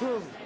approved.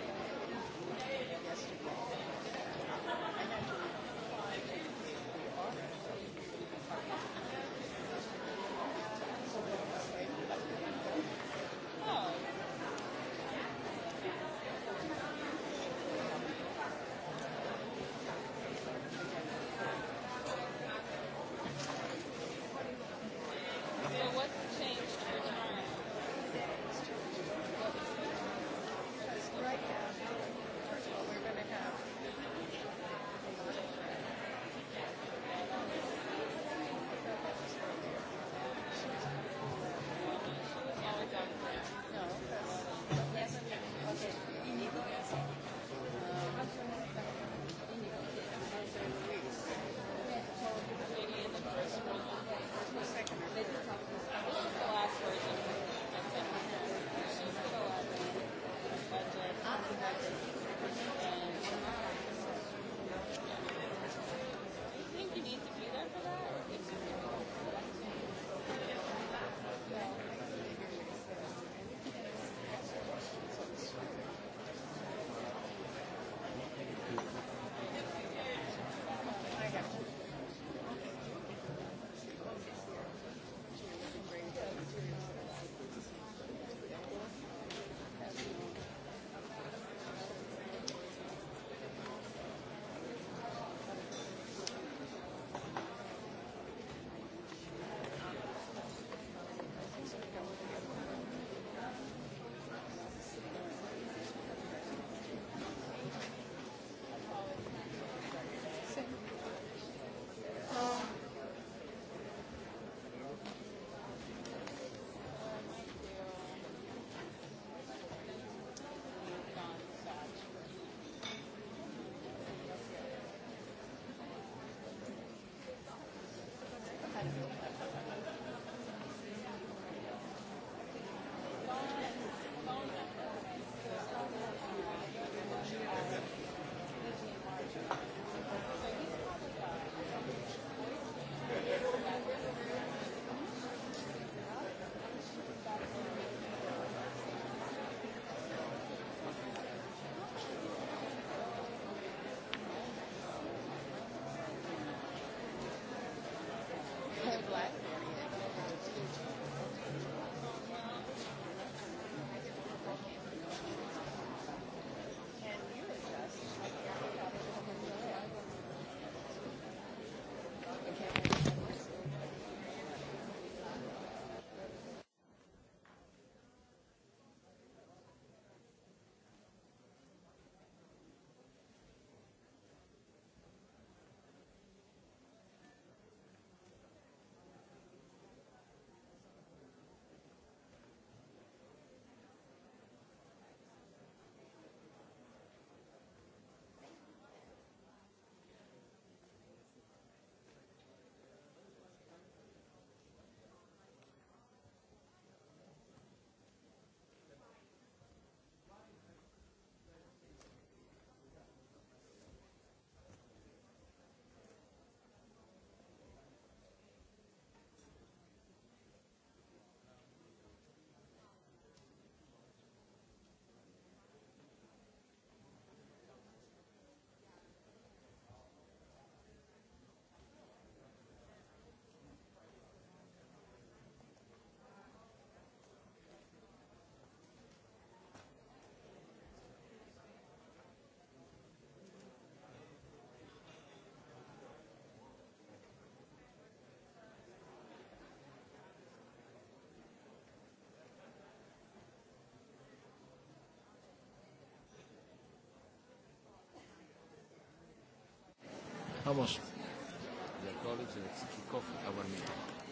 Vamos.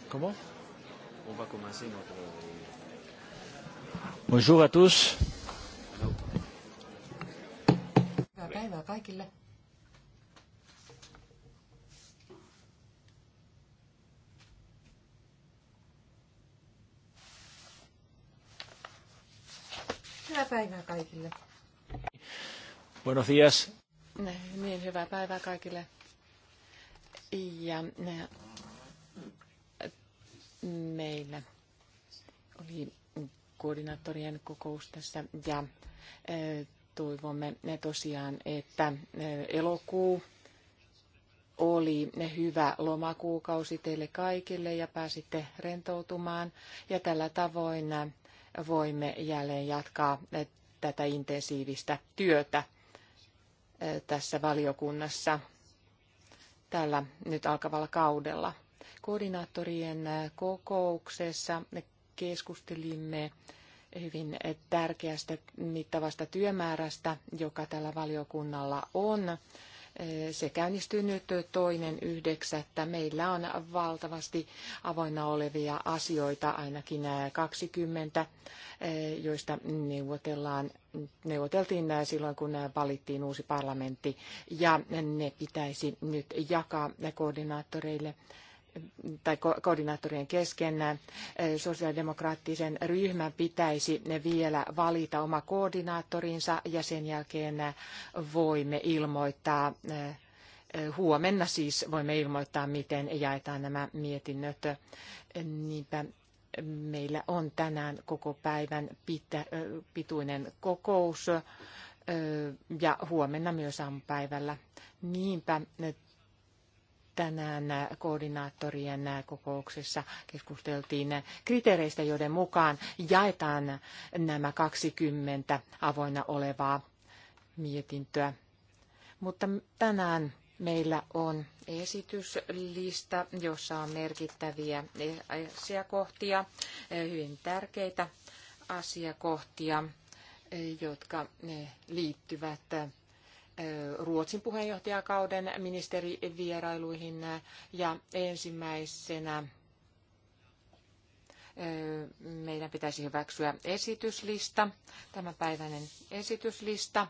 ¿Cómo? Bonjour à tous. Hyvää päivää kaikille. Hyvää päivää kaikille. Buenos días. Niin, hyvää päivää kaikille. Ja meillä oli koordinaattorien kokous tässä ja toivomme tosiaan, että elokuu oli hyvä lomakuukausi teille kaikille ja pääsitte rentoutumaan. Ja tällä tavoin voimme jälleen jatkaa tätä intensiivistä työtä tässä valiokunnassa tällä nyt alkavalla kaudella. Koordinaattorien äh, kokouksessa me keskustelimme hyvin tärkeästä mittavasta työmäärästä, joka tällä valiokunnalla on se käynnistyy nyt toinen yhdeksättä. Meillä on valtavasti avoinna olevia asioita, ainakin 20, joista neuvotellaan, neuvoteltiin silloin, kun valittiin uusi parlamentti, ja ne pitäisi nyt jakaa koordinaattoreille tai ko- koordinaattorien kesken sosiaalidemokraattisen ryhmän pitäisi vielä valita oma koordinaattorinsa ja sen jälkeen voimme ilmoittaa huomenna siis voimme ilmoittaa, miten jaetaan nämä mietinnöt. Niinpä meillä on tänään koko päivän pitä, pituinen kokous ja huomenna myös aamupäivällä. Niinpä tänään koordinaattorien kokouksessa keskusteltiin kriteereistä, joiden mukaan jaetaan nämä 20 avoinna olevaa mietintöä. Mutta tänään meillä on esityslista, jossa on merkittäviä asiakohtia, hyvin tärkeitä asiakohtia, jotka liittyvät Ruotsin puheenjohtajakauden ministerivierailuihin ja ensimmäisenä meidän pitäisi hyväksyä esityslista, tämänpäiväinen esityslista,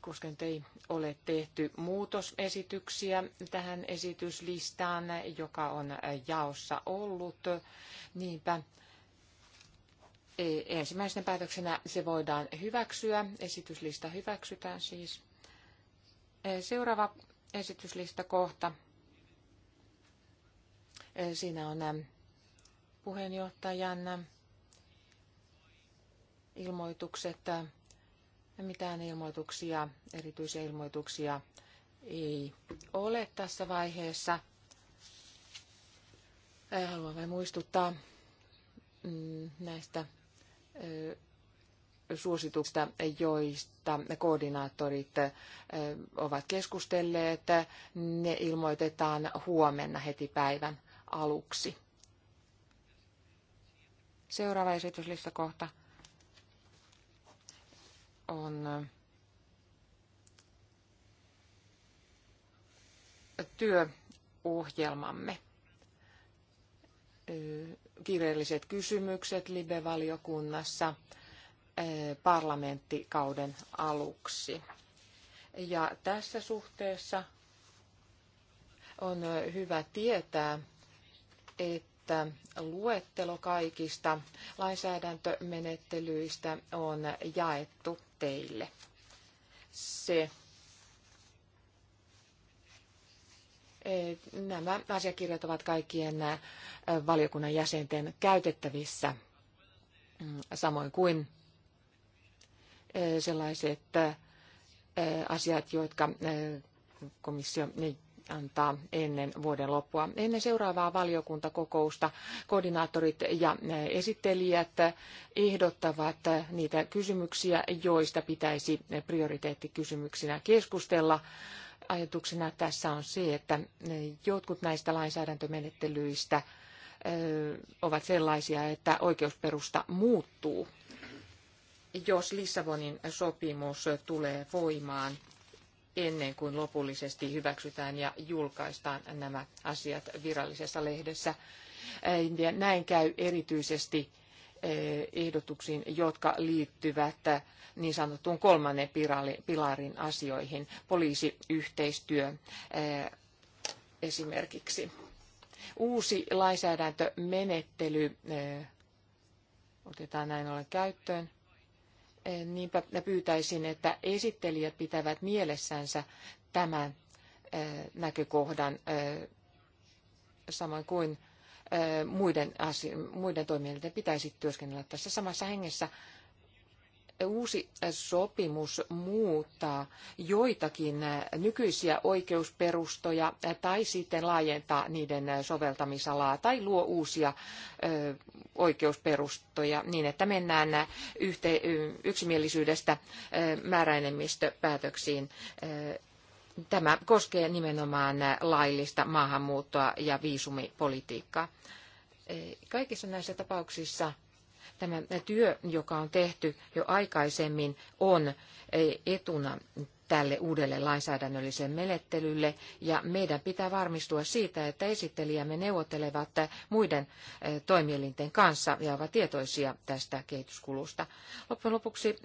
koska nyt ei ole tehty muutosesityksiä tähän esityslistaan, joka on jaossa ollut. Niinpä E, ensimmäisenä päätöksenä se voidaan hyväksyä. Esityslista hyväksytään siis. E, seuraava esityslista kohta. E, siinä on puheenjohtajan ilmoitukset. Mitään ilmoituksia, erityisiä ilmoituksia ei ole tässä vaiheessa. Haluan vain muistuttaa mm, näistä suosituksista, joista koordinaattorit ovat keskustelleet. Ne ilmoitetaan huomenna heti päivän aluksi. Seuraava esityslistakohta on työohjelmamme kiireelliset kysymykset Libe-valiokunnassa parlamenttikauden aluksi. Ja tässä suhteessa on hyvä tietää, että luettelo kaikista lainsäädäntömenettelyistä on jaettu teille. Se Eh, nämä asiakirjat ovat kaikkien eh, valiokunnan jäsenten käytettävissä, mm, samoin kuin eh, sellaiset asiat, jotka komissio niin antaa ennen vuoden loppua. Ennen seuraavaa valiokuntakokousta koordinaattorit ja esittelijät ehdottavat niitä kysymyksiä, joista pitäisi prioriteettikysymyksinä keskustella ajatuksena tässä on se, että jotkut näistä lainsäädäntömenettelyistä ovat sellaisia, että oikeusperusta muuttuu, jos Lissabonin sopimus tulee voimaan ennen kuin lopullisesti hyväksytään ja julkaistaan nämä asiat virallisessa lehdessä. näin käy erityisesti ehdotuksiin, jotka liittyvät niin sanottuun kolmannen pilarin asioihin, poliisiyhteistyö eh, esimerkiksi. Uusi lainsäädäntömenettely eh, otetaan näin ollen käyttöön. Eh, niinpä pyytäisin, että esittelijät pitävät mielessänsä tämän näkökohdan, samoin kuin muiden, asio- muiden toimijoiden pitäisi työskennellä tässä samassa hengessä. Uusi sopimus muuttaa joitakin nykyisiä oikeusperustoja tai sitten laajentaa niiden soveltamisalaa tai luo uusia oikeusperustoja niin, että mennään yhte- yksimielisyydestä määräenemmistöpäätöksiin Tämä koskee nimenomaan laillista maahanmuuttoa ja viisumipolitiikkaa. E, kaikissa näissä tapauksissa tämä työ, joka on tehty jo aikaisemmin, on e, etuna tälle uudelle lainsäädännölliselle menettelylle ja meidän pitää varmistua siitä, että esittelijämme neuvottelevat muiden eh, toimielinten kanssa ja ovat tietoisia tästä kehityskulusta. Loppujen lopuksi eh,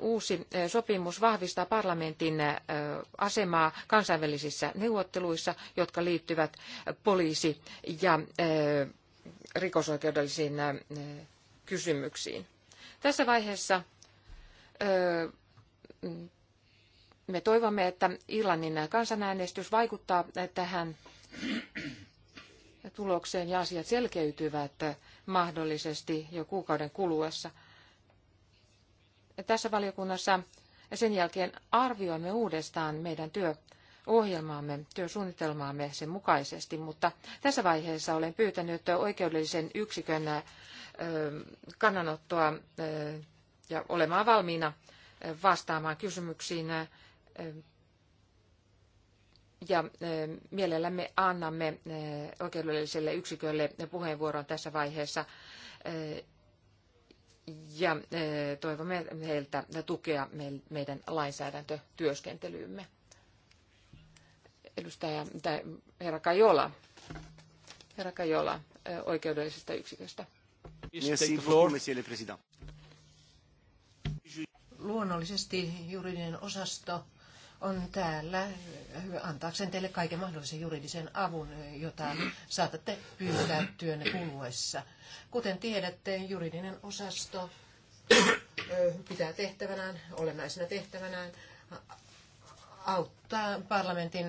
uusi eh, sopimus vahvistaa parlamentin asemaa kansainvälisissä neuvotteluissa, jotka liittyvät poliisi- ja rikosoikeudellisiin kysymyksiin. Tässä vaiheessa me toivomme, että Irlannin kansanäänestys vaikuttaa tähän tulokseen ja asiat selkeytyvät mahdollisesti jo kuukauden kuluessa. Tässä valiokunnassa sen jälkeen arvioimme uudestaan meidän työohjelmaamme, työsuunnitelmaamme sen mukaisesti, mutta tässä vaiheessa olen pyytänyt oikeudellisen yksikön kannanottoa ja olemaan valmiina vastaamaan kysymyksiin ja mielellämme annamme oikeudelliselle yksikölle puheenvuoron tässä vaiheessa ja toivomme heiltä tukea meidän lainsäädäntötyöskentelyymme. Edustaja tai herra Kajola, herra Kajola oikeudellisesta yksiköstä. Luonnollisesti juridinen osasto on täällä antaakseen teille kaiken mahdollisen juridisen avun, jota saatatte pyytää työnne kuluessa. Kuten tiedätte, juridinen osasto pitää tehtävänään, olennaisena tehtävänään, auttaa parlamentin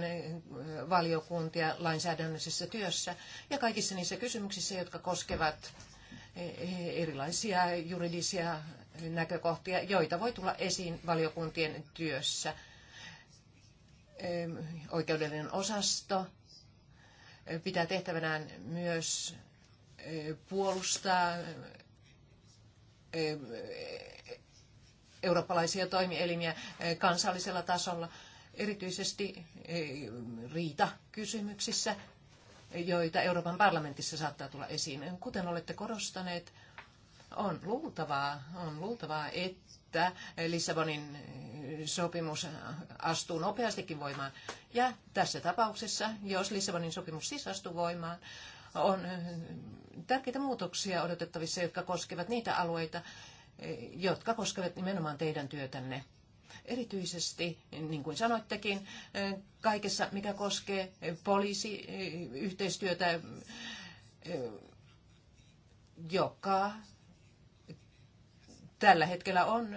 valiokuntia lainsäädännöllisessä työssä ja kaikissa niissä kysymyksissä, jotka koskevat e, erilaisia juridisia näkökohtia, joita voi tulla esiin valiokuntien työssä – oikeudellinen osasto pitää tehtävänään myös puolustaa eurooppalaisia toimielimiä kansallisella tasolla, erityisesti riitakysymyksissä, joita Euroopan parlamentissa saattaa tulla esiin. Kuten olette korostaneet, on luultavaa, on luultavaa, että Lissabonin sopimus astuu nopeastikin voimaan. Ja tässä tapauksessa, jos Lissabonin sopimus siis astuu voimaan, on tärkeitä muutoksia odotettavissa, jotka koskevat niitä alueita, jotka koskevat nimenomaan teidän työtänne. Erityisesti, niin kuin sanoittekin, kaikessa, mikä koskee poliisiyhteistyötä, joka tällä hetkellä on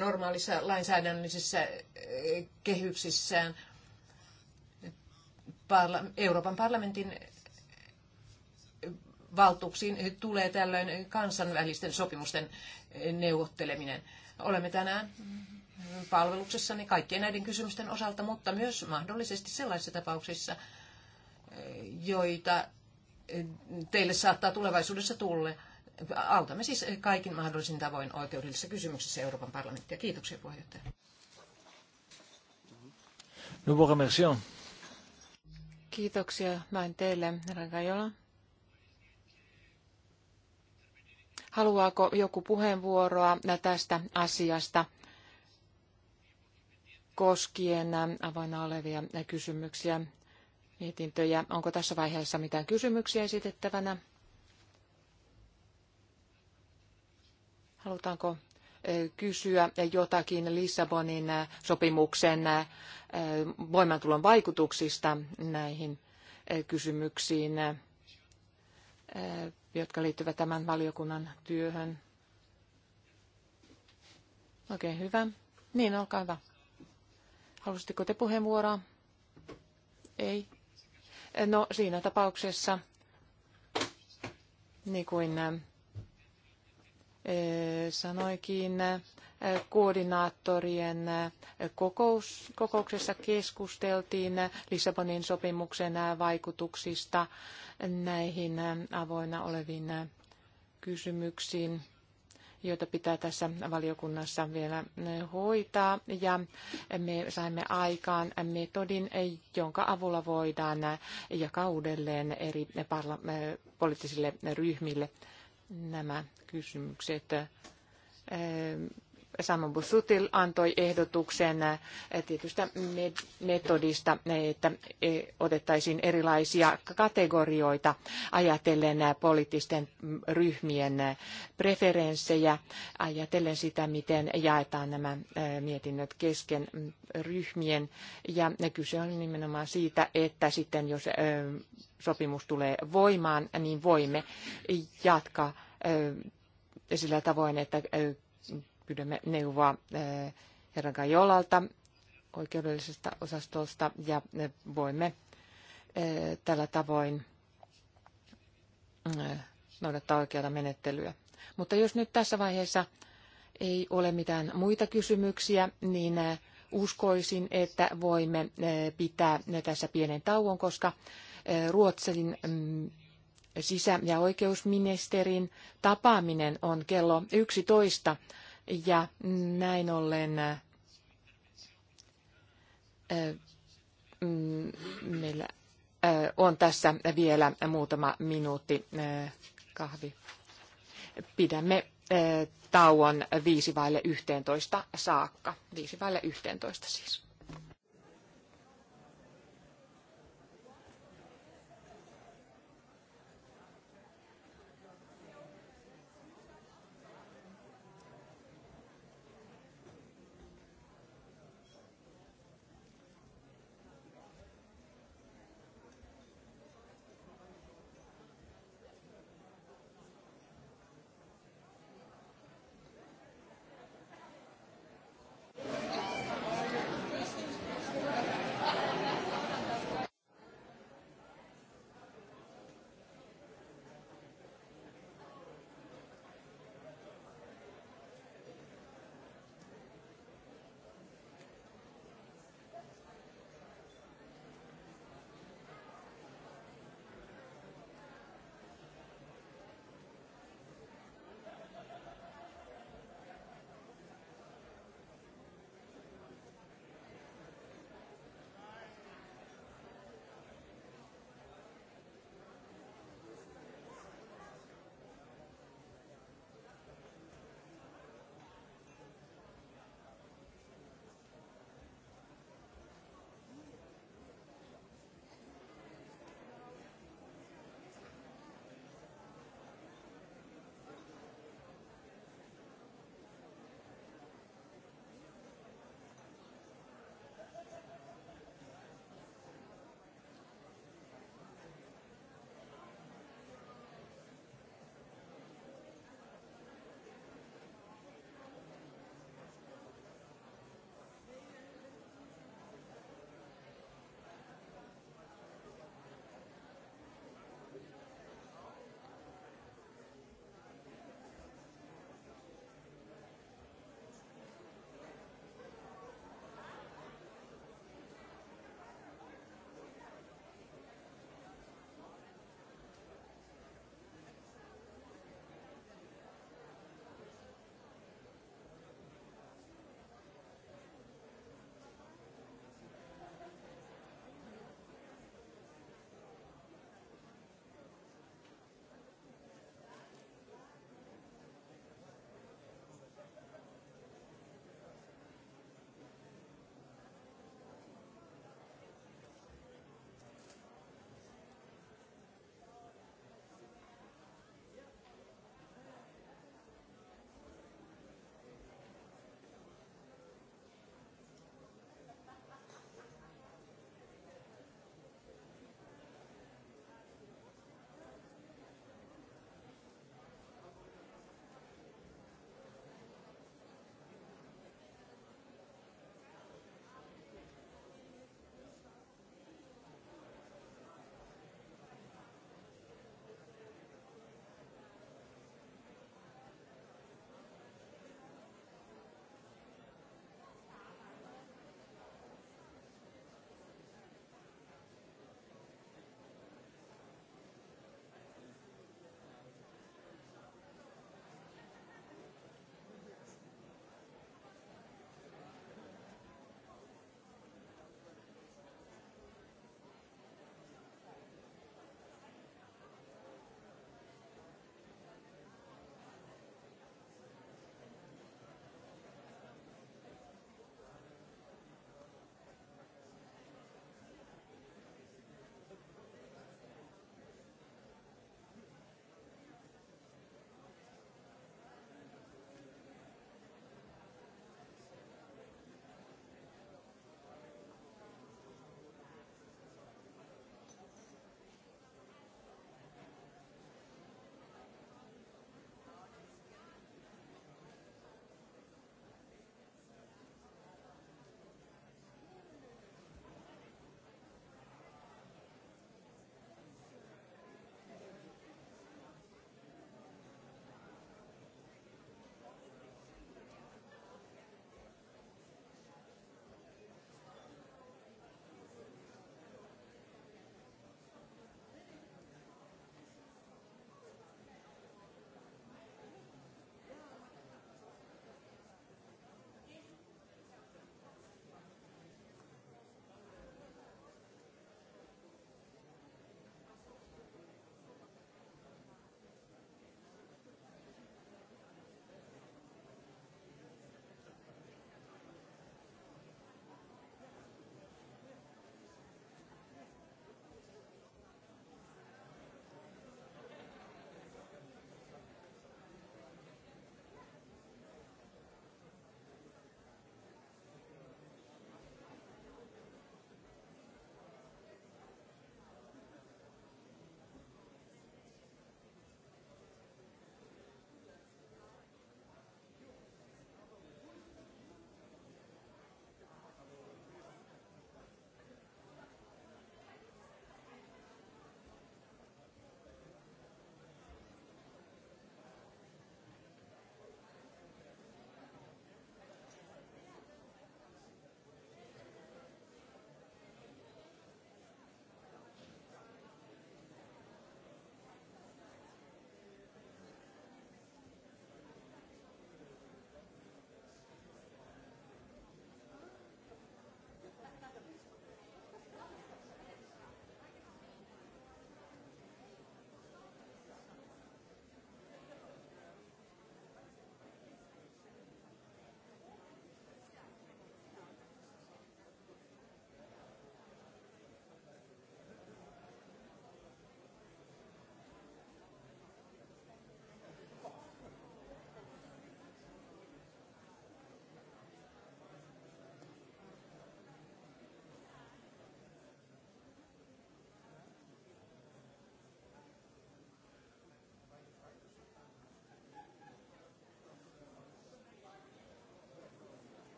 normaalissa lainsäädännöllisissä kehyksissään Euroopan parlamentin valtuuksiin tulee tällöin kansainvälisten sopimusten neuvotteleminen. Olemme tänään palveluksessani kaikkien näiden kysymysten osalta, mutta myös mahdollisesti sellaisissa tapauksissa, joita teille saattaa tulevaisuudessa tulle autamme siis kaikin mahdollisin tavoin oikeudellisissa kysymyksissä Euroopan parlamenttia. Kiitoksia puheenjohtaja. Nous vous Kiitoksia teille, Rakajola. Haluaako joku puheenvuoroa tästä asiasta koskien avoinna olevia kysymyksiä, mietintöjä? Onko tässä vaiheessa mitään kysymyksiä esitettävänä? Halutaanko kysyä jotakin Lissabonin sopimuksen voimantulon vaikutuksista näihin kysymyksiin, jotka liittyvät tämän valiokunnan työhön. Oikein hyvä. Niin, olkaa hyvä. Halusitteko te puheenvuoroa? Ei. No siinä tapauksessa, niin kuin sanoikin koordinaattorien kokous, kokouksessa keskusteltiin Lissabonin sopimuksen vaikutuksista näihin avoinna oleviin kysymyksiin joita pitää tässä valiokunnassa vielä hoitaa. Ja me saimme aikaan metodin, jonka avulla voidaan jakaa uudelleen eri poliittisille ryhmille nämä kysymykset Samu Busutil antoi ehdotuksen tietystä metodista, että otettaisiin erilaisia kategorioita ajatellen poliittisten ryhmien preferenssejä, ajatellen sitä, miten jaetaan nämä mietinnöt kesken mm, ryhmien. Ja kyse on nimenomaan siitä, että sitten jos sopimus tulee voimaan, niin voimme jatkaa sillä tavoin, että pyydämme neuvoa eh, herran Kajolalta oikeudellisesta osastosta ja eh, voimme eh, tällä tavoin noudattaa oikeata menettelyä. Mutta jos nyt tässä vaiheessa ei ole mitään muita kysymyksiä, niin uskoisin, että voimme pitää tässä pienen tauon, koska Ruotsin mm, sisä- ja oikeusministerin tapaaminen on kello 11 ja näin ollen äh, mm, meillä äh, on tässä vielä muutama minuutti äh, kahvi. Pidämme tauon viisi vaille 11 saakka. Viisi vaille 11 siis.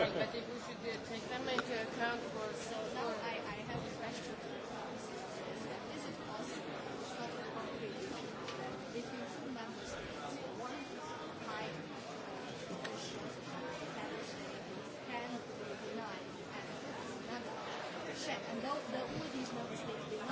but if we should uh, take them into account for... So, no, I, I have a question. Is it possible for the cooperation that if you two member states, one high official that is can be denied and uh, another check, and though, though all these member states deny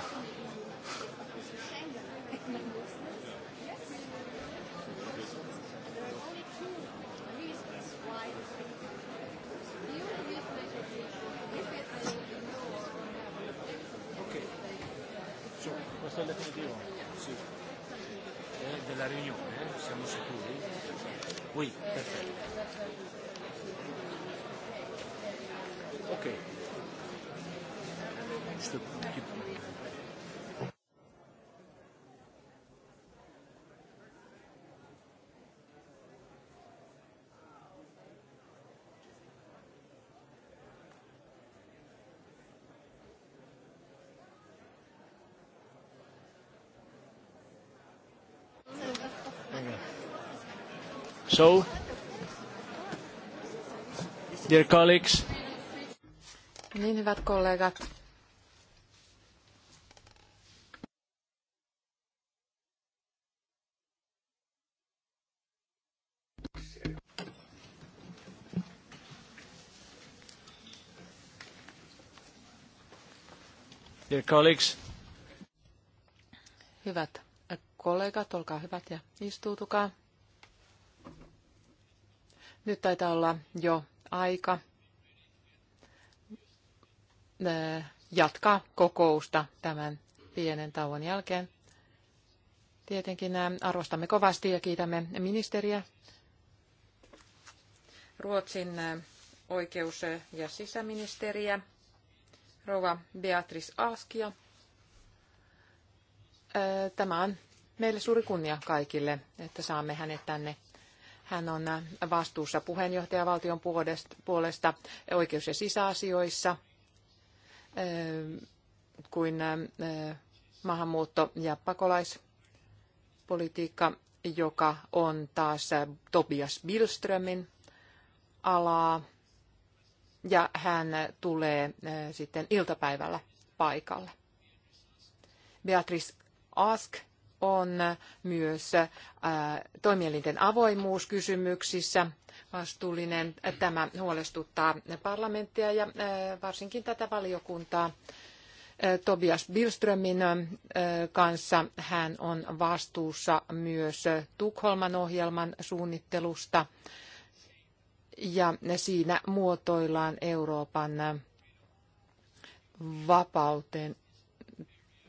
questo è l'effettivo? Sì. Eh, della riunione, eh? siamo sicuri? Oui, perfetto. Ok. Questo tipo. So, dear colleagues. Niin, hyvät kollegat. Dear colleagues. Hyvät kollegat, olkaa hyvät ja istuutukaa. Nyt taitaa olla jo aika jatkaa kokousta tämän pienen tauon jälkeen. Tietenkin arvostamme kovasti ja kiitämme ministeriä. Ruotsin oikeus- ja sisäministeriä, rouva Beatrice Askia. Tämä on meille suuri kunnia kaikille, että saamme hänet tänne hän on vastuussa puheenjohtajavaltion puolesta oikeus- ja sisäasioissa eh, kuin eh, maahanmuutto- ja pakolaispolitiikka, joka on taas Tobias Billströmin alaa. Ja hän tulee eh, sitten iltapäivällä paikalle. Beatrice Ask on myös toimielinten avoimuus kysymyksissä vastuullinen. Tämä huolestuttaa parlamenttia ja varsinkin tätä valiokuntaa. Tobias Billströmin kanssa. Hän on vastuussa myös Tukholman ohjelman suunnittelusta ja siinä muotoillaan Euroopan vapauteen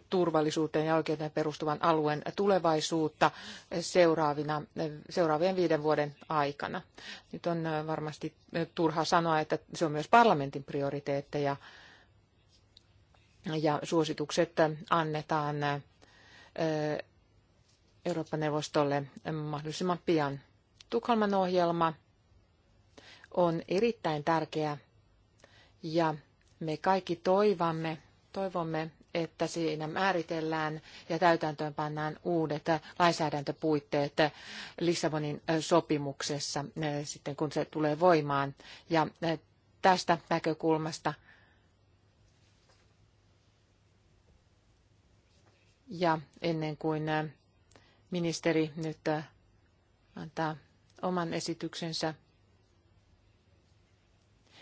turvallisuuteen ja oikeuteen perustuvan alueen tulevaisuutta seuraavina, seuraavien viiden vuoden aikana. Nyt on varmasti turha sanoa, että se on myös parlamentin prioriteetteja ja suositukset annetaan Euroopan neuvostolle mahdollisimman pian. Tukholman ohjelma on erittäin tärkeä ja me kaikki toivamme, toivomme, että siinä määritellään ja täytäntöön pannaan uudet lainsäädäntöpuitteet Lissabonin sopimuksessa sitten kun se tulee voimaan. Ja tästä näkökulmasta ja ennen kuin ministeri nyt antaa oman esityksensä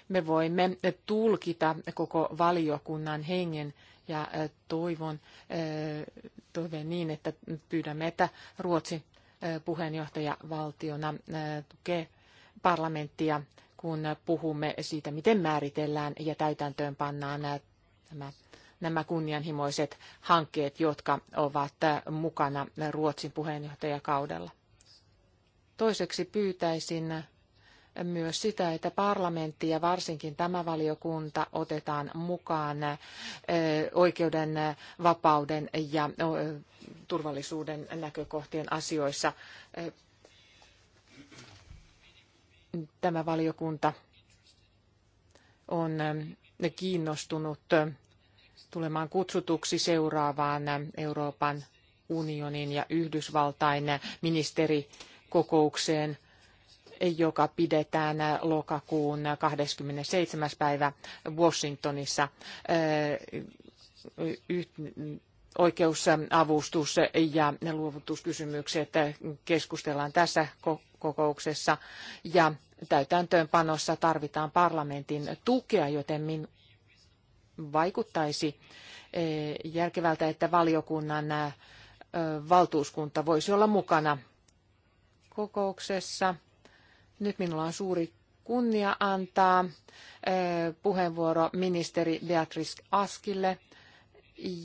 me voimme tulkita koko valiokunnan hengen ja toivon, toiveen niin, että pyydämme, että Ruotsi puheenjohtajavaltiona tukee parlamenttia, kun puhumme siitä, miten määritellään ja täytäntöön pannaan nämä, nämä kunnianhimoiset hankkeet, jotka ovat mukana Ruotsin puheenjohtajakaudella. Toiseksi pyytäisin myös sitä, että parlamentti ja varsinkin tämä valiokunta otetaan mukaan oikeuden, vapauden ja turvallisuuden näkökohtien asioissa. Tämä valiokunta on kiinnostunut tulemaan kutsutuksi seuraavaan Euroopan unionin ja Yhdysvaltain ministerikokoukseen – joka pidetään lokakuun 27. päivä Washingtonissa oikeusavustus ja luovutuskysymykset keskustellaan tässä kokouksessa ja täytäntöönpanossa tarvitaan parlamentin tukea, joten min vaikuttaisi järkevältä, että valiokunnan valtuuskunta voisi olla mukana kokouksessa. Nyt minulla on suuri kunnia antaa puheenvuoro ministeri Beatrice Askille.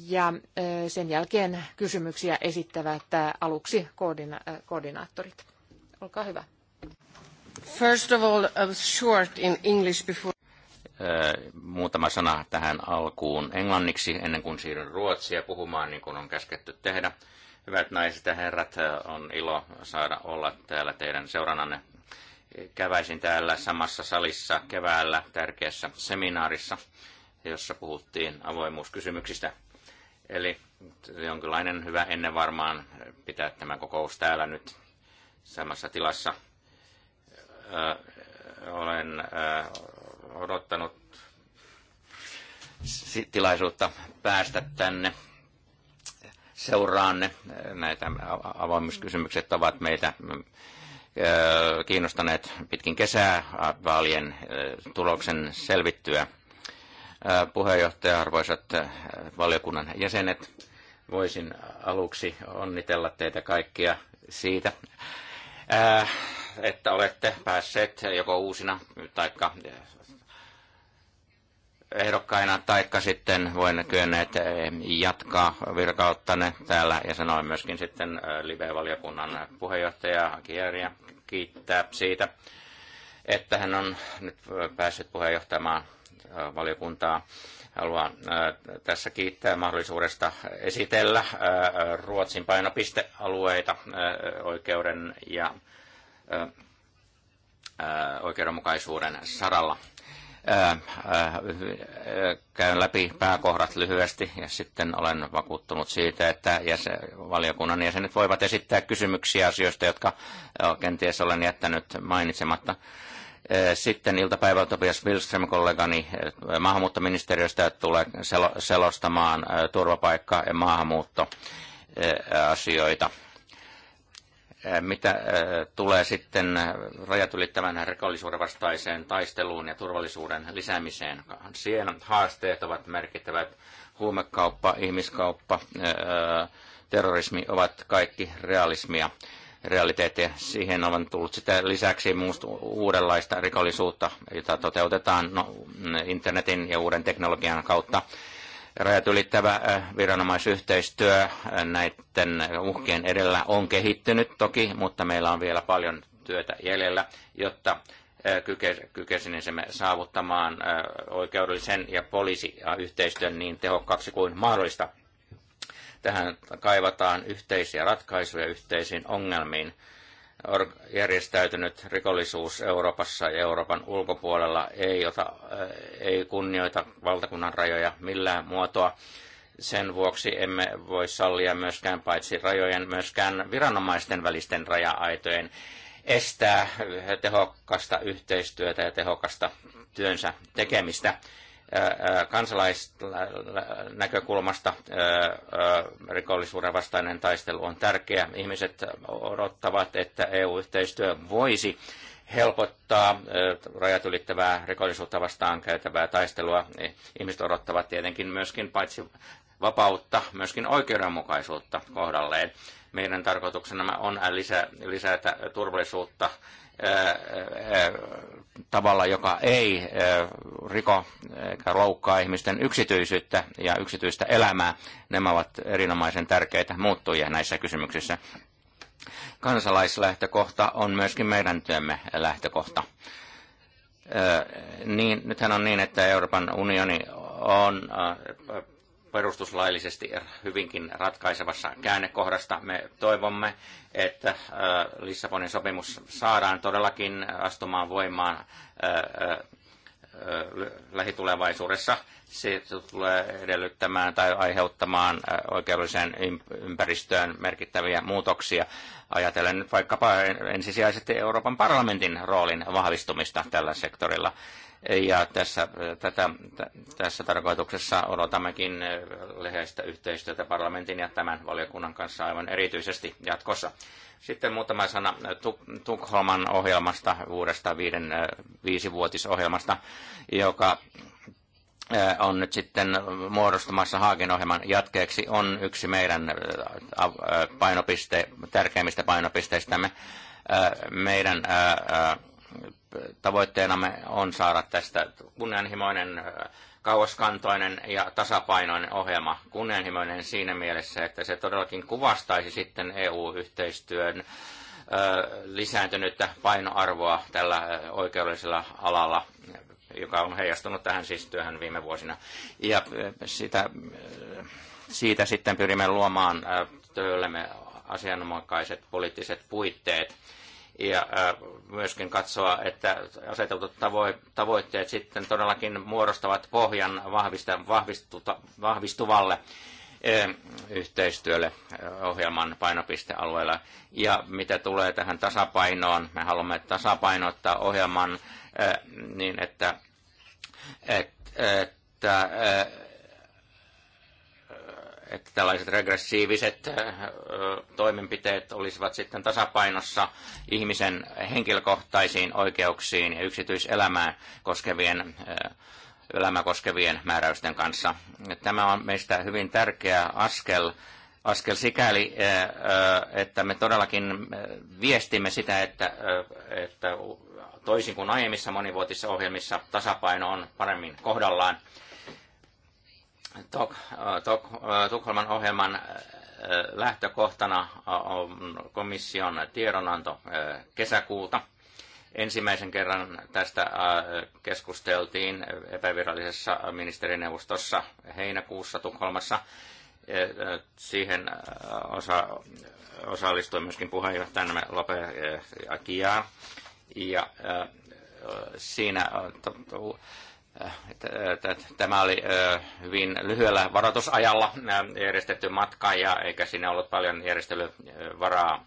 Ja sen jälkeen kysymyksiä esittävät aluksi koordina- koordinaattorit. Olkaa hyvä. First of all, a short in English before... Muutama sana tähän alkuun englanniksi ennen kuin siirryn ruotsia puhumaan, niin kuin on käsketty tehdä. Hyvät naiset ja herrat, on ilo saada olla täällä teidän seurannanne käväisin täällä samassa salissa keväällä tärkeässä seminaarissa, jossa puhuttiin avoimuuskysymyksistä. Eli jonkinlainen hyvä ennen varmaan pitää tämä kokous täällä nyt samassa tilassa. olen ö, odottanut tilaisuutta päästä tänne seuraanne. Näitä avoimuuskysymykset ovat meitä kiinnostaneet pitkin kesää vaalien tuloksen selvittyä. Puheenjohtaja, arvoisat valiokunnan jäsenet, voisin aluksi onnitella teitä kaikkia siitä, että olette päässeet joko uusina tai ehdokkaina, taikka sitten voin kyenneet eh, jatkaa virkauttanne täällä. Ja sanoin myöskin sitten eh, Live-valiokunnan puheenjohtaja Kieriä kiittää siitä, että hän on nyt eh, päässyt puheenjohtamaan valiokuntaa. Haluan tässä kiittää mahdollisuudesta esitellä Ruotsin painopistealueita oikeuden ja oikeudenmukaisuuden saralla käyn läpi pääkohdat lyhyesti ja sitten olen vakuuttunut siitä, että jäsen, valiokunnan jäsenet voivat esittää kysymyksiä asioista, jotka kenties olen jättänyt mainitsematta. Sitten iltapäivällä Tobias Wilström, kollegani maahanmuuttoministeriöstä, tulee selostamaan turvapaikka- ja maahanmuuttoasioita. asioita Äh, mitä äh, tulee sitten äh, rajat ylittävän rikollisuuden vastaiseen taisteluun ja turvallisuuden lisäämiseen. Siihen haasteet ovat merkittävät. Huumekauppa, ihmiskauppa, terrorismi ovat kaikki realismia realiteetteja. Siihen on tullut sitä lisäksi muusta uudenlaista rikollisuutta, jota toteutetaan no, internetin ja uuden teknologian kautta rajat ylittävä äh, viranomaisyhteistyö äh, näiden uhkien edellä on kehittynyt toki, mutta meillä on vielä paljon työtä jäljellä, jotta äh, kykenisimme saavuttamaan oikeudellisen ja poliisiyhteistyön niin tehokkaaksi kuin mahdollista. Tähän kaivataan yhteisiä ratkaisuja yhteisiin ongelmiin järjestäytynyt rikollisuus Euroopassa ja Euroopan ulkopuolella ei, ota, äh, ei kunnioita valtakunnan rajoja millään muotoa. Sen vuoksi emme voi sallia myöskään paitsi rajojen, myöskään viranomaisten välisten raja-aitojen estää tehokasta yhteistyötä ja tehokasta työnsä tekemistä kansalaisnäkökulmasta rikollisuuden vastainen taistelu on tärkeä. Ihmiset odottavat, että EU-yhteistyö voisi helpottaa rajat ylittävää rikollisuutta vastaan käytävää taistelua. E, ihmiset odottavat tietenkin myöskin paitsi vapautta, myöskin oikeudenmukaisuutta kohdalleen. Meidän tarkoituksena on lisätä turvallisuutta tavalla, joka ei riko eikä loukkaa ihmisten yksityisyyttä ja yksityistä elämää. Nämä ovat erinomaisen tärkeitä muuttujia näissä kysymyksissä. Kansalaislähtökohta on myöskin meidän työmme lähtökohta. Niin, nythän on niin, että Euroopan unioni on perustuslaillisesti hyvinkin ratkaisevassa käännekohdasta. Me toivomme, että äh, Lissabonin sopimus saadaan todellakin astumaan voimaan äh, äh, lähitulevaisuudessa. Se tulee edellyttämään tai aiheuttamaan oikeudelliseen ympäristöön merkittäviä muutoksia. Ajatellen nyt vaikkapa ensisijaisesti Euroopan parlamentin roolin vahvistumista tällä sektorilla. Ja tässä, äh, tätä, tässä tarkoituksessa odotammekin äh, läheistä yhteistyötä parlamentin ja tämän valiokunnan kanssa aivan erityisesti jatkossa. Sitten muutama sana äh, Tukholman ohjelmasta, uudesta viiden, viisivuotisohjelmasta, joka on nyt sitten muodostumassa Haagen ohjelman jatkeeksi, on yksi meidän painopiste, tärkeimmistä painopisteistämme. Meidän tavoitteenamme on saada tästä kunnianhimoinen, kauaskantoinen ja tasapainoinen ohjelma. Kunnianhimoinen siinä mielessä, että se todellakin kuvastaisi sitten EU-yhteistyön lisääntynyttä painoarvoa tällä oikeudellisella alalla, joka on heijastunut tähän siis työhön viime vuosina. Ja sitä, siitä sitten pyrimme luomaan työllemme asianmukaiset poliittiset puitteet ja äh, myöskin katsoa, että asetetut tavoitteet sitten todellakin muodostavat pohjan vahvistuvalle äh, yhteistyölle äh, ohjelman painopistealueella. Ja mitä tulee tähän tasapainoon, me haluamme tasapainottaa ohjelman niin, että, että, että että tällaiset regressiiviset äh, toimenpiteet olisivat sitten tasapainossa ihmisen henkilökohtaisiin oikeuksiin ja yksityiselämään koskevien äh, elämää koskevien määräysten kanssa. Tämä on meistä hyvin tärkeä askel, askel sikäli, äh, että me todellakin viestimme sitä, että, että toisin kuin aiemmissa monivuotisissa ohjelmissa tasapaino on paremmin kohdallaan – Äh, äh, Tukholman ohjelman äh, lähtökohtana on komission tiedonanto kesäkuuta. Ensimmäisen kerran tästä keskusteltiin epävirallisessa ministerineuvostossa heinäkuussa Tukholmassa. Siihen osa, osallistui myöskin puheenjohtajamme Lope Akia. Ja siinä Tämä oli hyvin lyhyellä varoitusajalla järjestetty matka ja eikä siinä ollut paljon järjestelyvaraa.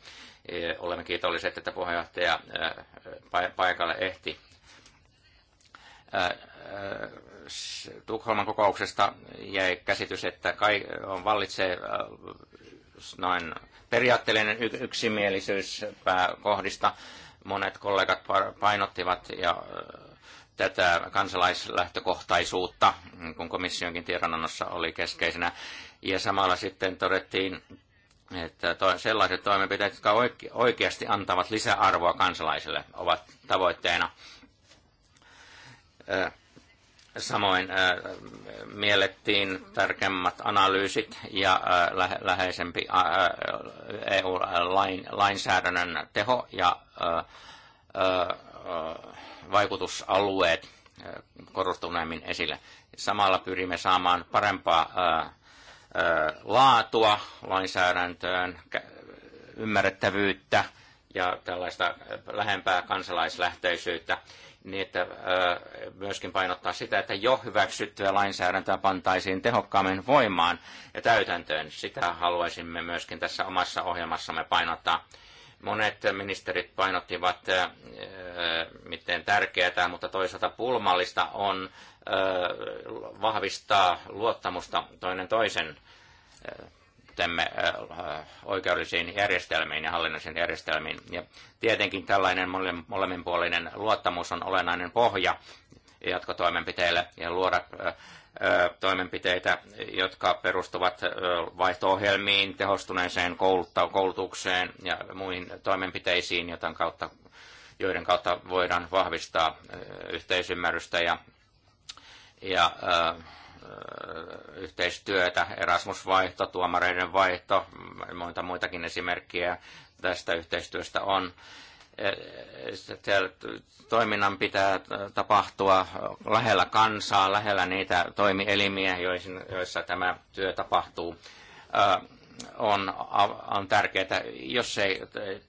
E, olemme kiitolliset, että puheenjohtaja paikalle ehti. Tukholman kokouksesta jäi käsitys, että kai on vallitsee noin periaatteellinen yksimielisyys pääkohdista. Monet kollegat painottivat ja tätä kansalaislähtökohtaisuutta, niin kun komissionkin tiedonannossa oli keskeisenä. Ja samalla sitten todettiin, että to, sellaiset toimenpiteet, jotka oikeasti antavat lisäarvoa kansalaisille, ovat tavoitteena. Samoin miellettiin tarkemmat analyysit ja läheisempi EU-lainsäädännön teho ja vaikutusalueet korostuneemmin esille. Samalla pyrimme saamaan parempaa laatua lainsäädäntöön, ymmärrettävyyttä ja tällaista lähempää kansalaislähtöisyyttä, niin että myöskin painottaa sitä, että jo hyväksyttyä lainsäädäntöä pantaisiin tehokkaammin voimaan ja täytäntöön. Sitä haluaisimme myöskin tässä omassa ohjelmassamme painottaa Monet ministerit painottivat, äh, miten tärkeää, mutta toisaalta pulmallista on äh, vahvistaa luottamusta toinen toisen äh, temme oikeudellisiin järjestelmiin ja hallinnollisiin järjestelmiin. Ja tietenkin tällainen molemminpuolinen luottamus on olennainen pohja jatkotoimenpiteille ja luoda toimenpiteitä, jotka perustuvat vaihto-ohjelmiin, tehostuneeseen koulutukseen ja muihin toimenpiteisiin, kautta, joiden kautta voidaan vahvistaa yhteisymmärrystä ja, ja yhteistyötä, Erasmus-vaihto, tuomareiden vaihto, monta muitakin esimerkkejä tästä yhteistyöstä on toiminnan pitää tapahtua lähellä kansaa, lähellä niitä toimielimiä, joissa tämä työ tapahtuu, on, on tärkeää. Jos ei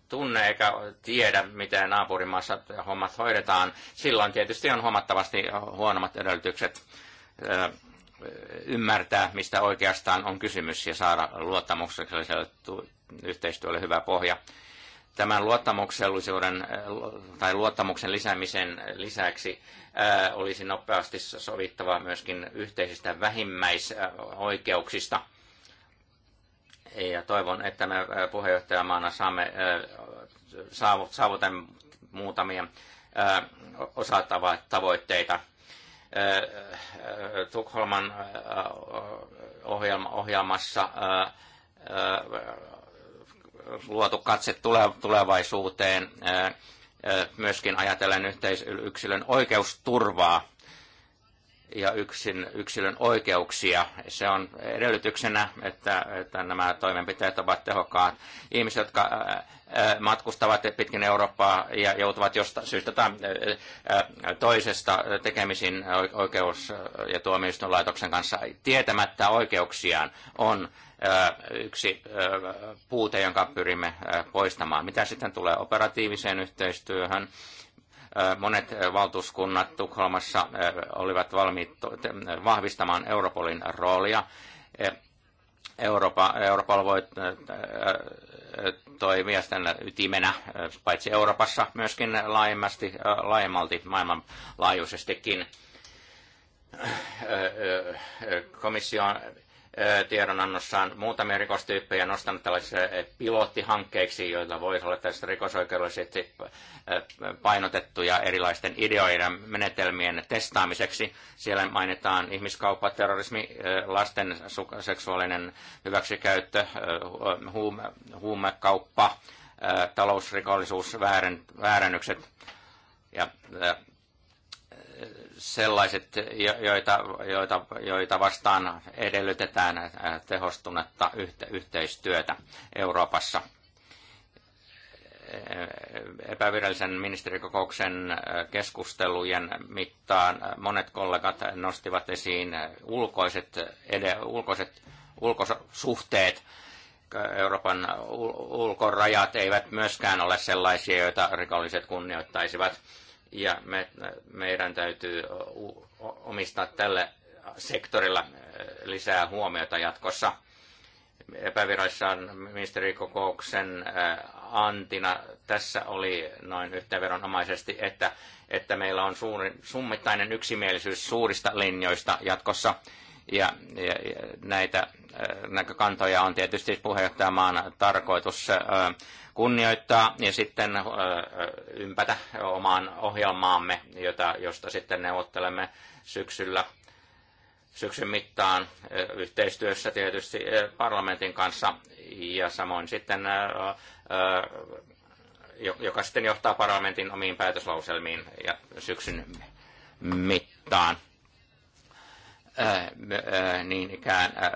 tunne eikä tiedä, miten naapurimaassa hommat hoidetaan, silloin tietysti on huomattavasti huonommat edellytykset ymmärtää, mistä oikeastaan on kysymys ja saada luottamukselliselle yhteistyölle hyvä pohja tämän luottamuksellisuuden äh, tai luottamuksen lisäämisen lisäksi äh, olisi nopeasti sovittava myöskin yhteisistä vähimmäisoikeuksista. Ja toivon, että me äh, puheenjohtajamaana saamme saavutamme muutamia tavoitteita Tukholman ohjelmassa luotu katse tulevaisuuteen, myöskin ajatellen yksilön oikeusturvaa ja yksin, yksilön oikeuksia. Se on edellytyksenä, että, että nämä toimenpiteet ovat tehokkaat. Ihmiset, jotka matkustavat pitkin Eurooppaa ja joutuvat josta syystä tai toisesta tekemisiin oikeus- ja tuomioistuinlaitoksen kanssa tietämättä oikeuksiaan, on yksi puute, jonka pyrimme poistamaan. Mitä sitten tulee operatiiviseen yhteistyöhön? Monet valtuuskunnat Tukholmassa olivat valmiit vahvistamaan Europolin roolia. E, Euroopa, Euroopalla voi toimia tänä ytimenä, paitsi Euroopassa, myöskin laajemmasti, laajemmalti maailmanlaajuisestikin. Komissio tiedonannossaan muutamia rikostyyppejä nostanut tällaisiksi pilottihankkeiksi, joilla voisi olla tässä rikosoikeudellisesti painotettuja erilaisten ideoiden menetelmien testaamiseksi. Siellä mainitaan ihmiskauppa, terrorismi, lasten seksuaalinen hyväksikäyttö, huume, huumekauppa, talousrikollisuus, väärän, väärännykset ja sellaiset, joita, joita, joita vastaan edellytetään tehostunutta yhteistyötä Euroopassa. Epävirallisen ministerikokouksen keskustelujen mittaan monet kollegat nostivat esiin ulkoiset, ede, ulkoiset ulkosuhteet. Euroopan ulkorajat eivät myöskään ole sellaisia, joita rikolliset kunnioittaisivat ja me, meidän täytyy omistaa tälle sektorilla e, lisää huomiota jatkossa. Epävirallisen ministerikokouksen e, antina tässä oli noin yhteenveronomaisesti, että, että meillä on suuri, summittainen yksimielisyys suurista linjoista jatkossa. Ja, ja, ja näitä e, näkökantoja on tietysti puheenjohtajamaan tarkoitus ää, kunnioittaa ja sitten ympätä omaan ohjelmaamme, jota, josta sitten neuvottelemme syksyllä syksyn mittaan yhteistyössä tietysti parlamentin kanssa ja samoin sitten, joka sitten johtaa parlamentin omiin päätöslauselmiin ja syksyn mittaan. Äh, äh, niin ikään äh,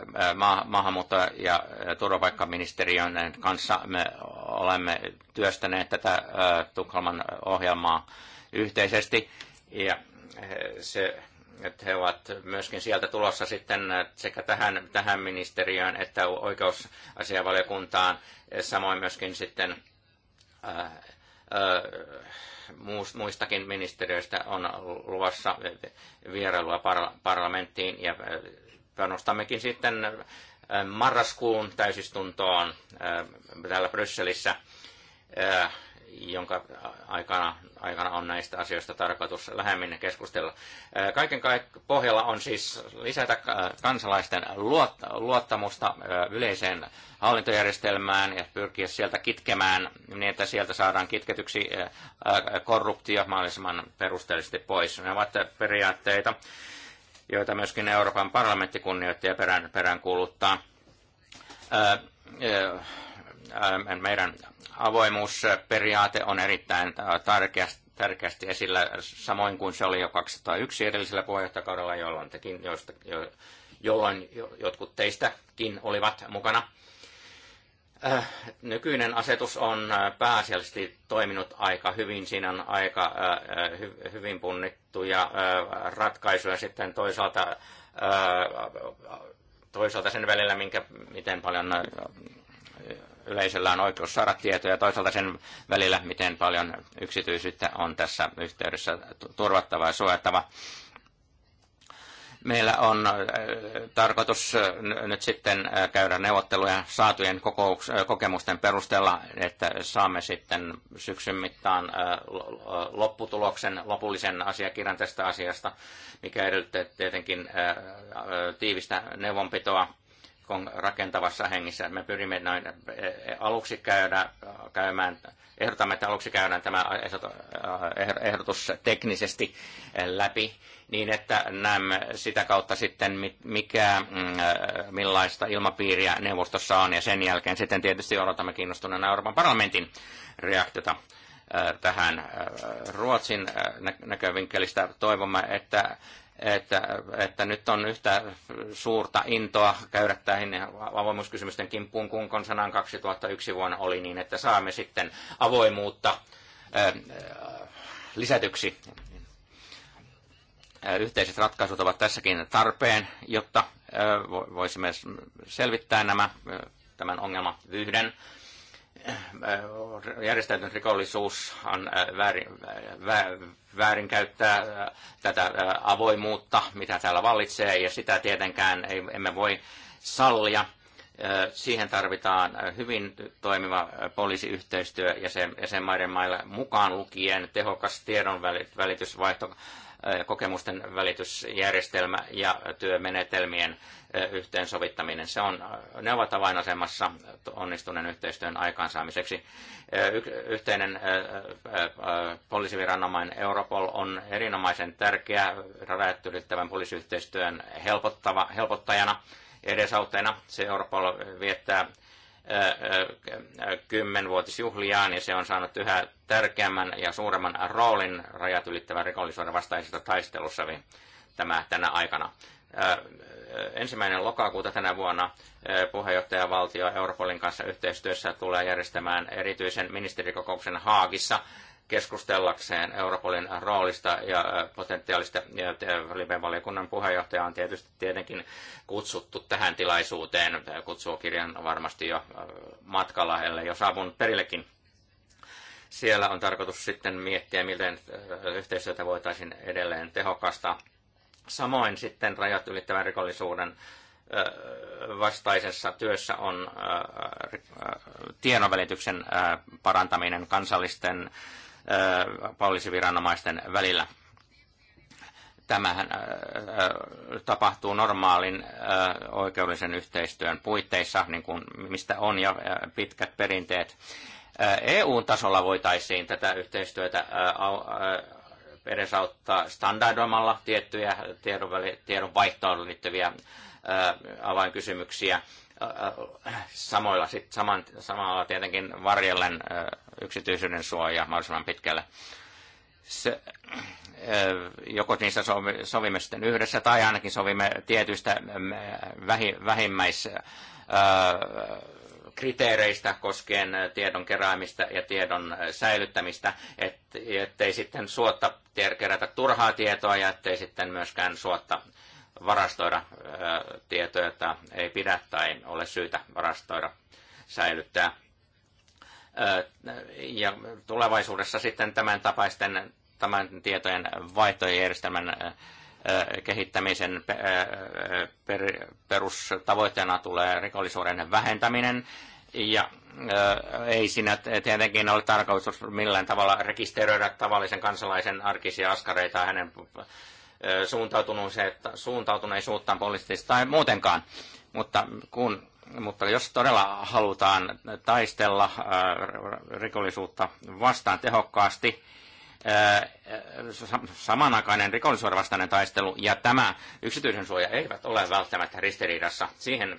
maahanmuutto- ja turvapaikkaministeriön kanssa me olemme työstäneet tätä Tukholman ohjelmaa yhteisesti. Ja se, että he ovat myöskin sieltä tulossa sitten sekä tähän, tähän ministeriöön että oikeusasiavaliokuntaan, samoin myöskin sitten muistakin ministeriöistä on luvassa vierailua parlamenttiin ja panostammekin sitten marraskuun täysistuntoon täällä Brysselissä jonka aikana, aikana on näistä asioista tarkoitus lähemmin keskustella. Kaiken kaik- pohjalla on siis lisätä kansalaisten luot- luottamusta yleiseen hallintojärjestelmään ja pyrkiä sieltä kitkemään niin, että sieltä saadaan kitketyksi korruptio mahdollisimman perusteellisesti pois. Ne ovat periaatteita, joita myöskin Euroopan parlamentti kunnioitti ja perään, peräänkuuluttaa. Öö, Ähm, meidän avoimuusperiaate on erittäin äh, tärkeästi esillä, samoin kuin se oli jo 201 edellisellä puheenjohtajakaudella, jolloin, tekin, joista, jo, jolloin jotkut teistäkin olivat mukana. Äh, nykyinen asetus on äh, pääasiallisesti toiminut aika hyvin. Siinä on aika hyvin punnittuja ratkaisuja sitten toisaalta, toisaalta sen välillä, minkä, miten paljon yleisöllä on oikeus saada tietoja, toisaalta sen välillä, miten paljon yksityisyyttä on tässä yhteydessä turvattava ja suojattava. Meillä on äh, tarkoitus äh, nyt sitten äh, käydä neuvotteluja saatujen kokouks- kokemusten perusteella, että saamme sitten syksyn mittaan lopputuloksen, lopullisen asiakirjan tästä asiasta, mikä edellyttää tietenkin tiivistä neuvonpitoa rakentavassa hengissä. Me pyrimme näin eh, eh, aluksi käydä, eh, käymään, ehdotamme, että aluksi käydään tämä ehdotus teknisesti läpi, niin että näemme sitä kautta sitten, mikä, mm, millaista ilmapiiriä neuvostossa on, ja sen jälkeen sitten tietysti odotamme kiinnostuneena Euroopan parlamentin reaktiota tähän Ruotsin näkövinkkelistä. Toivomme, että että, että nyt on yhtä suurta intoa käydä tähän avoimuuskysymysten kimppuun, kun konsanaan 2001 vuonna oli niin, että saamme sitten avoimuutta lisätyksi. Yhteiset ratkaisut ovat tässäkin tarpeen, jotta voisimme selvittää nämä, tämän ongelman yhden Äh, järjestäytynyt rikollisuus on äh, väärin, äh, väärinkäyttää tätä avoimuutta, mitä täällä vallitsee, ja sitä tietenkään emme voi sallia. Siihen tarvitaan hyvin toimiva poliisiyhteistyö ja maiden mailla mukaan lukien tehokas tiedonvälitysvaihto kokemusten välitysjärjestelmä ja työmenetelmien yhteensovittaminen. Se on, ne ovat avainasemassa onnistuneen yhteistyön aikaansaamiseksi. Yhteinen poliisiviranomainen Europol on erinomaisen tärkeä rajat ylittävän poliisiyhteistyön helpottava, helpottajana edesauttajana. Se Europol viettää kymmenvuotisjuhliaan ja se on saanut yhä tärkeämmän ja suuremman roolin rajat ylittävän rikollisuuden vastaisessa taistelussa tämä, tänä aikana. Ensimmäinen lokakuuta tänä vuonna puheenjohtajavaltio Europolin kanssa yhteistyössä tulee järjestämään erityisen ministerikokouksen Haagissa keskustellakseen Europolin roolista ja äh, potentiaalista. Äh, Libe-valiokunnan puheenjohtaja on tietysti tietenkin kutsuttu tähän tilaisuuteen. Kutsuu kirjan varmasti jo äh, matkalla, ellei jo saapunut perillekin. Siellä on tarkoitus sitten miettiä, miten yhteistyötä voitaisiin edelleen tehokasta. Samoin sitten rajat ylittävän rikollisuuden vastaisessa työssä on tiedonvälityksen parantaminen kansallisten poliisiviranomaisten välillä. Tämähän tapahtuu normaalin oikeudellisen yhteistyön puitteissa, niin kuin mistä on jo pitkät perinteet. EU-tasolla voitaisiin tätä yhteistyötä edesauttaa standardoimalla tiettyjä tiedonvaihtoon liittyviä avainkysymyksiä samoilla, sit saman, samalla tietenkin varjellen yksityisyyden suojaa mahdollisimman pitkälle. Se, joko niistä sovimme sitten yhdessä tai ainakin sovimme tietyistä vähimmäiskriteereistä kriteereistä koskien tiedon keräämistä ja tiedon säilyttämistä, ettei sitten suotta kerätä turhaa tietoa ja ettei sitten myöskään suotta varastoida tietoja, joita ei pidä tai ole syytä varastoida, säilyttää. Ja tulevaisuudessa sitten tämän tapaisten tämän tietojen vaihtojärjestelmän kehittämisen perustavoitteena tulee rikollisuuden vähentäminen. Ja ei siinä tietenkin ole tarkoitus millään tavalla rekisteröidä tavallisen kansalaisen arkisia askareita hänen suuntautuneisuuttaan poliittisesti tai muutenkaan. Mutta, kun, mutta jos todella halutaan taistella rikollisuutta vastaan tehokkaasti, samanaikainen rikollisuuden vastainen taistelu ja tämä yksityisen suoja eivät ole välttämättä ristiriidassa. Siihen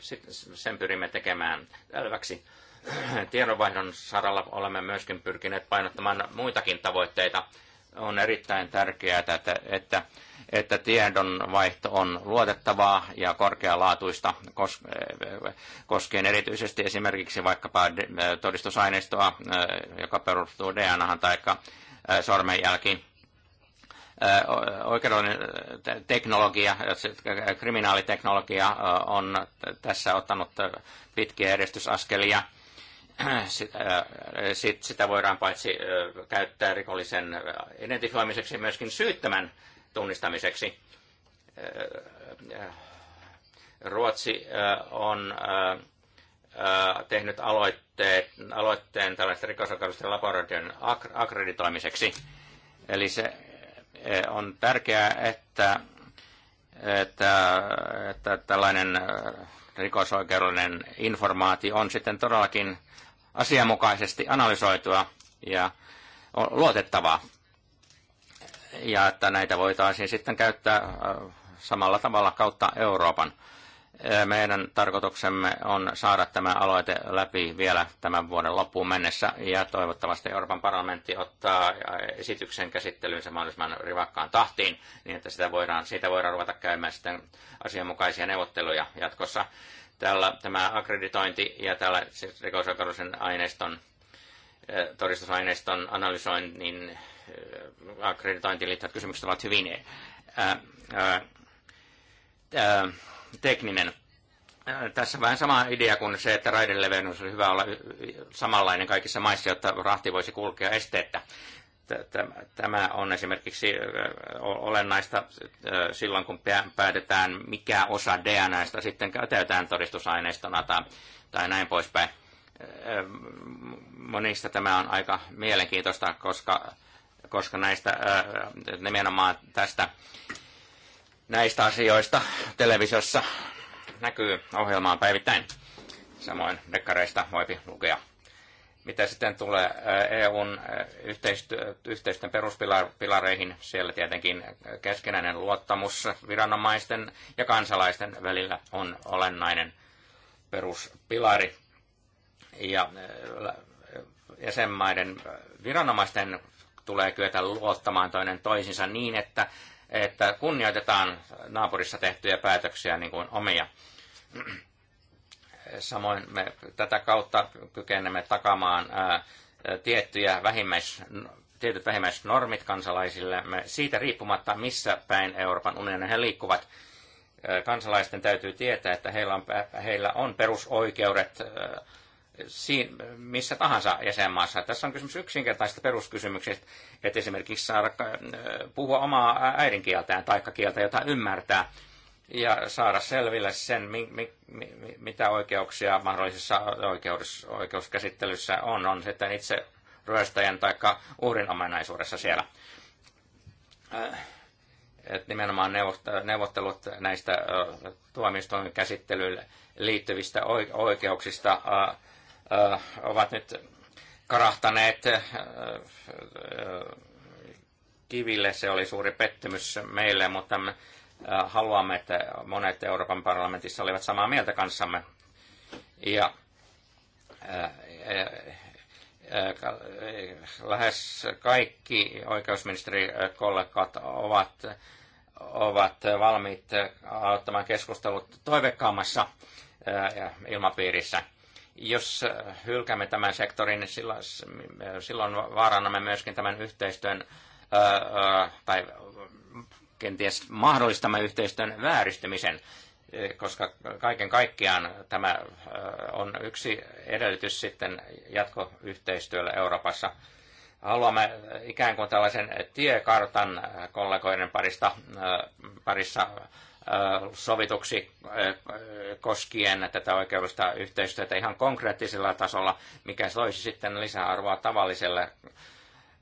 sen pyrimme tekemään selväksi. Tiedonvaihdon saralla olemme myöskin pyrkineet painottamaan muitakin tavoitteita on erittäin tärkeää, että, että, että tiedonvaihto on luotettavaa ja korkealaatuista, koskien erityisesti esimerkiksi vaikkapa todistusaineistoa, äh, joka perustuu DNAhan tai äh, sormenjälkiin. Äh, oikeudellinen teknologia, kriminaaliteknologia on tässä ottanut pitkiä edistysaskelia – sitä, sit, sitä voidaan paitsi käyttää rikollisen identifioimiseksi myöskin syyttämän tunnistamiseksi. Ruotsi on tehnyt aloitteet aloitteen tällaisten rikosoikeudellisten laboratorion akkreditoimiseksi. Eli se on tärkeää, että, että, että tällainen rikosoikeudellinen informaatio on sitten todellakin asianmukaisesti analysoitua ja luotettavaa. Ja että näitä voitaisiin sitten käyttää samalla tavalla kautta Euroopan. Meidän tarkoituksemme on saada tämä aloite läpi vielä tämän vuoden loppuun mennessä ja toivottavasti Euroopan parlamentti ottaa esityksen se mahdollisimman rivakkaan tahtiin niin, että sitä voidaan, siitä voidaan ruveta käymään sitten asianmukaisia neuvotteluja jatkossa tällä, tämä akkreditointi ja tällä siis rikosoikeudellisen aineiston, todistusaineiston analysoinnin akkreditointiin liittyvät kysymykset ovat hyvin ää, ää, ää, tekninen. Tässä on vähän sama idea kuin se, että raideleveys on hyvä olla samanlainen kaikissa maissa, jotta rahti voisi kulkea esteettä. Tämä on esimerkiksi olennaista silloin, kun päätetään, mikä osa DNAsta sitten käytetään todistusaineistona tai, tai näin poispäin. Monista tämä on aika mielenkiintoista, koska, koska näistä nimenomaan tästä näistä asioista televisiossa näkyy ohjelmaan päivittäin. Samoin dekkareista voipi lukea mitä sitten tulee EUn yhteisten peruspilareihin, siellä tietenkin keskenäinen luottamus viranomaisten ja kansalaisten välillä on olennainen peruspilari. Ja jäsenmaiden viranomaisten tulee kyetä luottamaan toinen toisinsa niin, että, että kunnioitetaan naapurissa tehtyjä päätöksiä niin kuin omia. Samoin me tätä kautta kykenemme takamaan tiettyjä vähimmäis, tietyt vähimmäisnormit kansalaisille. Me siitä riippumatta, missä päin Euroopan unionin he liikkuvat, kansalaisten täytyy tietää, että heillä on, heillä on perusoikeudet siinä, missä tahansa jäsenmaassa. Tässä on kysymys yksinkertaisista peruskysymyksistä, että esimerkiksi saada puhua omaa äidinkieltään tai kieltä, jota ymmärtää – ja saada selville sen, mi, mi, mi, mitä oikeuksia mahdollisessa oikeus, oikeuskäsittelyssä on, on sitten itse ryöstäjän tai uhrin omenaisuudessa siellä. Äh, et nimenomaan neuvottelut näistä äh, tuomioistuimen käsittelyyn liittyvistä oikeuksista äh, ovat nyt karahtaneet kiville. Se oli suuri pettymys meille, mutta haluamme, että monet Euroopan parlamentissa olivat samaa mieltä kanssamme. Ja lähes kaikki oikeusministerikollegat ovat, ovat valmiit auttamaan keskustelut toivekkaammassa ilmapiirissä. Jos hylkäämme tämän sektorin, niin silloin vaarannamme myöskin tämän yhteistyön tai kenties mahdollistamme yhteistyön vääristymisen, eh, koska kaiken kaikkiaan tämä eh, on yksi edellytys sitten jatkoyhteistyölle Euroopassa. Haluamme ikään kuin tällaisen tiekartan eh, kollegoiden parista, parissa sovituksi koskien tätä oikeudellista yhteistyötä ihan konkreettisella tasolla, mikä soisi sitten lisäarvoa tavalliselle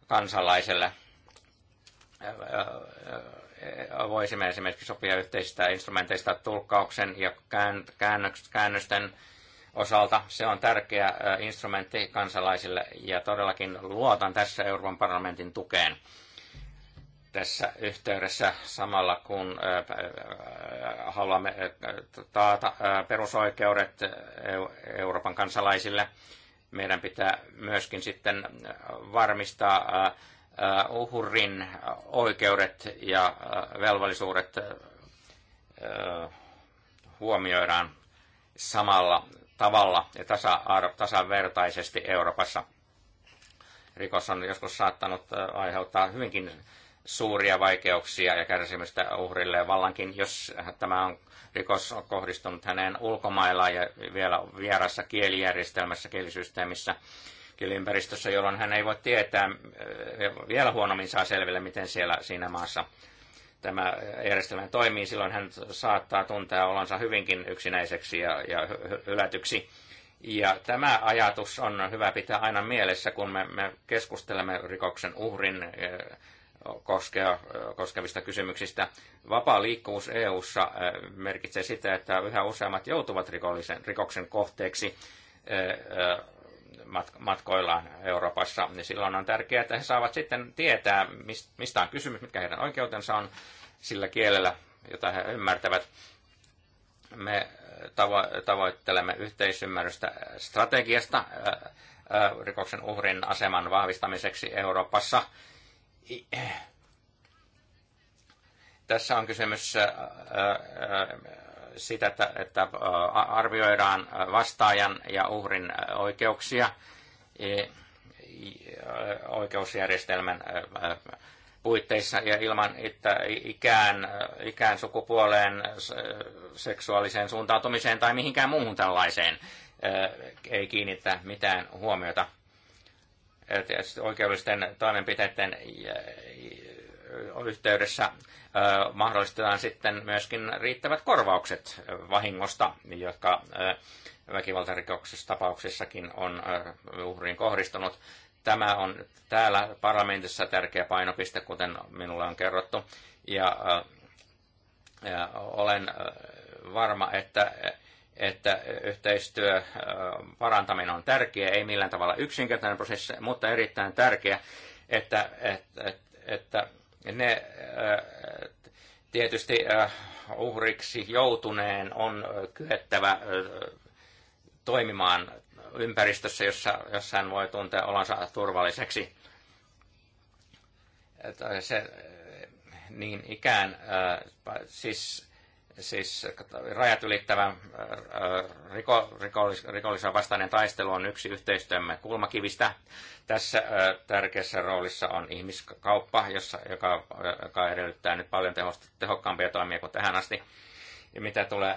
kansalaiselle voisimme esimerkiksi sopia yhteisistä instrumenteista tulkkauksen ja käännösten osalta. Se on tärkeä instrumentti kansalaisille ja todellakin luotan tässä Euroopan parlamentin tukeen tässä yhteydessä samalla kun haluamme taata perusoikeudet e-, Euroopan kansalaisille. Meidän pitää myöskin sitten varmistaa Äh, uhrin oikeudet ja äh, velvollisuudet äh, huomioidaan samalla tavalla ja tasavertaisesti Euroopassa. Rikos on joskus saattanut aiheuttaa hyvinkin suuria vaikeuksia ja kärsimystä uhrille vallankin, jos tämä on rikos on kohdistunut häneen ulkomailla ja vielä vierassa kielijärjestelmässä, kielisysteemissä kiliympäristössä, jolloin hän ei voi tietää, äh, vielä huonommin saa selville, miten siellä siinä maassa tämä äh, järjestelmä toimii. Silloin hän saattaa tuntea olonsa hyvinkin yksinäiseksi ja, ja hylätyksi. Ja tämä ajatus on hyvä pitää aina mielessä, kun me, me keskustelemme rikoksen uhrin äh, koskea, koskevista kysymyksistä. Vapaa liikkuvuus EU:ssa merkitsee sitä, että yhä useammat joutuvat rikollisen, rikoksen kohteeksi matkoillaan Euroopassa, niin silloin on tärkeää, että he saavat sitten tietää, mistä on kysymys, mitkä heidän oikeutensa on sillä kielellä, jota he ymmärtävät. Me tavo- tavoittelemme yhteisymmärrystä strategiasta rikoksen uhrin aseman vahvistamiseksi Euroopassa. Tässä on kysymys sitä, että, että arvioidaan vastaajan ja uhrin oikeuksia e, oikeusjärjestelmän puitteissa ja ilman että ikään, ikään sukupuoleen, seksuaaliseen suuntautumiseen tai mihinkään muuhun tällaiseen ei kiinnitä mitään huomiota. oikeudellisten toimenpiteiden yhteydessä mahdollistetaan sitten myöskin riittävät korvaukset vahingosta, jotka tapauksessakin on uhriin kohdistunut. Tämä on täällä parlamentissa tärkeä painopiste, kuten minulle on kerrottu, ja, ja olen varma, että että yhteistyö parantaminen on tärkeä, ei millään tavalla yksinkertainen prosessi, mutta erittäin tärkeä, että, että, että, että ne äh, tietysti äh, uhriksi joutuneen on äh, kyettävä toimimaan ympäristössä, jossa, jossa hän voi tuntea olonsa turvalliseksi. Se, niin ikään, siis Siis rajat ylittävä äh, äh, riko, rikollis, rikollisen vastainen taistelu on yksi yhteistyömme kulmakivistä. Tässä äh, tärkeässä roolissa on ihmiskauppa, jossa, joka, joka edellyttää nyt paljon tehosta, tehokkaampia toimia kuin tähän asti ja mitä tulee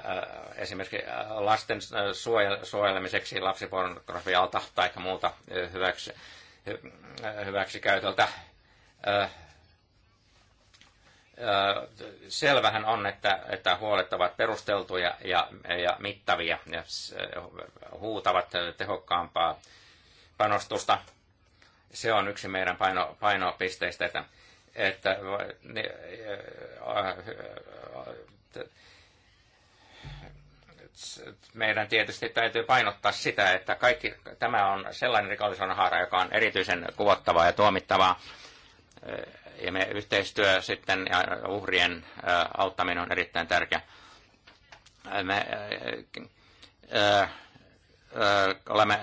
esimerkiksi lasten suojelemiseksi lapsipornografialta tai muuta hyväksi, hyväksikäytöltä, selvähän on, että, että huolet ovat perusteltuja ja, ja mittavia ja huutavat tehokkaampaa panostusta. Se on yksi meidän paino, painopisteistä, että, että meidän tietysti täytyy painottaa sitä, että kaikki, tämä on sellainen rikollisuuden haara, joka on erityisen kuvottavaa ja tuomittavaa ja me yhteistyö sitten ja uhrien auttaminen on erittäin tärkeä. Me ää, ää, olemme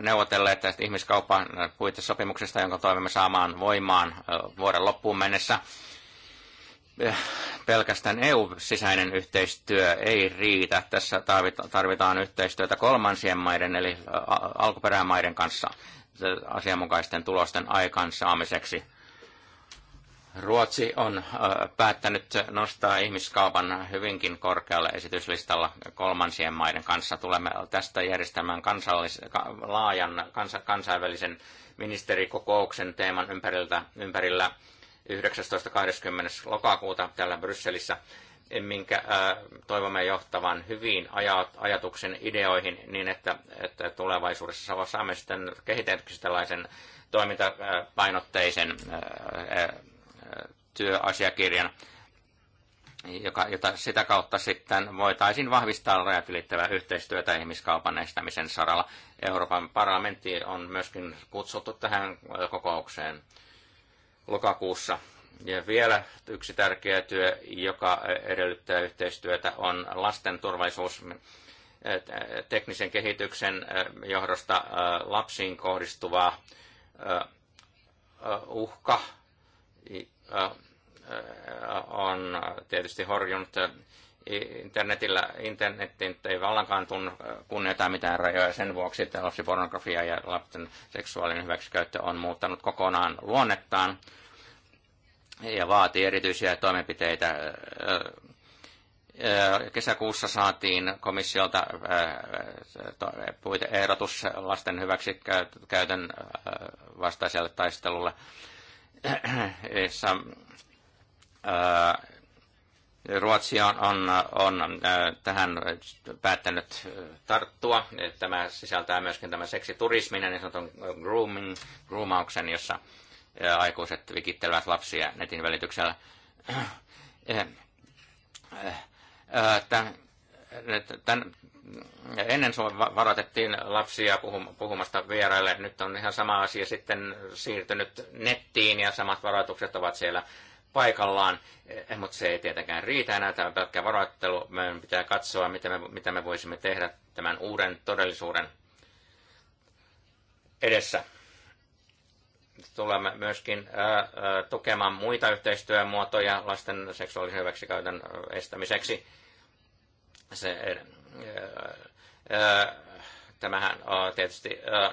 neuvotelleet tästä ihmiskaupan puitesopimuksesta, jonka toivomme saamaan voimaan vuoden loppuun mennessä. Pelkästään EU-sisäinen yhteistyö ei riitä. Tässä tarvitaan yhteistyötä kolmansien maiden eli alkuperämaiden kanssa asianmukaisten tulosten aikaansaamiseksi Ruotsi on äh, päättänyt nostaa ihmiskaupan hyvinkin korkealle esityslistalla kolmansien maiden kanssa. Tulemme tästä järjestämään kansallis, laajan kansainvälisen ministerikokouksen teeman ympäriltä, ympärillä 19.20. lokakuuta täällä Brysselissä, minkä äh, toivomme johtavan hyviin ajat, ajatuksen ideoihin niin, että, että tulevaisuudessa saamme sitten kehitetyksi tällaisen toimintapainotteisen äh, työasiakirjan, joka, jota sitä kautta sitten voitaisiin vahvistaa rajat ylittävää yhteistyötä ihmiskaupan estämisen saralla. Euroopan parlamentti on myöskin kutsuttu tähän kokoukseen lokakuussa. Ja vielä yksi tärkeä työ, joka edellyttää yhteistyötä, on lasten turvallisuus teknisen kehityksen e, johdosta e, lapsiin kohdistuvaa e, uhka on tietysti horjunut internetillä, internetin ei vallankaan tunnu, kunnioita mitään rajoja. Sen vuoksi että lapsipornografia ja lapsen seksuaalinen hyväksikäyttö on muuttanut kokonaan luonnettaan ja vaatii erityisiä toimenpiteitä. Kesäkuussa saatiin komissiolta puiteehdotus lasten hyväksikäytön vastaiselle taistelulle Ruotsi on, on, on tähän päättänyt tarttua. Tämä sisältää myöskin tämän seksiturismin ja niin sanotun grooming, groomauksen, jossa aikuiset vikittelevät lapsia netin välityksellä tämän, ennen varoitettiin lapsia puhumasta vieraille. Nyt on ihan sama asia sitten siirtynyt nettiin ja samat varoitukset ovat siellä paikallaan, eh, mutta se ei tietenkään riitä enää tämä pelkkä varoittelu. Meidän pitää katsoa, mitä me, mitä me voisimme tehdä tämän uuden todellisuuden edessä. Tulemme myöskin ää, tukemaan muita yhteistyömuotoja lasten seksuaalisen hyväksikäytön estämiseksi se, äh, tämähän äh, tietysti äh,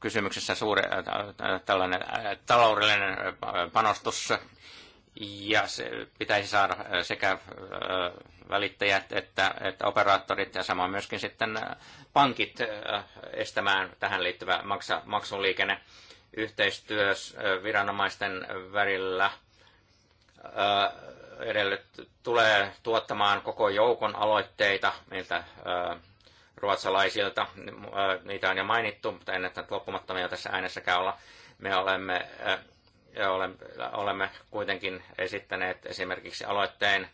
kysymyksessä suuri äh, tällainen taloudellinen panostus, ja se pitäisi saada sekä välittäjät että, että operaattorit ja samoin myöskin sitten pankit estämään tähän liittyvä maksa, maksuliikenne yhteistyös viranomaisten välillä edellyt, tulee tuottamaan koko joukon aloitteita meiltä ruotsalaisilta. Niitä on jo mainittu, mutta en että loppumattomia tässä äänessäkään olla. Me olemme, olemme kuitenkin esittäneet esimerkiksi aloitteen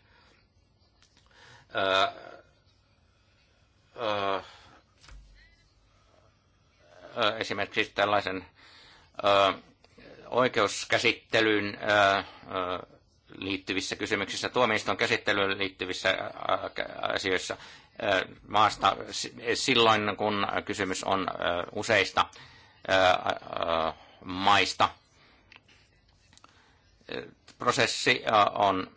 esimerkiksi tällaisen oikeuskäsittelyn liittyvissä kysymyksissä, tuomioistuin käsittelyyn liittyvissä asioissa maasta silloin, kun kysymys on useista maista. Prosessi on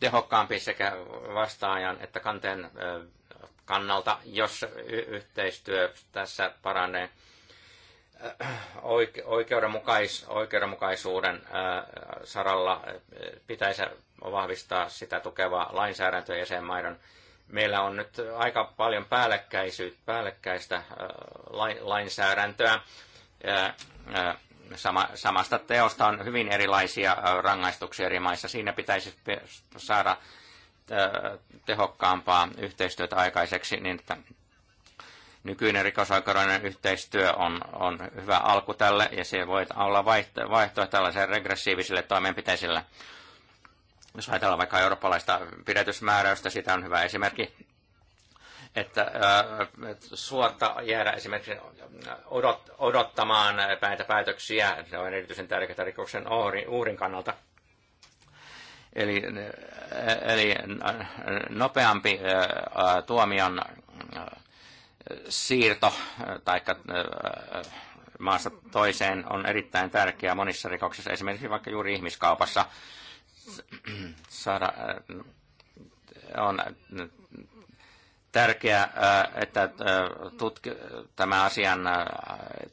tehokkaampi sekä vastaajan että kanteen kannalta, jos yhteistyö tässä paranee oikeudenmukais, oikeudenmukaisuuden äh, saralla äh, pitäisi vahvistaa sitä tukevaa lainsäädäntöä jäsenmaiden. Meillä on nyt aika paljon päällekkäisyyttä, päällekkäistä äh, lainsäädäntöä. Sama, samasta teosta on hyvin erilaisia rangaistuksia eri maissa. Siinä pitäisi saada tehokkaampaa yhteistyötä aikaiseksi, niin että Nykyinen rikosoikeudellinen yhteistyö on, on hyvä alku tälle ja se voi olla vaihtoehto vaihto tällaiselle regressiivisille toimenpiteisille. Jos ajatellaan vaikka eurooppalaista pidetysmääräystä, siitä on hyvä esimerkki äh, että, suotta jäädä esimerkiksi odot, odottamaan päätä päätöksiä, se on erityisen tärkeää rikoksen uhrin kannalta. Eli, äh, eli nopeampi äh, tuomion siirto äh, tai äh, äh, maasta toiseen on erittäin tärkeää monissa rikoksissa, esimerkiksi vaikka juuri ihmiskaupassa saada, on tärkeää, että tutki, tämä asian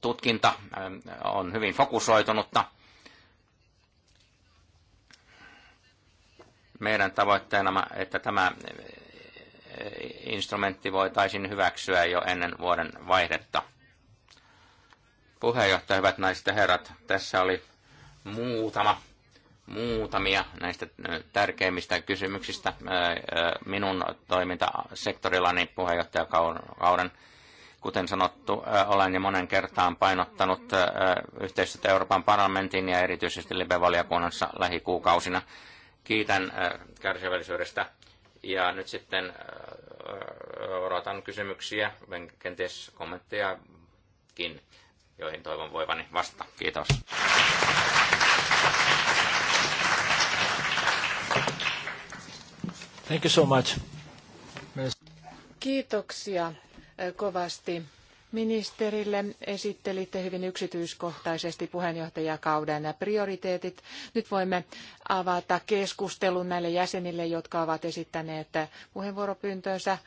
tutkinta on hyvin fokusoitunutta. Meidän tavoitteena, että tämä instrumentti voitaisiin hyväksyä jo ennen vuoden vaihdetta. Puheenjohtaja, hyvät naiset ja herrat, tässä oli muutama, muutamia näistä tärkeimmistä kysymyksistä minun toimintasektorillani puheenjohtajakauden. Kuten sanottu, olen jo monen kertaan painottanut yhteistyötä Euroopan parlamentin ja erityisesti Libe-valiokunnassa lähikuukausina. Kiitän kärsivällisyydestä ja nyt sitten äh, odotan kysymyksiä, kenties kommenttejakin, joihin toivon voivani vasta. Kiitos. Thank you so much. Kiitoksia äh, kovasti ministerille. Esittelitte hyvin yksityiskohtaisesti puheenjohtajakauden prioriteetit. Nyt voimme avata keskustelun näille jäsenille, jotka ovat esittäneet puheenvuoropyyntönsä.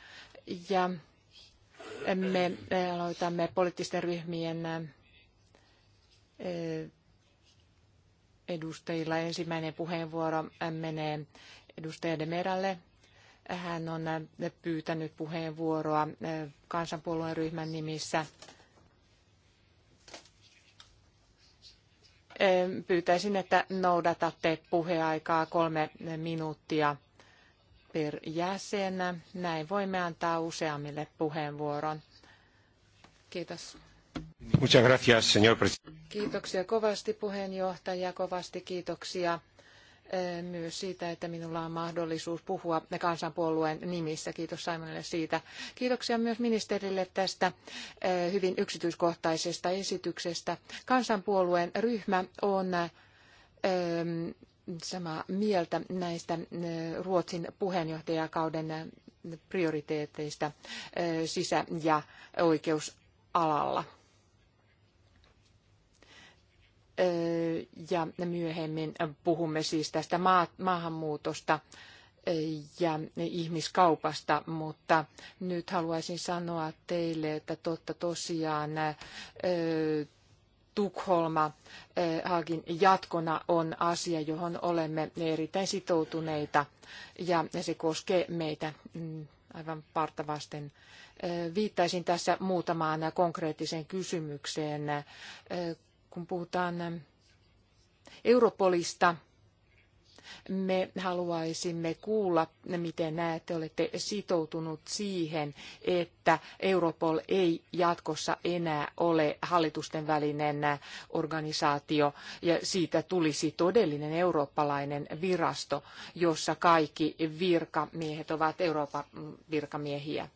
Ja me aloitamme poliittisten ryhmien eh, edustajilla. Ensimmäinen puheenvuoro menee edustaja Demeralle hän on äh, pyytänyt puheenvuoroa äh, kansanpuolueen ryhmän nimissä. Ähm, pyytäisin, että noudatatte puheaikaa kolme minuuttia per jäsen. Näin voimme antaa useammille puheenvuoron. Kiitos. Kiitoksia kovasti puheenjohtaja, kovasti kiitoksia Äh, myös siitä, että minulla on mahdollisuus puhua kansanpuolueen nimissä. Kiitos Simonille siitä. Kiitoksia myös ministerille tästä äh, hyvin yksityiskohtaisesta esityksestä. Kansanpuolueen ryhmä on äh, samaa mieltä näistä Ruotsin puheenjohtajakauden prioriteeteista sisä- ja oikeusalalla ja myöhemmin puhumme siis tästä maahanmuutosta ja ihmiskaupasta, mutta nyt haluaisin sanoa teille, että totta tosiaan Tukholma Haagin jatkona on asia, johon olemme erittäin sitoutuneita ja se koskee meitä mm, aivan partavasten. Viittaisin tässä muutamaan konkreettiseen kysymykseen kun puhutaan ähm, Europolista, me haluaisimme kuulla, miten näette, olette sitoutunut siihen, että Europol ei jatkossa enää ole hallitusten välinen äh, organisaatio ja siitä tulisi todellinen eurooppalainen virasto, jossa kaikki virkamiehet ovat Euroopan virkamiehiä.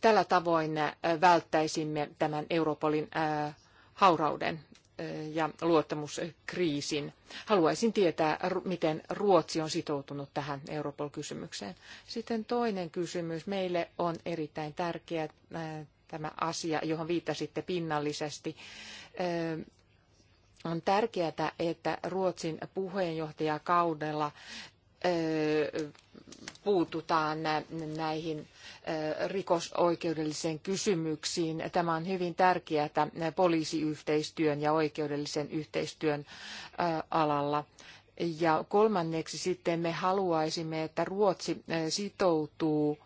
Tällä tavoin äh, välttäisimme tämän Europolin äh, haurauden ja luottamuskriisin. Haluaisin tietää, miten Ruotsi on sitoutunut tähän Europol-kysymykseen. Sitten toinen kysymys. Meille on erittäin tärkeä äh, tämä asia, johon viittasitte pinnallisesti. Äh, on tärkeää, että Ruotsin puheenjohtajakaudella puututaan näihin rikosoikeudellisiin kysymyksiin. Tämä on hyvin tärkeää poliisiyhteistyön ja oikeudellisen yhteistyön alalla. Ja kolmanneksi sitten me haluaisimme, että Ruotsi sitoutuu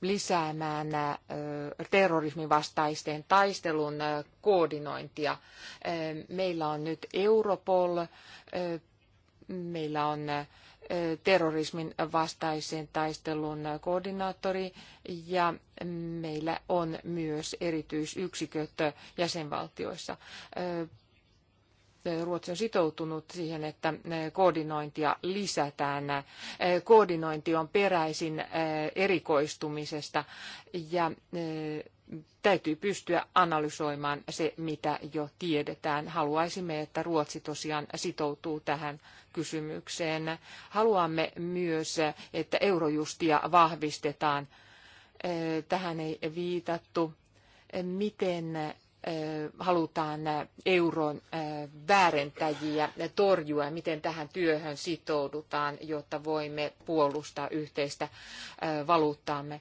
lisäämään terrorismin vastaisten taistelun koordinointia. Meillä on nyt Europol, meillä on terrorismin vastaisen taistelun koordinaattori ja meillä on myös erityisyksiköt jäsenvaltioissa. Ruotsi on sitoutunut siihen, että koordinointia lisätään. Koordinointi on peräisin erikoistumisesta ja täytyy pystyä analysoimaan se, mitä jo tiedetään. Haluaisimme, että Ruotsi tosiaan sitoutuu tähän kysymykseen. Haluamme myös, että eurojustia vahvistetaan. Eh, tähän ei viitattu. Eh, miten eh, halutaan euron väärentäjiä torjua, miten tähän työhön sitoudutaan, jotta voimme puolustaa yhteistä valuuttaamme.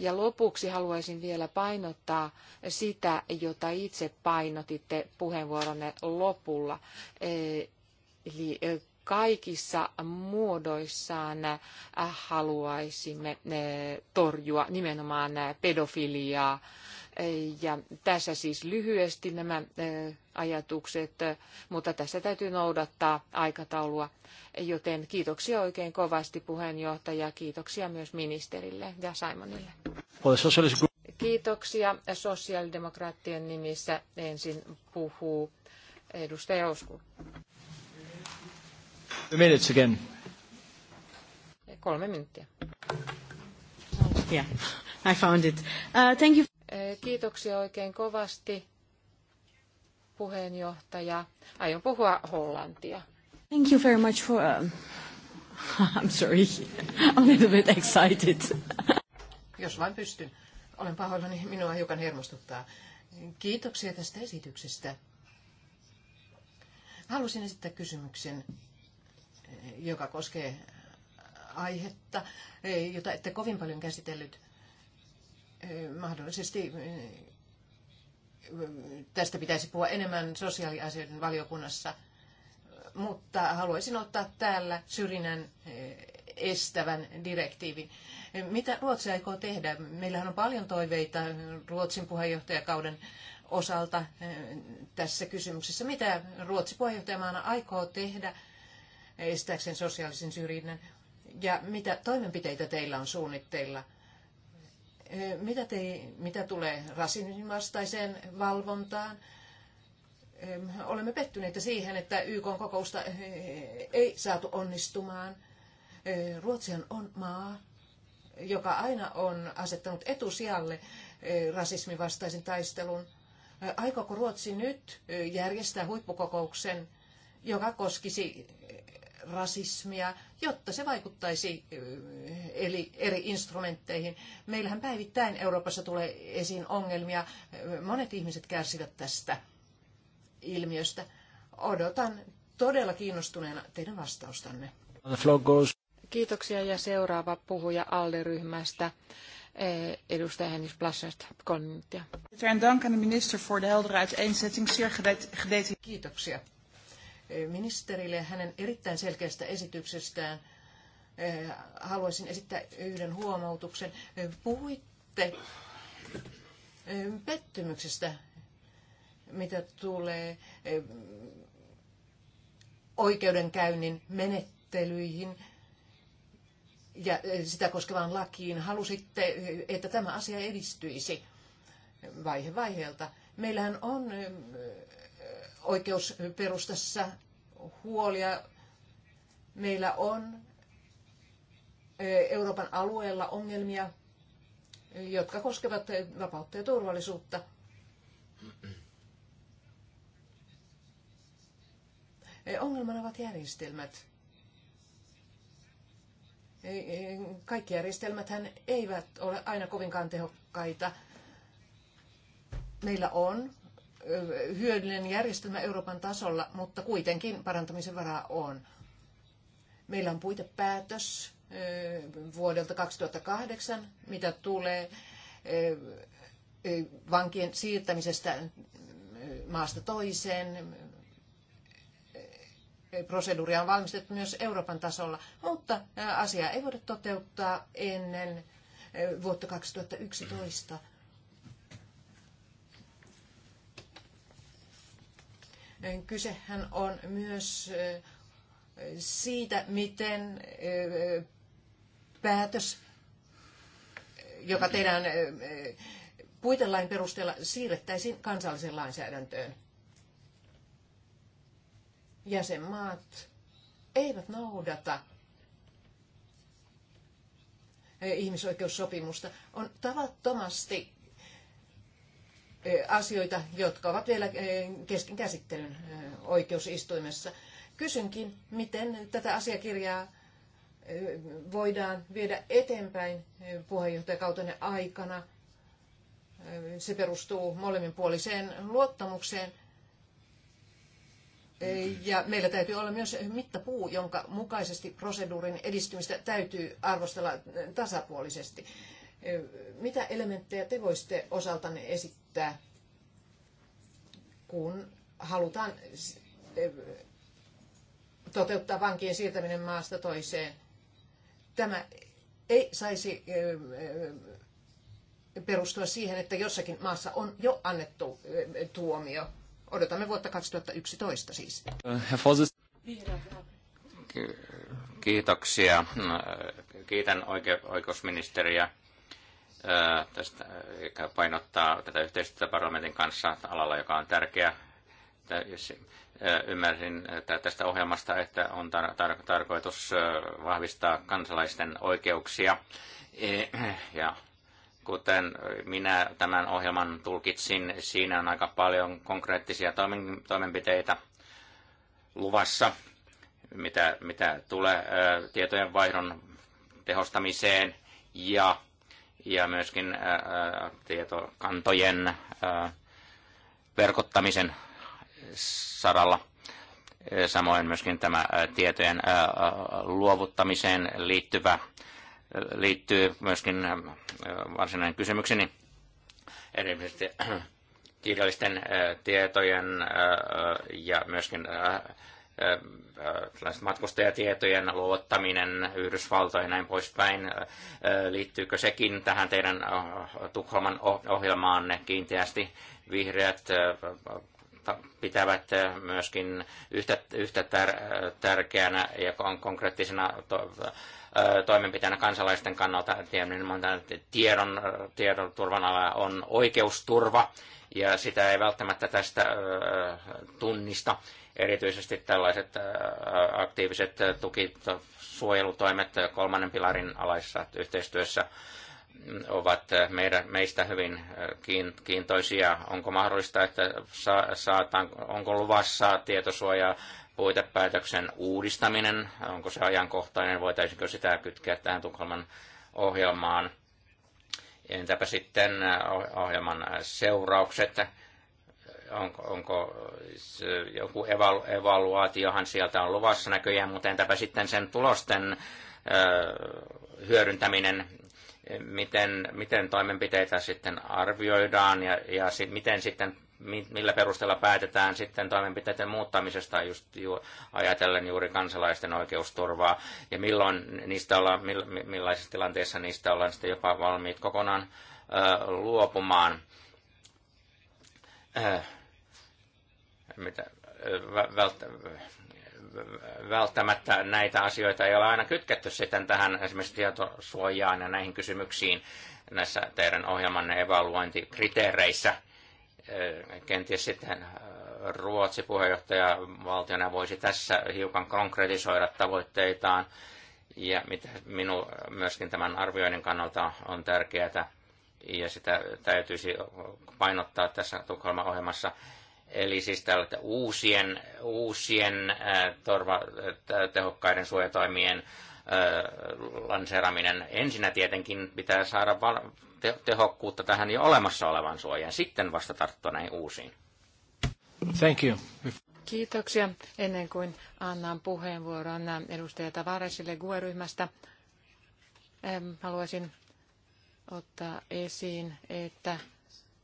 Ja lopuksi haluaisin vielä painottaa sitä, jota itse painotitte puheenvuoronne lopulla. Eh, eli eh, kaikissa muodoissaan eh, haluaisimme torjua nimenomaan pedofiliaa. Ja tässä siis lyhyesti nämä ajatukset, mutta tässä täytyy noudattaa aikataulua. Joten kiitoksia oikein kovasti puheenjohtaja, kiitoksia myös ministerille ja Simonille. Kiitoksia sosiaalidemokraattien nimissä. Ensin puhuu edustaja Osku. Minutes again. Kolme minuuttia. Yeah, I found it. Uh, thank you. Kiitoksia oikein kovasti puheenjohtaja. Aion puhua hollantia. Thank you very much for... Um, I'm sorry, I'm a little bit excited. Jos vain pystyn. Olen pahoillani, minua hiukan hermostuttaa. Kiitoksia tästä esityksestä. Halusin esittää kysymyksen, joka koskee aihetta, jota ette kovin paljon käsitellyt. Mahdollisesti tästä pitäisi puhua enemmän sosiaaliasioiden valiokunnassa, mutta haluaisin ottaa täällä syrjinnän eh, estävän direktiivin. Mitä Ruotsi aikoo tehdä? Meillähän on paljon toiveita Ruotsin puheenjohtajakauden osalta eh, tässä kysymyksessä. Mitä Ruotsi puheenjohtajamaana aikoo tehdä estääkseen sosiaalisen syrjinnän? Ja mitä toimenpiteitä teillä on suunnitteilla – mitä, te, mitä tulee rasismin vastaiseen valvontaan? Olemme pettyneitä siihen, että YK-kokousta ei saatu onnistumaan. Ruotsi on maa, joka aina on asettanut etusijalle rasismin vastaisen taistelun. Aikooko Ruotsi nyt järjestää huippukokouksen, joka koskisi rasismia, jotta se vaikuttaisi eli eri instrumentteihin. Meillähän päivittäin Euroopassa tulee esiin ongelmia. Monet ihmiset kärsivät tästä ilmiöstä. Odotan todella kiinnostuneena teidän vastaustanne. Kiitoksia ja seuraava puhuja ALDE-ryhmästä. Eh, edustaja Hennis Blassert, kolme minuuttia. Kiitoksia ministerille hänen erittäin selkeästä esityksestään. Eh, haluaisin esittää yhden huomautuksen. Eh, puhuitte eh, pettymyksestä, mitä tulee oikeudenkäynnin menettelyihin ja sitä koskevaan lakiin. Halusitte, että tämä asia edistyisi vaihe vaiheelta. Meillähän on oikeusperustassa huolia. Meillä on Euroopan alueella ongelmia, jotka koskevat vapautta ja turvallisuutta. Ongelmana ovat järjestelmät. Kaikki järjestelmät eivät ole aina kovinkaan tehokkaita. Meillä on hyödyllinen järjestelmä Euroopan tasolla, mutta kuitenkin parantamisen varaa on. Meillä on puitepäätös vuodelta 2008, mitä tulee vankien siirtämisestä maasta toiseen. Proseduuria on valmistettu myös Euroopan tasolla, mutta asiaa ei voida toteuttaa ennen vuotta 2011. Kysehän on myös siitä, miten päätös, joka tehdään puitelain perusteella, siirrettäisiin kansalliseen lainsäädäntöön. Jäsenmaat eivät noudata ihmisoikeussopimusta. On tavattomasti asioita, jotka ovat vielä kesken käsittelyn oikeusistuimessa. Kysynkin, miten tätä asiakirjaa voidaan viedä eteenpäin puheenjohtajakautenne aikana. Se perustuu molemminpuoliseen luottamukseen. Ja meillä täytyy olla myös mittapuu, jonka mukaisesti proseduurin edistymistä täytyy arvostella tasapuolisesti. Mitä elementtejä te voisitte osaltanne esittää? että kun halutaan toteuttaa vankien siirtäminen maasta toiseen, tämä ei saisi perustua siihen, että jossakin maassa on jo annettu tuomio. Odotamme vuotta 2011 siis. Kiitoksia. Kiitän oikeusministeriä tästä, painottaa tätä yhteistyötä parlamentin kanssa alalla, joka on tärkeä. Ymmärsin tästä ohjelmasta, että on tar- tar- tarkoitus vahvistaa kansalaisten oikeuksia. E, ja kuten minä tämän ohjelman tulkitsin, siinä on aika paljon konkreettisia toimenpiteitä luvassa, mitä, mitä tulee tietojenvaihdon tehostamiseen ja ja myöskin ää, tietokantojen ää, verkottamisen saralla. Samoin myöskin tämä tietojen ää, luovuttamiseen liittyvä, liittyy myöskin ää, varsinainen kysymykseni. Erityisesti kirjallisten tietojen ja myöskin matkustajatietojen luottaminen Yhdysvaltoihin ja näin poispäin, liittyykö sekin tähän teidän Tukholman ohjelmaanne kiinteästi? Vihreät pitävät myöskin yhtä, yhtä tär, tärkeänä ja konkreettisena to, toimenpiteenä kansalaisten kannalta niin tiedon, tiedon turvan ala on oikeusturva, ja sitä ei välttämättä tästä tunnista Erityisesti tällaiset äh, aktiiviset tukisuojelutoimet kolmannen pilarin alaisessa yhteistyössä ovat meidän, meistä hyvin äh, kiintoisia. Onko mahdollista, että saataan, onko luvassa tietosuojaa puitepäätöksen uudistaminen, onko se ajankohtainen, voitaisiinko sitä kytkeä tähän Tukholman ohjelmaan. Entäpä sitten äh, ohjelman seuraukset, onko, onko joku evalu, evaluaatiohan sieltä on luvassa näköjään, mutta entäpä sitten sen tulosten hyödyntäminen, miten, miten toimenpiteitä sitten arvioidaan ja, ja sit, miten sitten millä perusteella päätetään sitten toimenpiteiden muuttamisesta just ju, ajatellen juuri kansalaisten oikeusturvaa ja milloin niistä ollaan, mill, millaisissa tilanteissa niistä ollaan sitten jopa valmiit kokonaan ö, luopumaan mitä välttämättä näitä asioita ei ole aina kytketty sitten tähän esimerkiksi tietosuojaan ja näihin kysymyksiin näissä teidän ohjelmanne evaluointikriteereissä. Kenties sitten Ruotsi valtiona voisi tässä hiukan konkretisoida tavoitteitaan. Ja mitä minun myöskin tämän arvioinnin kannalta on tärkeää, ja sitä täytyisi painottaa tässä Tukholman ohjelmassa, Eli siis tällaisten uusien, uusien äh, torva, tehokkaiden suojatoimien lanseeraminen. Ensinnä tietenkin pitää saada val- te- tehokkuutta tähän jo olemassa olevan suojaan, sitten vasta tarttua näihin uusiin. Thank you. Kiitoksia. Ennen kuin annan puheenvuoron edustaja Tavaresille GUE-ryhmästä, haluaisin ottaa esiin, että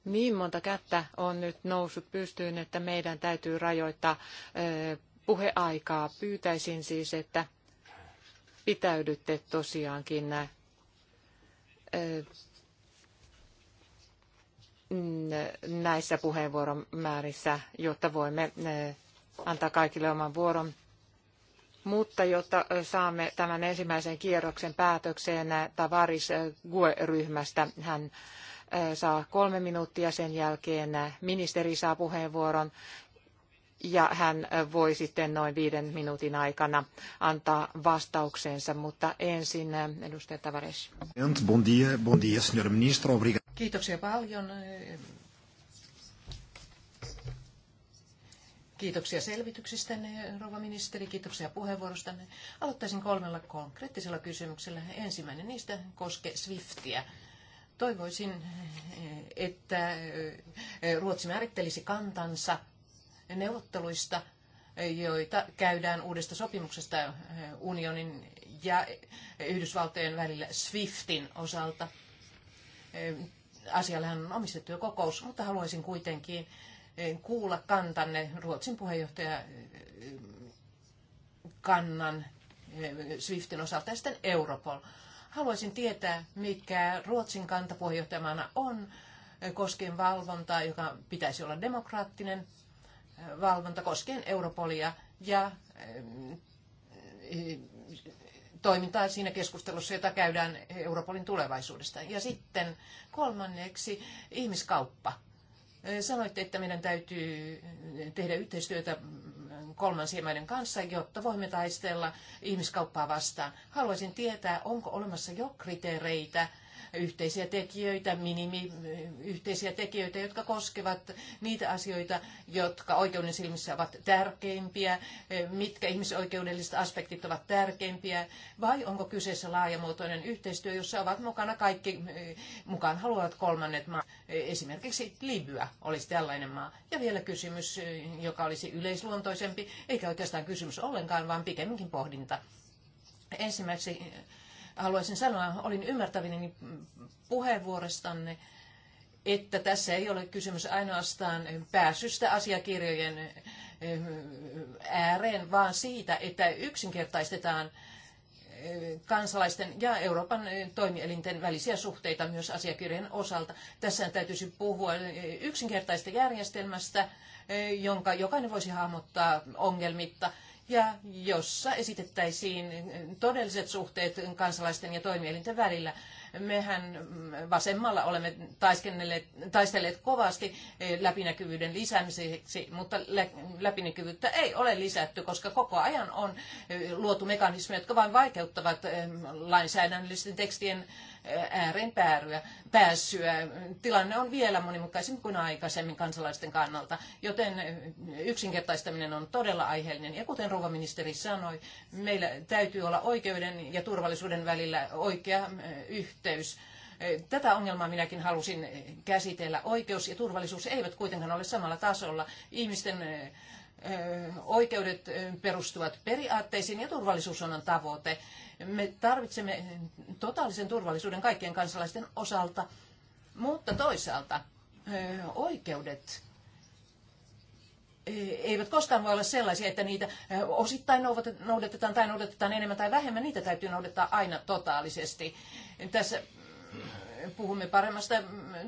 niin monta kättä on nyt noussut pystyyn, että meidän täytyy rajoittaa puheaikaa. Pyytäisin siis, että pitäydytte tosiaankin näissä puheenvuoromäärissä, jotta voimme antaa kaikille oman vuoron. Mutta jotta saamme tämän ensimmäisen kierroksen päätökseen Tavaris GUE-ryhmästä, hän Äh, saa kolme minuuttia, sen jälkeen äh, ministeri saa puheenvuoron ja hän äh, voi sitten noin viiden minuutin aikana antaa vastauksensa, mutta ensin edustaja Tavares. Bon dia, bon dia, ministro, Kiitoksia paljon. Kiitoksia selvityksistänne, rouva ministeri, kiitoksia puheenvuorostanne. Aloittaisin kolmella konkreettisella kysymyksellä. Ensimmäinen niistä koskee SWIFTiä. Toivoisin, että eh, Ruotsi määrittelisi kantansa neuvotteluista, joita käydään uudesta sopimuksesta eh, unionin ja Yhdysvaltojen välillä SWIFTin osalta. Eh, asiallehan on omistettu jo kokous, mutta haluaisin kuitenkin kuulla kantanne Ruotsin puheenjohtaja kannan SWIFTin osalta ja sitten Europol Haluaisin tietää, mikä Ruotsin kanta puheenjohtajamaana on eh, koskien valvontaa, joka pitäisi olla demokraattinen eh, valvonta koskien Europolia ja eh, toimintaa siinä keskustelussa, jota käydään Europolin tulevaisuudesta. Ja sitten kolmanneksi ihmiskauppa. Sanoitte, että meidän täytyy tehdä yhteistyötä kolmansien maiden kanssa, jotta voimme taistella ihmiskauppaa vastaan. Haluaisin tietää, onko olemassa jo kriteereitä yhteisiä tekijöitä, minimi yhteisiä tekijöitä, jotka koskevat niitä asioita, jotka oikeuden silmissä ovat tärkeimpiä, mitkä ihmisoikeudelliset aspektit ovat tärkeimpiä, vai onko kyseessä laajamuotoinen yhteistyö, jossa ovat mukana kaikki mukaan haluavat kolmannet maat. Esimerkiksi Libya olisi tällainen maa. Ja vielä kysymys, joka olisi yleisluontoisempi, eikä oikeastaan kysymys ollenkaan, vaan pikemminkin pohdinta. Ensimmäiseksi haluaisin sanoa, olin niin puheenvuorostanne, että tässä ei ole kysymys ainoastaan pääsystä asiakirjojen eh, ääreen, vaan siitä, että yksinkertaistetaan eh, kansalaisten ja Euroopan eh, toimielinten välisiä suhteita myös asiakirjojen osalta. Tässä täytyisi puhua yksinkertaista järjestelmästä, jonka jokainen voisi hahmottaa ongelmitta ja jossa esitettäisiin todelliset suhteet kansalaisten ja toimielinten välillä. Mehän vasemmalla olemme taistelleet kovasti eh, läpinäkyvyyden lisäämiseksi, mutta läpinäkyvyyttä ei ole lisätty, koska koko ajan on eh, luotu mekanismeja, jotka vain vaikeuttavat eh, lainsäädännöllisten tekstien ääreen pääryä, Tilanne on vielä monimutkaisempi kuin aikaisemmin kansalaisten kannalta, joten yksinkertaistaminen on todella aiheellinen. Ja kuten ruokaministeri sanoi, meillä täytyy olla oikeuden ja turvallisuuden välillä oikea yhteys. Tätä ongelmaa minäkin halusin käsitellä. Oikeus ja turvallisuus eivät kuitenkaan ole samalla tasolla. Ihmisten oikeudet perustuvat periaatteisiin ja turvallisuus on tavoite. Me tarvitsemme totaalisen turvallisuuden kaikkien kansalaisten osalta, mutta toisaalta oikeudet eivät koskaan voi olla sellaisia, että niitä osittain noudatetaan tai noudatetaan enemmän tai vähemmän. Niitä täytyy noudattaa aina totaalisesti. Tässä puhumme paremmasta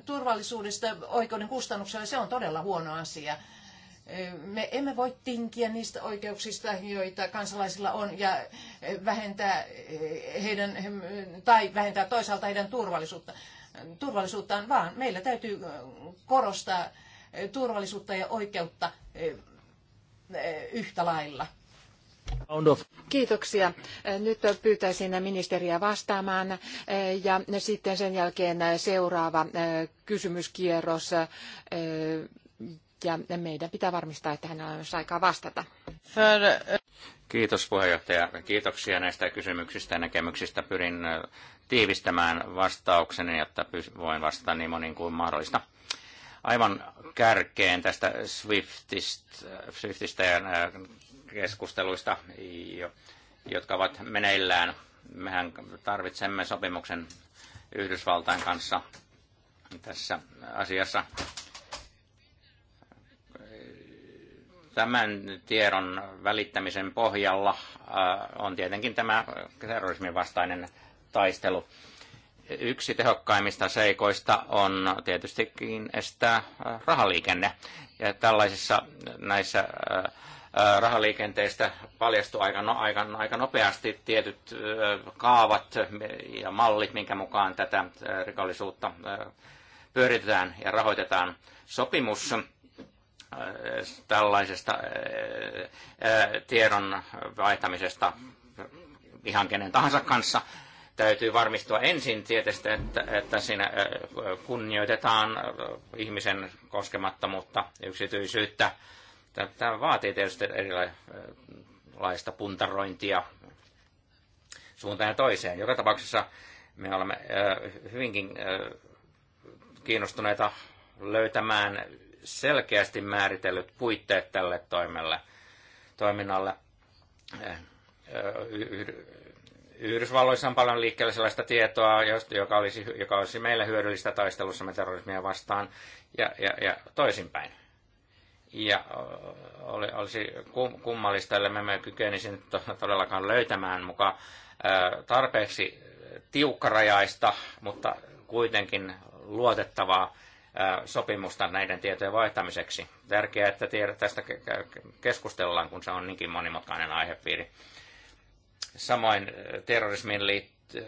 turvallisuudesta oikeuden kustannuksella. Se on todella huono asia. Me emme voi tinkiä niistä oikeuksista, joita kansalaisilla on, ja e, vähentää e, heidän, tai vähentää toisaalta heidän turvallisuutta, turvallisuuttaan, vaan meillä täytyy korostaa e, turvallisuutta ja oikeutta yhtä lailla. Kiitoksia. Nyt pyytäisin ministeriä vastaamaan ja sitten sen jälkeen seuraava kysymyskierros ja meidän pitää varmistaa, että hänellä on myös aikaa vastata. Kiitos puheenjohtaja. Kiitoksia näistä kysymyksistä ja näkemyksistä. Pyrin tiivistämään vastaukseni, jotta voin vastata niin moniin kuin mahdollista. Aivan kärkeen tästä Swiftistä, Swiftistä ja keskusteluista, jotka ovat meneillään. Mehän tarvitsemme sopimuksen Yhdysvaltain kanssa tässä asiassa Tämän tiedon välittämisen pohjalla äh, on tietenkin tämä terrorismin vastainen taistelu. Yksi tehokkaimmista seikoista on tietystikin estää äh, rahaliikenne. Ja tällaisissa näissä äh, rahaliikenteistä paljastuu aika, no, aika, aika nopeasti tietyt kaavat ja mallit, minkä mukaan tätä rikollisuutta pyöritetään ja rahoitetaan. Sopimus tällaisesta tiedon vaihtamisesta ihan kenen tahansa kanssa täytyy varmistua ensin tietysti, että, että siinä kunnioitetaan ihmisen koskemattomuutta yksityisyyttä. Tämä vaatii tietysti erilaista puntarointia suuntaan ja toiseen. Joka tapauksessa me olemme hyvinkin kiinnostuneita löytämään selkeästi määritellyt puitteet tälle toimelle, toiminnalle. Eh, eh, Yhdysvalloissa on paljon liikkeellä sellaista tietoa, joka olisi, joka olisi meille hyödyllistä taistelussamme terrorismia vastaan ja, ja, ja toisinpäin. Ja oli, olisi kummallista, ellei me kykenisin todellakaan löytämään mukaan tarpeeksi tiukkarajaista, mutta kuitenkin luotettavaa sopimusta näiden tietojen vaihtamiseksi. Tärkeää, että tästä keskustellaan, kun se on niinkin monimutkainen aihepiiri. Samoin terrorismiin, liitt-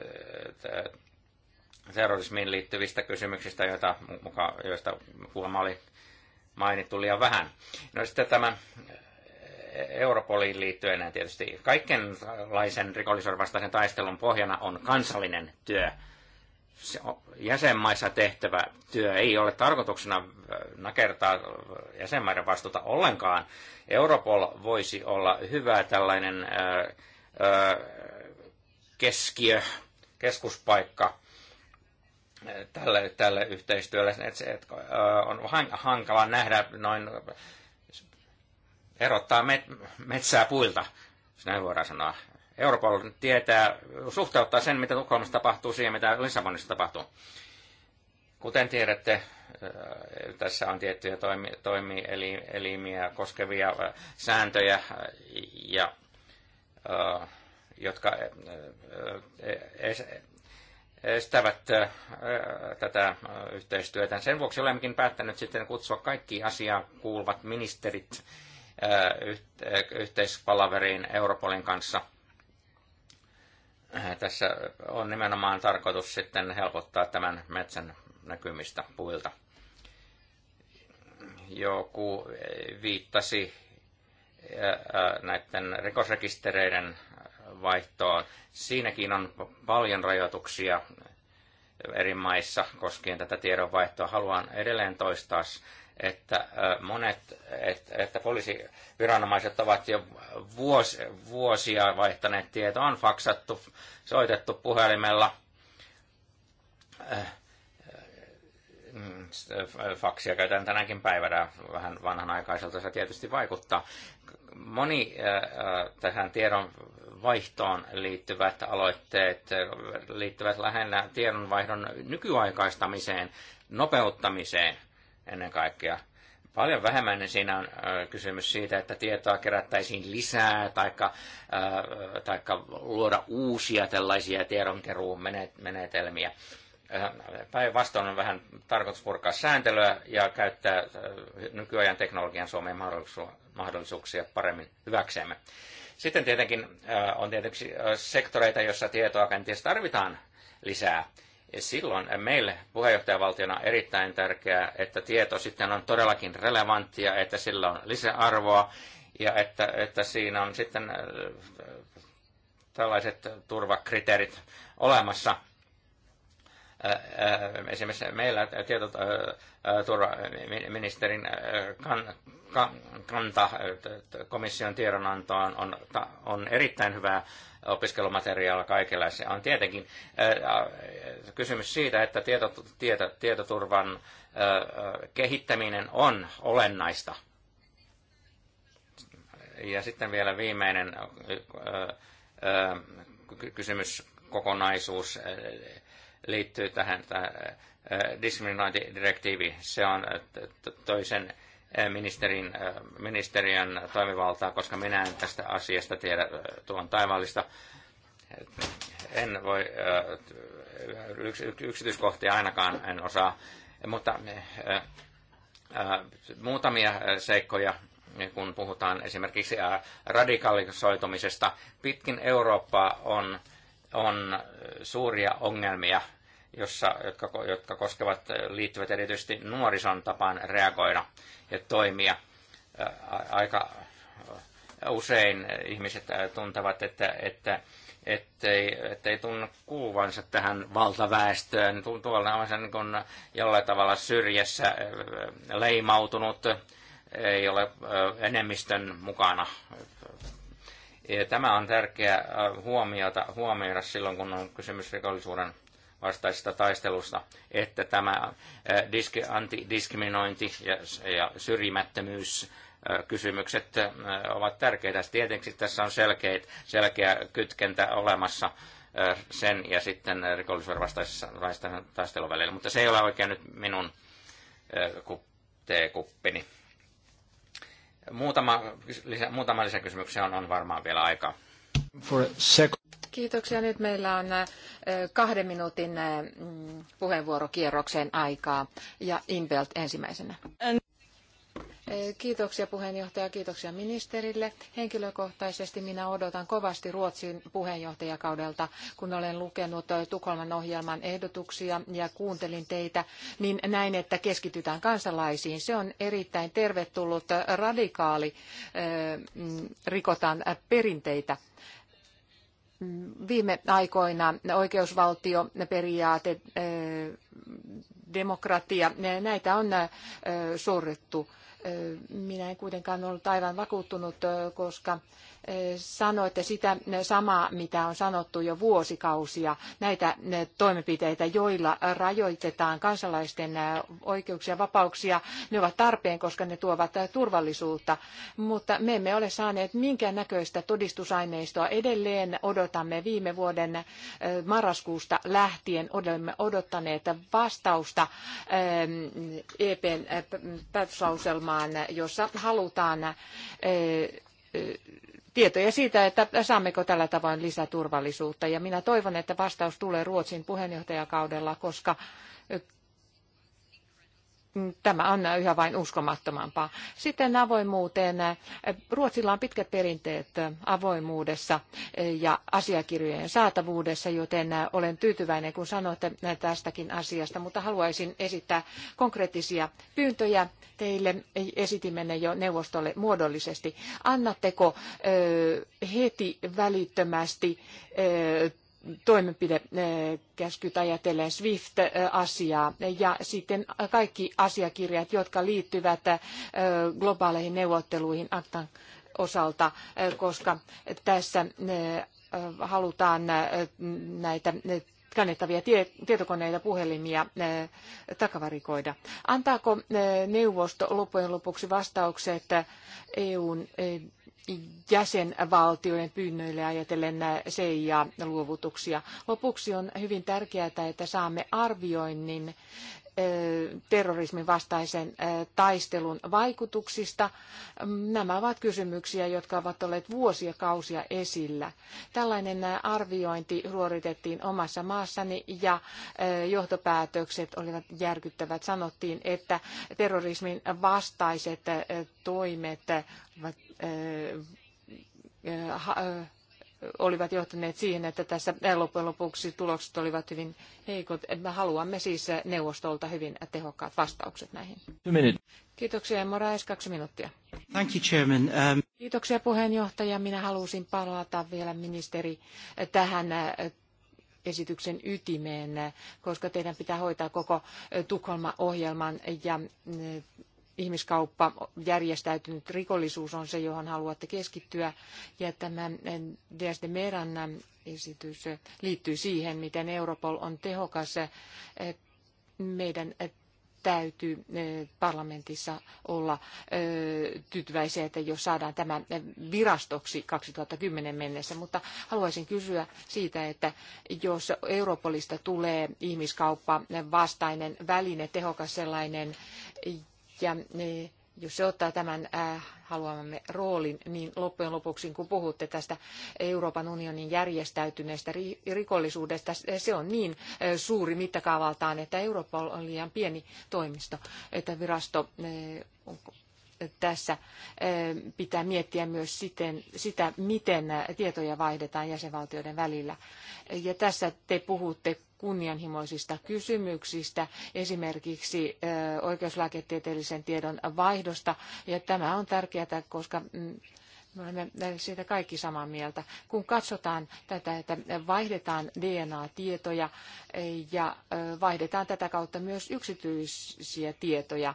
terrorismiin liittyvistä kysymyksistä, joita, muka, joista huoma oli mainittu liian vähän. No sitten tämä Europoliin liittyen tietysti kaikenlaisen rikollisuuden vastaisen taistelun pohjana on kansallinen työ se jäsenmaissa tehtävä työ ei ole tarkoituksena äh, nakertaa äh, jäsenmaiden vastuuta ollenkaan. Europol voisi olla hyvä tällainen äh, keskiö, keskuspaikka tälle, tälle yhteistyölle. Et, et, on hankala nähdä noin erottaa met, metsää puilta, jos näin voidaan sanoa. Europol tietää, suhteuttaa sen, mitä Tukholmassa tapahtuu siihen, mitä Lissabonissa tapahtuu. Kuten tiedätte, äh, tässä on tiettyjä toimi, toimielimiä koskevia äh, sääntöjä, äh, ja, jotka estävät tätä yhteistyötä. Sen vuoksi olemmekin päättänyt sitten kutsua kaikki asiaa kuuluvat ministerit yhteispalaveriin Europolin kanssa – tässä on nimenomaan tarkoitus sitten helpottaa tämän metsän näkymistä puilta. Joku viittasi näiden rikosrekistereiden vaihtoon. Siinäkin on paljon rajoituksia eri maissa koskien tätä tiedonvaihtoa. Haluan edelleen toistaa että monet, että, että poliisiviranomaiset ovat jo vuosia vaihtaneet tietoa, on faksattu, soitettu puhelimella, mm, faksia käytän tänäkin päivänä vähän vanhanaikaiselta, se tietysti vaikuttaa. Moni tähän tiedon vaihtoon liittyvät aloitteet liittyvät lähinnä tiedonvaihdon nykyaikaistamiseen, nopeuttamiseen ennen kaikkea. Paljon vähemmän niin siinä on kysymys siitä, että tietoa kerättäisiin lisää tai taikka luoda uusia tällaisia tiedonkeruun menetelmiä. Päinvastoin on vähän tarkoitus purkaa sääntelyä ja käyttää nykyajan teknologian Suomen mahdollisuuksia paremmin hyväksemme. Sitten tietenkin on tietysti sektoreita, joissa tietoa kenties tarvitaan lisää silloin meille puheenjohtajavaltiona erittäin tärkeää, että tieto sitten on todellakin relevanttia, että sillä on lisäarvoa ja että, että siinä on sitten äh, tällaiset turvakriteerit olemassa. Äh, äh, esimerkiksi meillä tietoturvaministerin kanta komission tiedonantoon on, on erittäin hyvää opiskelumateriaalia se On tietenkin kysymys siitä, että tieto, tieto, tietoturvan kehittäminen on olennaista. Ja sitten vielä viimeinen kysymys, kokonaisuus liittyy tähän diskriminointidirektiivi. Se on toisen Eh, ministerin, eh, ministeriön toimivaltaa, koska minä en tästä asiasta tiedä eh, tuon taivaallista. En voi yksityiskohtia ainakaan en osaa, mutta muutamia seikkoja kun puhutaan esimerkiksi radikalisoitumisesta. Pitkin Eurooppaa on, on suuria ongelmia jossa, jotka, jotka koskevat, äh, liittyvät erityisesti nuorison tapaan reagoida ja toimia. Äh, aika äh, usein ihmiset tuntevat, että, että ettei, ettei tunnu kuuvansa tähän valtaväestöön. Tuolla on sen niin jollain tavalla syrjässä leimautunut, ei ole enemmistön mukana. Ja tämä on tärkeää huomiota, huomioida silloin, kun on kysymys rikollisuuden vastaisesta taistelusta, että tämä antidiskriminointi ja, syrjimättömyys kysymykset ovat tärkeitä. Tietenkin tässä on selkeät, selkeä kytkentä olemassa sen ja sitten rikollisuuden vastaisessa taistelun välillä, mutta se ei ole oikein nyt minun teekuppini. Muutama, lisä, muutama lisäkysymyksiä on, on varmaan vielä aikaa. For a Kiitoksia. Nyt meillä on kahden minuutin mm, puheenvuorokierroksen aikaa ja Inbelt ensimmäisenä. Kiitoksia puheenjohtaja, kiitoksia ministerille. Henkilökohtaisesti minä odotan kovasti Ruotsin puheenjohtajakaudelta, kun olen lukenut Tukholman ohjelman ehdotuksia ja kuuntelin teitä, niin näin, että keskitytään kansalaisiin. Se on erittäin tervetullut, radikaali, mm, rikotaan perinteitä Viime aikoina oikeusvaltioperiaate, eh, demokratia, näitä on eh, sorrettu. Eh, minä en kuitenkaan ollut aivan vakuuttunut, koska sanoitte sitä samaa, mitä on sanottu jo vuosikausia, näitä toimenpiteitä, joilla rajoitetaan kansalaisten oikeuksia ja vapauksia. Ne ovat tarpeen, koska ne tuovat turvallisuutta, mutta me emme ole saaneet minkään näköistä todistusaineistoa. Edelleen odotamme viime vuoden marraskuusta lähtien, olemme odottaneet vastausta EPn päätöslauselmaan, jossa halutaan tietoja siitä, että saammeko tällä tavoin lisäturvallisuutta. Ja minä toivon, että vastaus tulee Ruotsin puheenjohtajakaudella, koska tämä on yhä vain uskomattomampaa. Sitten avoimuuteen. Ruotsilla on pitkät perinteet avoimuudessa ja asiakirjojen saatavuudessa, joten olen tyytyväinen, kun sanoitte tästäkin asiasta, mutta haluaisin esittää konkreettisia pyyntöjä teille. Esitimme ne jo neuvostolle muodollisesti. Annatteko heti välittömästi toimenpidekäskyt eh, ajatellen SWIFT-asiaa ja sitten kaikki asiakirjat, jotka liittyvät eh, globaaleihin neuvotteluihin Aktan osalta, eh, koska tässä halutaan näitä kannettavia tietokoneita, puhelimia takavarikoida. Antaako neuvosto loppujen lopuksi vastaukset EUn jäsenvaltioiden pyynnöille ajatellen CIA-luovutuksia. Lopuksi on hyvin tärkeää, että saamme arvioinnin terrorismin vastaisen taistelun vaikutuksista. Nämä ovat kysymyksiä, jotka ovat olleet vuosia kausia esillä. Tällainen arviointi ruoritettiin omassa maassani ja johtopäätökset olivat järkyttävät. Sanottiin, että terrorismin vastaiset toimet ovat Äh, äh, olivat johtaneet siihen, että tässä loppujen lopuksi tulokset olivat hyvin heikot. Me haluamme siis neuvostolta hyvin tehokkaat vastaukset näihin. Kiitoksia. Moraes, kaksi minuuttia. Thank you, Chairman. Um... Kiitoksia puheenjohtaja. Minä halusin palata vielä ministeri tähän äh, esityksen ytimeen, koska teidän pitää hoitaa koko Tukholman ohjelman ja ihmiskauppa, järjestäytynyt rikollisuus on se, johon haluatte keskittyä. Ja tämä Dias de Meran esitys liittyy siihen, miten Europol on tehokas. Meidän täytyy eh, parlamentissa olla eh, tyytyväisiä, että jos saadaan tämä virastoksi 2010 mennessä. Mutta haluaisin kysyä siitä, että jos Europolista tulee ihmiskauppa vastainen väline, tehokas sellainen, ja e, jos se ottaa tämän haluamamme roolin, niin loppujen lopuksi, kun puhutte tästä Euroopan unionin järjestäytyneestä rikollisuudesta, se on niin suuri mittakaavaltaan, että Eurooppa on liian pieni toimisto, että virasto tässä pitää miettiä myös siten, sitä, miten tietoja vaihdetaan jäsenvaltioiden välillä. Ja tässä te puhutte kunnianhimoisista kysymyksistä, esimerkiksi oikeuslääketieteellisen tiedon vaihdosta. Ja tämä on tärkeää, koska mm, me olemme siitä kaikki samaa mieltä. Kun katsotaan tätä, että vaihdetaan DNA-tietoja ja vaihdetaan tätä kautta myös yksityisiä tietoja,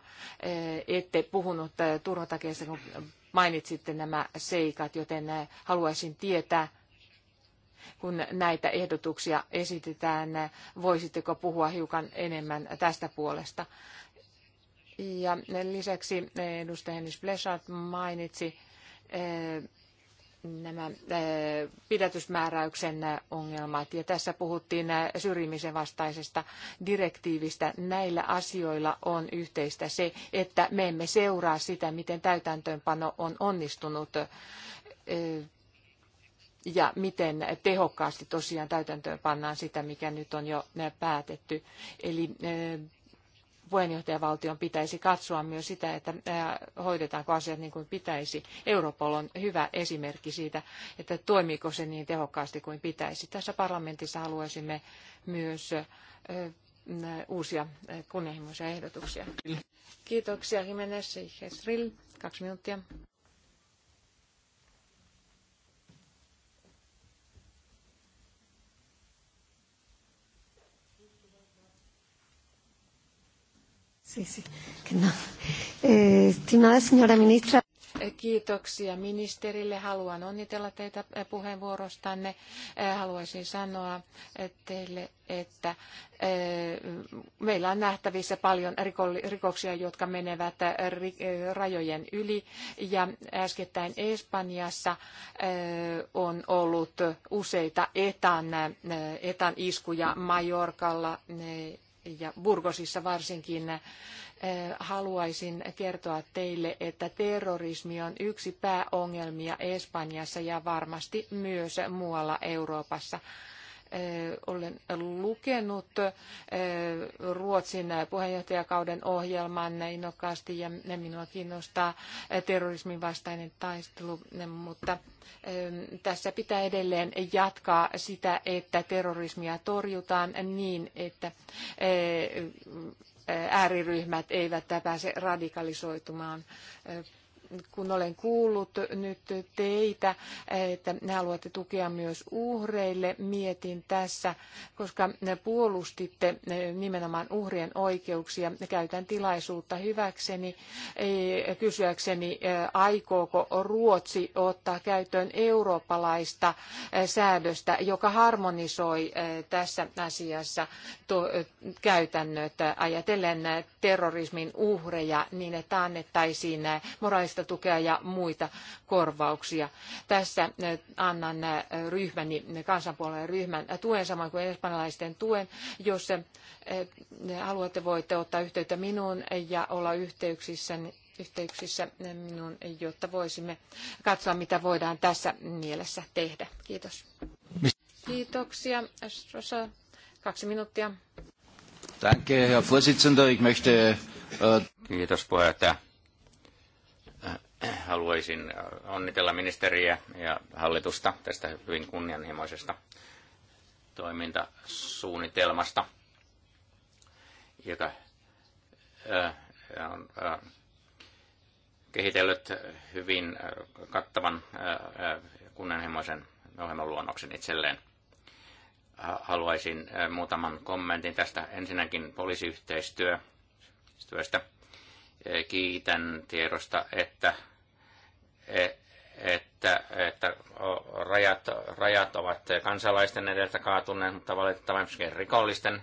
ette puhunut turvatakeista, kun mainitsitte nämä seikat, joten haluaisin tietää, kun näitä ehdotuksia esitetään, voisitteko puhua hiukan enemmän tästä puolesta. Ja lisäksi edustaja Hennis Blesat mainitsi nämä pidätysmääräyksen ongelmat. Ja tässä puhuttiin syrjimisen vastaisesta direktiivistä. Näillä asioilla on yhteistä se, että me emme seuraa sitä, miten täytäntöönpano on onnistunut ja miten tehokkaasti tosiaan täytäntöön pannaan sitä, mikä nyt on jo päätetty. Eli puheenjohtajavaltion pitäisi katsoa myös sitä, että hoidetaanko asiat niin kuin pitäisi. Europol on hyvä esimerkki siitä, että toimiiko se niin tehokkaasti kuin pitäisi. Tässä parlamentissa haluaisimme myös uusia kunnianhimoisia ehdotuksia. Kiitoksia Jimenez Kaksi minuuttia. No. Kiitoksia ministerille. Haluan onnitella teitä puheenvuorostanne. Eh, haluaisin sanoa eh, teille, että eh, meillä on nähtävissä paljon rikoksia, jotka menevät rajojen yli. Ja äskettäin Espanjassa on ollut useita etan, etan iskuja Majorkalla ja Burgosissa varsinkin eh, haluaisin kertoa teille, että terrorismi on yksi pääongelmia Espanjassa ja varmasti myös muualla Euroopassa. Eh, olen lukenut eh, Ruotsin puheenjohtajakauden ohjelman innokkaasti ja minua kiinnostaa eh, terrorismin vastainen taistelu, mutta tässä pitää edelleen jatkaa sitä, että terrorismia torjutaan niin, että ääriryhmät eivät pääse radikalisoitumaan kun olen kuullut nyt teitä, että haluatte tukea myös uhreille, mietin tässä, koska puolustitte eh, nimenomaan uhrien oikeuksia. Käytän tilaisuutta hyväkseni eh, kysyäkseni, eh, aikooko Ruotsi ottaa käyttöön eurooppalaista säädöstä, joka harmonisoi tässä asiassa käytännöt ajatellen terrorismin uhreja niin, että annettaisiin moraalista taloudellista tukea ja muita korvauksia. Tässä eh, annan eh, ryhmäni, kansanpuolueen ryhmän tuen, samoin kuin espanjalaisten tuen. Jos eh, haluatte, voitte ottaa yhteyttä minuun ja olla yhteyksissä, yhteyksissä minun, jotta voisimme katsoa, mitä voidaan tässä mielessä tehdä. Kiitos. Kiitoksia. Rosa, kaksi minuuttia. Danke, Herr Vorsitzender. Ich möchte, äh Kiitos puheenjohtaja haluaisin onnitella ministeriä ja hallitusta tästä hyvin kunnianhimoisesta toimintasuunnitelmasta, joka on kehitellyt hyvin kattavan kunnianhimoisen ohjelmaluonnoksen itselleen. Haluaisin muutaman kommentin tästä. Ensinnäkin poliisiyhteistyöstä. Kiitän tiedosta, että E, että, että rajat, rajat ovat kansalaisten edeltä kaatuneet, mutta valitettavasti rikollisten.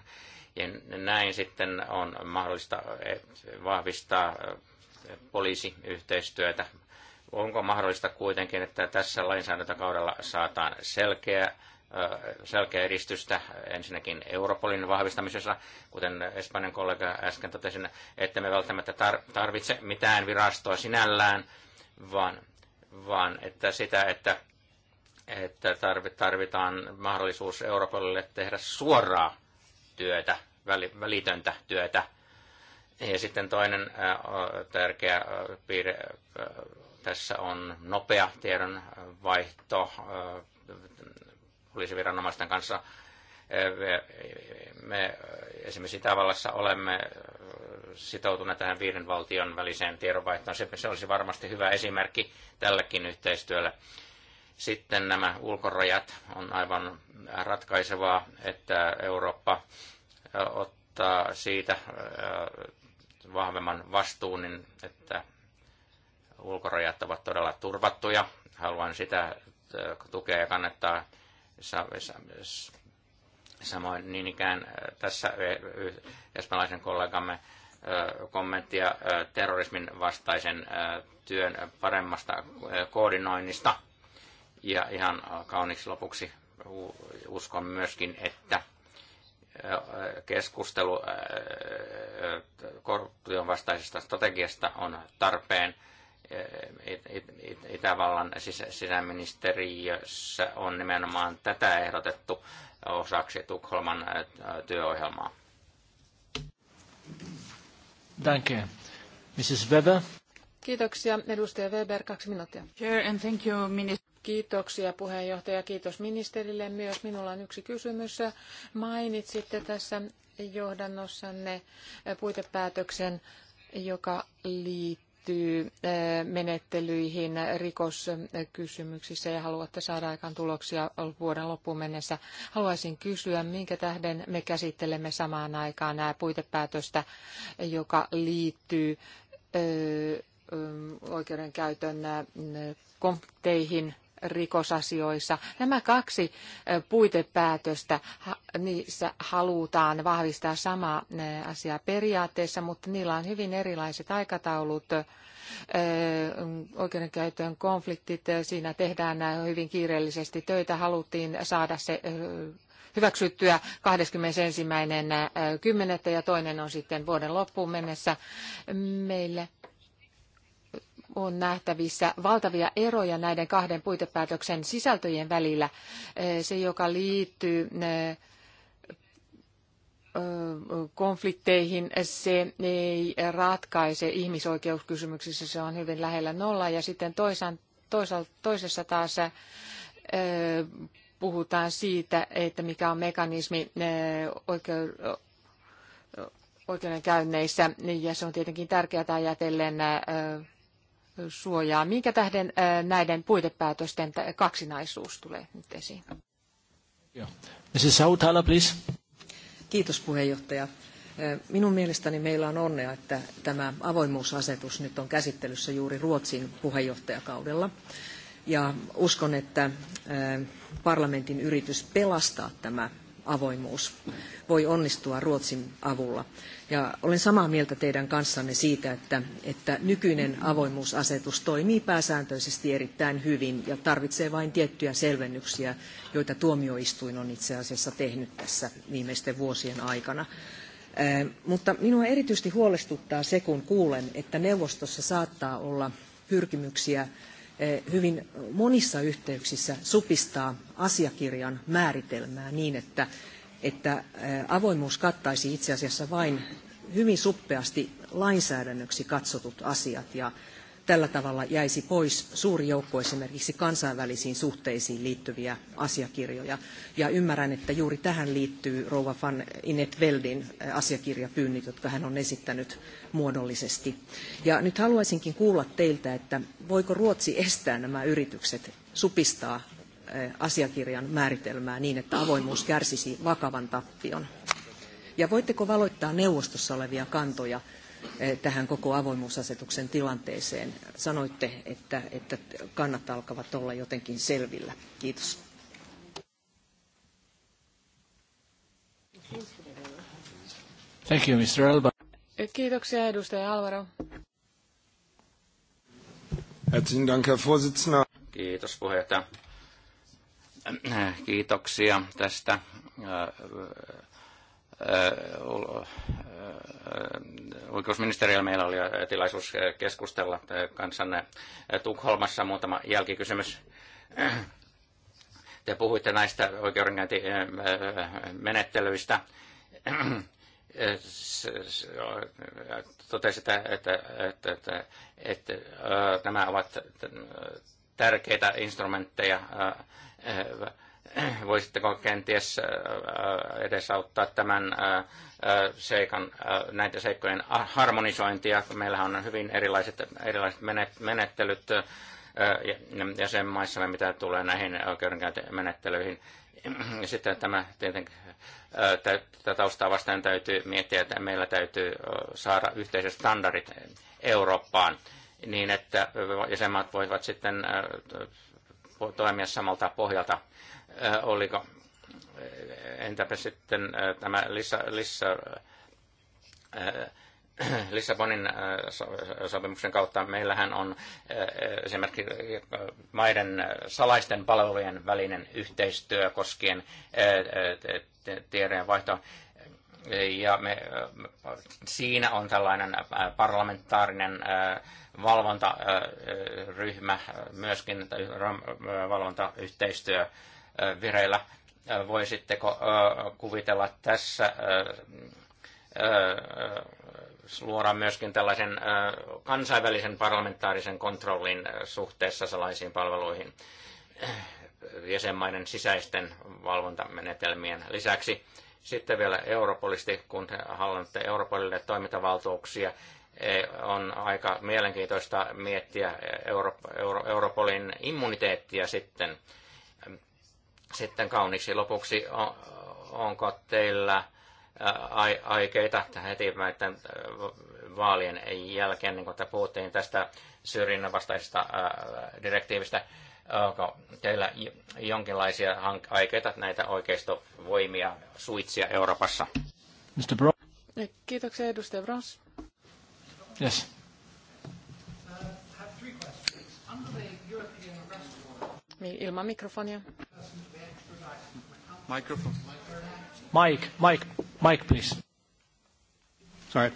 Ja näin sitten on mahdollista e, vahvistaa e, poliisiyhteistyötä. Onko mahdollista kuitenkin, että tässä lainsäädäntökaudella saataan selkeä, selkeä edistystä ensinnäkin Europolin vahvistamisessa, kuten Espanjan kollega äsken totesin, että me välttämättä tarvitse mitään virastoa sinällään, vaan vaan että sitä, että, että tarvitaan mahdollisuus Euroopalle tehdä suoraa työtä, välitöntä työtä. Ja sitten toinen tärkeä piirre tässä on nopea tiedonvaihto poliisiviranomaisten kanssa. Me esimerkiksi Itävallassa olemme sitoutuneet tähän viiden valtion väliseen tiedonvaihtoon. Se, se olisi varmasti hyvä esimerkki tälläkin yhteistyöllä. Sitten nämä ulkorajat on aivan ratkaisevaa, että Eurooppa ottaa siitä vahvemman vastuun, niin että ulkorajat ovat todella turvattuja. Haluan sitä tukea ja kannattaa samoin niin ikään tässä espanjalaisen kollegamme kommenttia terrorismin vastaisen työn paremmasta koordinoinnista. Ja ihan kauniksi lopuksi uskon myöskin, että keskustelu korruption vastaisesta strategiasta on tarpeen. Itävallan sisäministeriössä on nimenomaan tätä ehdotettu osaksi Tukholman työohjelmaa. Danke. Mrs. Weber. Kiitoksia. Edustaja Weber, kaksi minuuttia. and thank you, Kiitoksia puheenjohtaja. Kiitos ministerille myös. Minulla on yksi kysymys. Mainitsitte tässä johdannossanne puitepäätöksen, joka liittyy liittyy menettelyihin rikoskysymyksissä ja haluatte saada aikaan tuloksia vuoden loppuun mennessä. Haluaisin kysyä, minkä tähden me käsittelemme samaan aikaan nämä puitepäätöstä, joka liittyy oikeudenkäytön kompteihin rikosasioissa. Nämä kaksi puitepäätöstä, niissä halutaan vahvistaa samaa asiaa periaatteessa, mutta niillä on hyvin erilaiset aikataulut. Oikeudenkäytön konfliktit, siinä tehdään hyvin kiireellisesti töitä, haluttiin saada se hyväksyttyä 21.10. ja toinen on sitten vuoden loppuun mennessä meille on nähtävissä valtavia eroja näiden kahden puitepäätöksen sisältöjen välillä. Se, joka liittyy konflikteihin, se ei ratkaise ihmisoikeuskysymyksissä, se on hyvin lähellä nollaa. Ja sitten toisessa taas puhutaan siitä, että mikä on mekanismi oikeudenkäynneissä, ja se on tietenkin tärkeää ajatellen suojaa. Minkä tähden näiden puitepäätösten kaksinaisuus tulee nyt esiin? please. Kiitos puheenjohtaja. Minun mielestäni meillä on onnea, että tämä avoimuusasetus nyt on käsittelyssä juuri Ruotsin puheenjohtajakaudella. Ja uskon, että parlamentin yritys pelastaa tämä avoimuus voi onnistua Ruotsin avulla. Ja olen samaa mieltä teidän kanssanne siitä, että, että nykyinen avoimuusasetus toimii pääsääntöisesti erittäin hyvin ja tarvitsee vain tiettyjä selvennyksiä, joita tuomioistuin on itse asiassa tehnyt tässä viimeisten vuosien aikana. Mutta minua erityisesti huolestuttaa se, kun kuulen, että neuvostossa saattaa olla pyrkimyksiä hyvin monissa yhteyksissä supistaa asiakirjan määritelmää niin, että että avoimuus kattaisi itse asiassa vain hyvin suppeasti lainsäädännöksi katsotut asiat ja tällä tavalla jäisi pois suuri joukko esimerkiksi kansainvälisiin suhteisiin liittyviä asiakirjoja. Ja ymmärrän, että juuri tähän liittyy Rouva van Inet Veldin asiakirjapyynnit, jotka hän on esittänyt muodollisesti. Ja nyt haluaisinkin kuulla teiltä, että voiko Ruotsi estää nämä yritykset supistaa Eh, asiakirjan määritelmää niin, että avoimuus kärsisi vakavan tappion. Ja voitteko valoittaa neuvostossa olevia kantoja eh, tähän koko avoimuusasetuksen tilanteeseen? Sanoitte, että, että kannat alkavat olla jotenkin selvillä. Kiitos. Thank you, Mr. Alba. Kiitoksia, edustaja Alvaro. Herzlichen Dank, Herr Vorsitzender. Kiitos puheenjohtaja. Äh, kiitoksia tästä äh, äh, oikeusministeriöllä meillä oli tilaisuus keskustella kanssanne Tukholmassa muutama jälkikysymys. Te puhuitte näistä oikeudenkäyntimenettelyistä. Totesitte, että, että, että, että nämä ovat tärkeitä instrumentteja Äh, voisitteko kenties äh, äh, edesauttaa tämän seikan, näiden seikkojen harmonisointia? Meillähän on hyvin erilaiset, erilaiset menettelyt jäsenmaissamme, mitä tulee näihin oikeudenkäyntimenettelyihin. Sitten tämä tietenkin tätä taustaa vastaan täytyy miettiä, että meillä täytyy saada yhteiset standardit Eurooppaan niin, että jäsenmaat voivat sitten toimia samalta pohjalta. Oliko, entäpä sitten tämä Lissa, Lissa, Lissabonin sopimuksen kautta meillähän on esimerkiksi maiden salaisten palvelujen välinen yhteistyö koskien tiedon vaihtoa ja me, äh, siinä on tällainen äh, parlamentaarinen äh, valvontaryhmä, myöskin valvontayhteistyö vireillä. Voisitteko kuvitella tässä luoda myöskin tällaisen kansainvälisen parlamentaarisen kontrollin suhteessa salaisiin palveluihin jäsenmaiden sisäisten valvontamenetelmien lisäksi? Sitten vielä Europolisti, kun te haluatte Europolille toimintavaltuuksia, e, on aika mielenkiintoista miettiä Euro, Euro, Europolin immuniteettia sitten. Sitten kauniiksi lopuksi, on, onko teillä aikeita heti näiden vaalien jälkeen, niin kun te puhuttiin tästä syrjinnän vastaisesta direktiivistä, onko teillä jonkinlaisia aikeita näitä oikeistovoimia suitsia Euroopassa? Mr. Bro. Eh, kiitoksia edustaja Brons. Yes. Niin, ilman mikrofonia. Microphone. Mike, Mike, Mike, please. Sorry.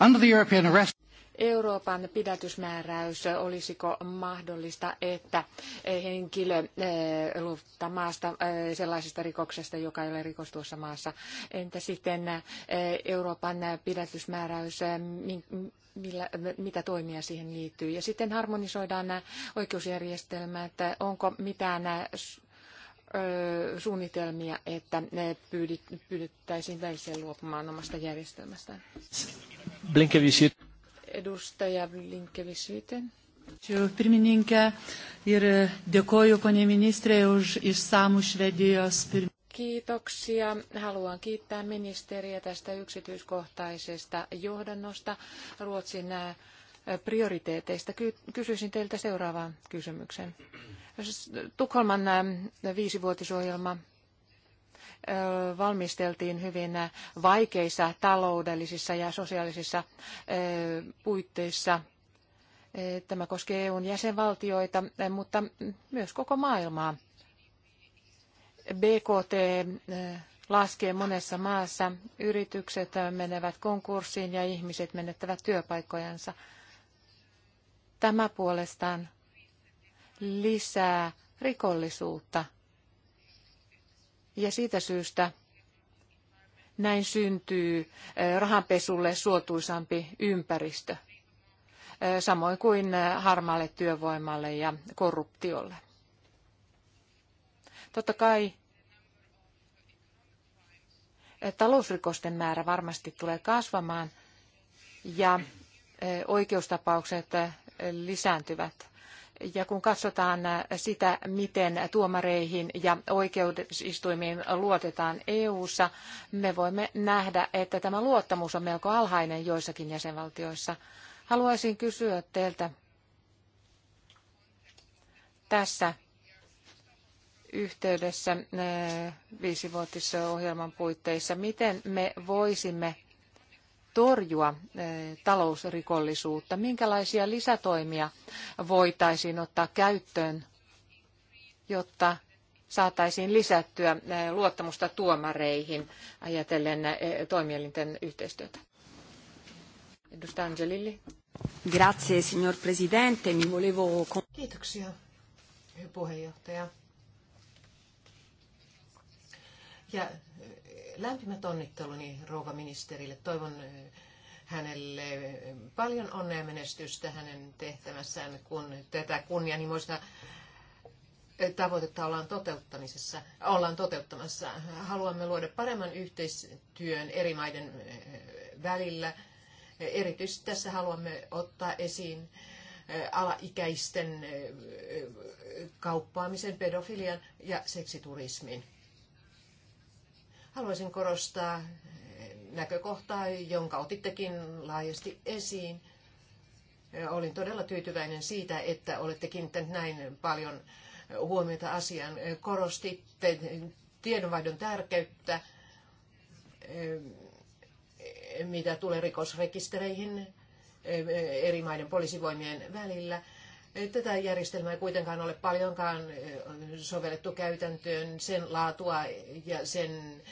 Under the European arrest... Euroopan pidätysmääräys, olisiko mahdollista, että henkilö eh, luvuttaa maasta eh, sellaisesta rikoksesta, joka ei ole rikos tuossa maassa. Entä sitten eh, Euroopan pidätysmääräys, millä, mitä toimia siihen liittyy. Ja sitten harmonisoidaan nämä oikeusjärjestelmät, onko mitään suunnitelmia, että ne pyydettäisiin väliseen luopumaan omasta järjestelmästään. Blinkevici. Edustaja Linkevisyyten. Ačiū pirmininkė ir dėkoju ponė ministrė už išsamų Švedijos pirmininkė. Kiitoksia. Haluan kiittää ministeriä tästä yksityiskohtaisesta johdannosta Ruotsin prioriteeteista. Kysyisin teiltä seuraavan kysymyksen. Tukholman viisivuotisohjelma valmisteltiin hyvin vaikeissa taloudellisissa ja sosiaalisissa puitteissa. Tämä koskee EUn jäsenvaltioita, mutta myös koko maailmaa. BKT laskee monessa maassa, yritykset menevät konkurssiin ja ihmiset menettävät työpaikkojansa. Tämä puolestaan lisää rikollisuutta – ja siitä syystä näin syntyy rahanpesulle suotuisampi ympäristö, samoin kuin harmaalle työvoimalle ja korruptiolle. Totta kai talousrikosten määrä varmasti tulee kasvamaan ja oikeustapaukset lisääntyvät. Ja kun katsotaan sitä, miten tuomareihin ja oikeusistuimiin luotetaan EU-ssa, me voimme nähdä, että tämä luottamus on melko alhainen joissakin jäsenvaltioissa. Haluaisin kysyä teiltä tässä yhteydessä eh, viisivuotisohjelman puitteissa, miten me voisimme torjua eh, talousrikollisuutta? Minkälaisia lisätoimia voitaisiin ottaa käyttöön, jotta saataisiin lisättyä eh, luottamusta tuomareihin ajatellen eh, toimielinten yhteistyötä? Edustaja Angelilli. Grazie, signor Presidente. Mi volevo... Kiitoksia, puheenjohtaja. Ja Lämpimät onnitteluni rouva ministerille. Toivon hänelle paljon onnea menestystä hänen tehtävässään, kun tätä kunnianhimoista tavoitetta ollaan, toteuttamisessa, ollaan toteuttamassa. Haluamme luoda paremman yhteistyön eri maiden välillä. Erityisesti tässä haluamme ottaa esiin alaikäisten kauppaamisen, pedofilian ja seksiturismin. Haluaisin korostaa näkökohtaa, jonka otittekin laajasti esiin. Olin todella tyytyväinen siitä, että olette kiinnittäneet näin paljon huomiota asiaan. Korostitte tiedonvaihdon tärkeyttä, eh, mitä tulee rikosrekistereihin eh, eri maiden poliisivoimien välillä. Tätä järjestelmää ei kuitenkaan ole paljonkaan sovellettu käytäntöön, sen laatua ja sen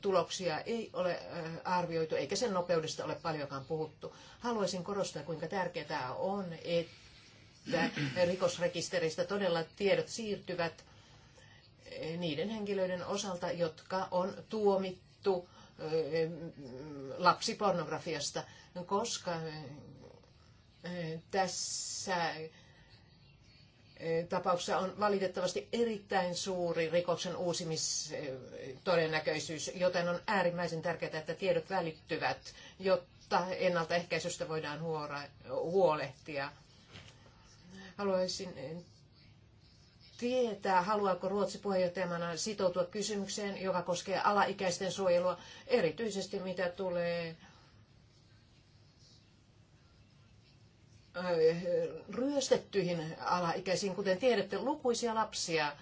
tuloksia ei ole arvioitu, eikä sen nopeudesta ole paljonkaan puhuttu. Haluaisin korostaa, kuinka tärkeää on, että rikosrekisteristä todella tiedot siirtyvät niiden henkilöiden osalta, jotka on tuomittu lapsipornografiasta, koska tässä tapauksessa on valitettavasti erittäin suuri rikoksen uusimistodennäköisyys, joten on äärimmäisen tärkeää, että tiedot välittyvät, jotta ennaltaehkäisystä voidaan huolehtia. Haluaisin tietää, haluaako Ruotsi puheenjohtajana sitoutua kysymykseen, joka koskee alaikäisten suojelua, erityisesti mitä tulee ryöstettyihin alaikäisiin. Kuten tiedätte, lukuisia lapsia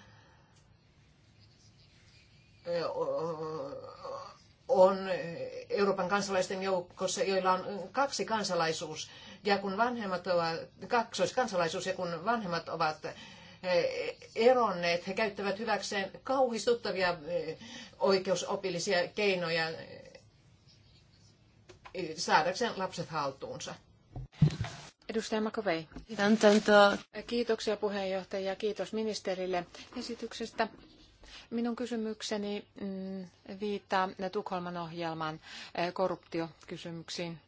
on Euroopan kansalaisten joukossa, joilla on kaksi kansalaisuus. Ja kun vanhemmat ovat, kaksoiskansalaisuus, ja kun vanhemmat ovat eronneet, he käyttävät hyväkseen kauhistuttavia oikeusopillisia keinoja saadakseen lapset haltuunsa. Edustaja Makovei. Kiitoksia puheenjohtaja ja kiitos ministerille esityksestä. Minun kysymykseni mm, viittaa Tukholman ohjelman eh, korruptiokysymyksiin.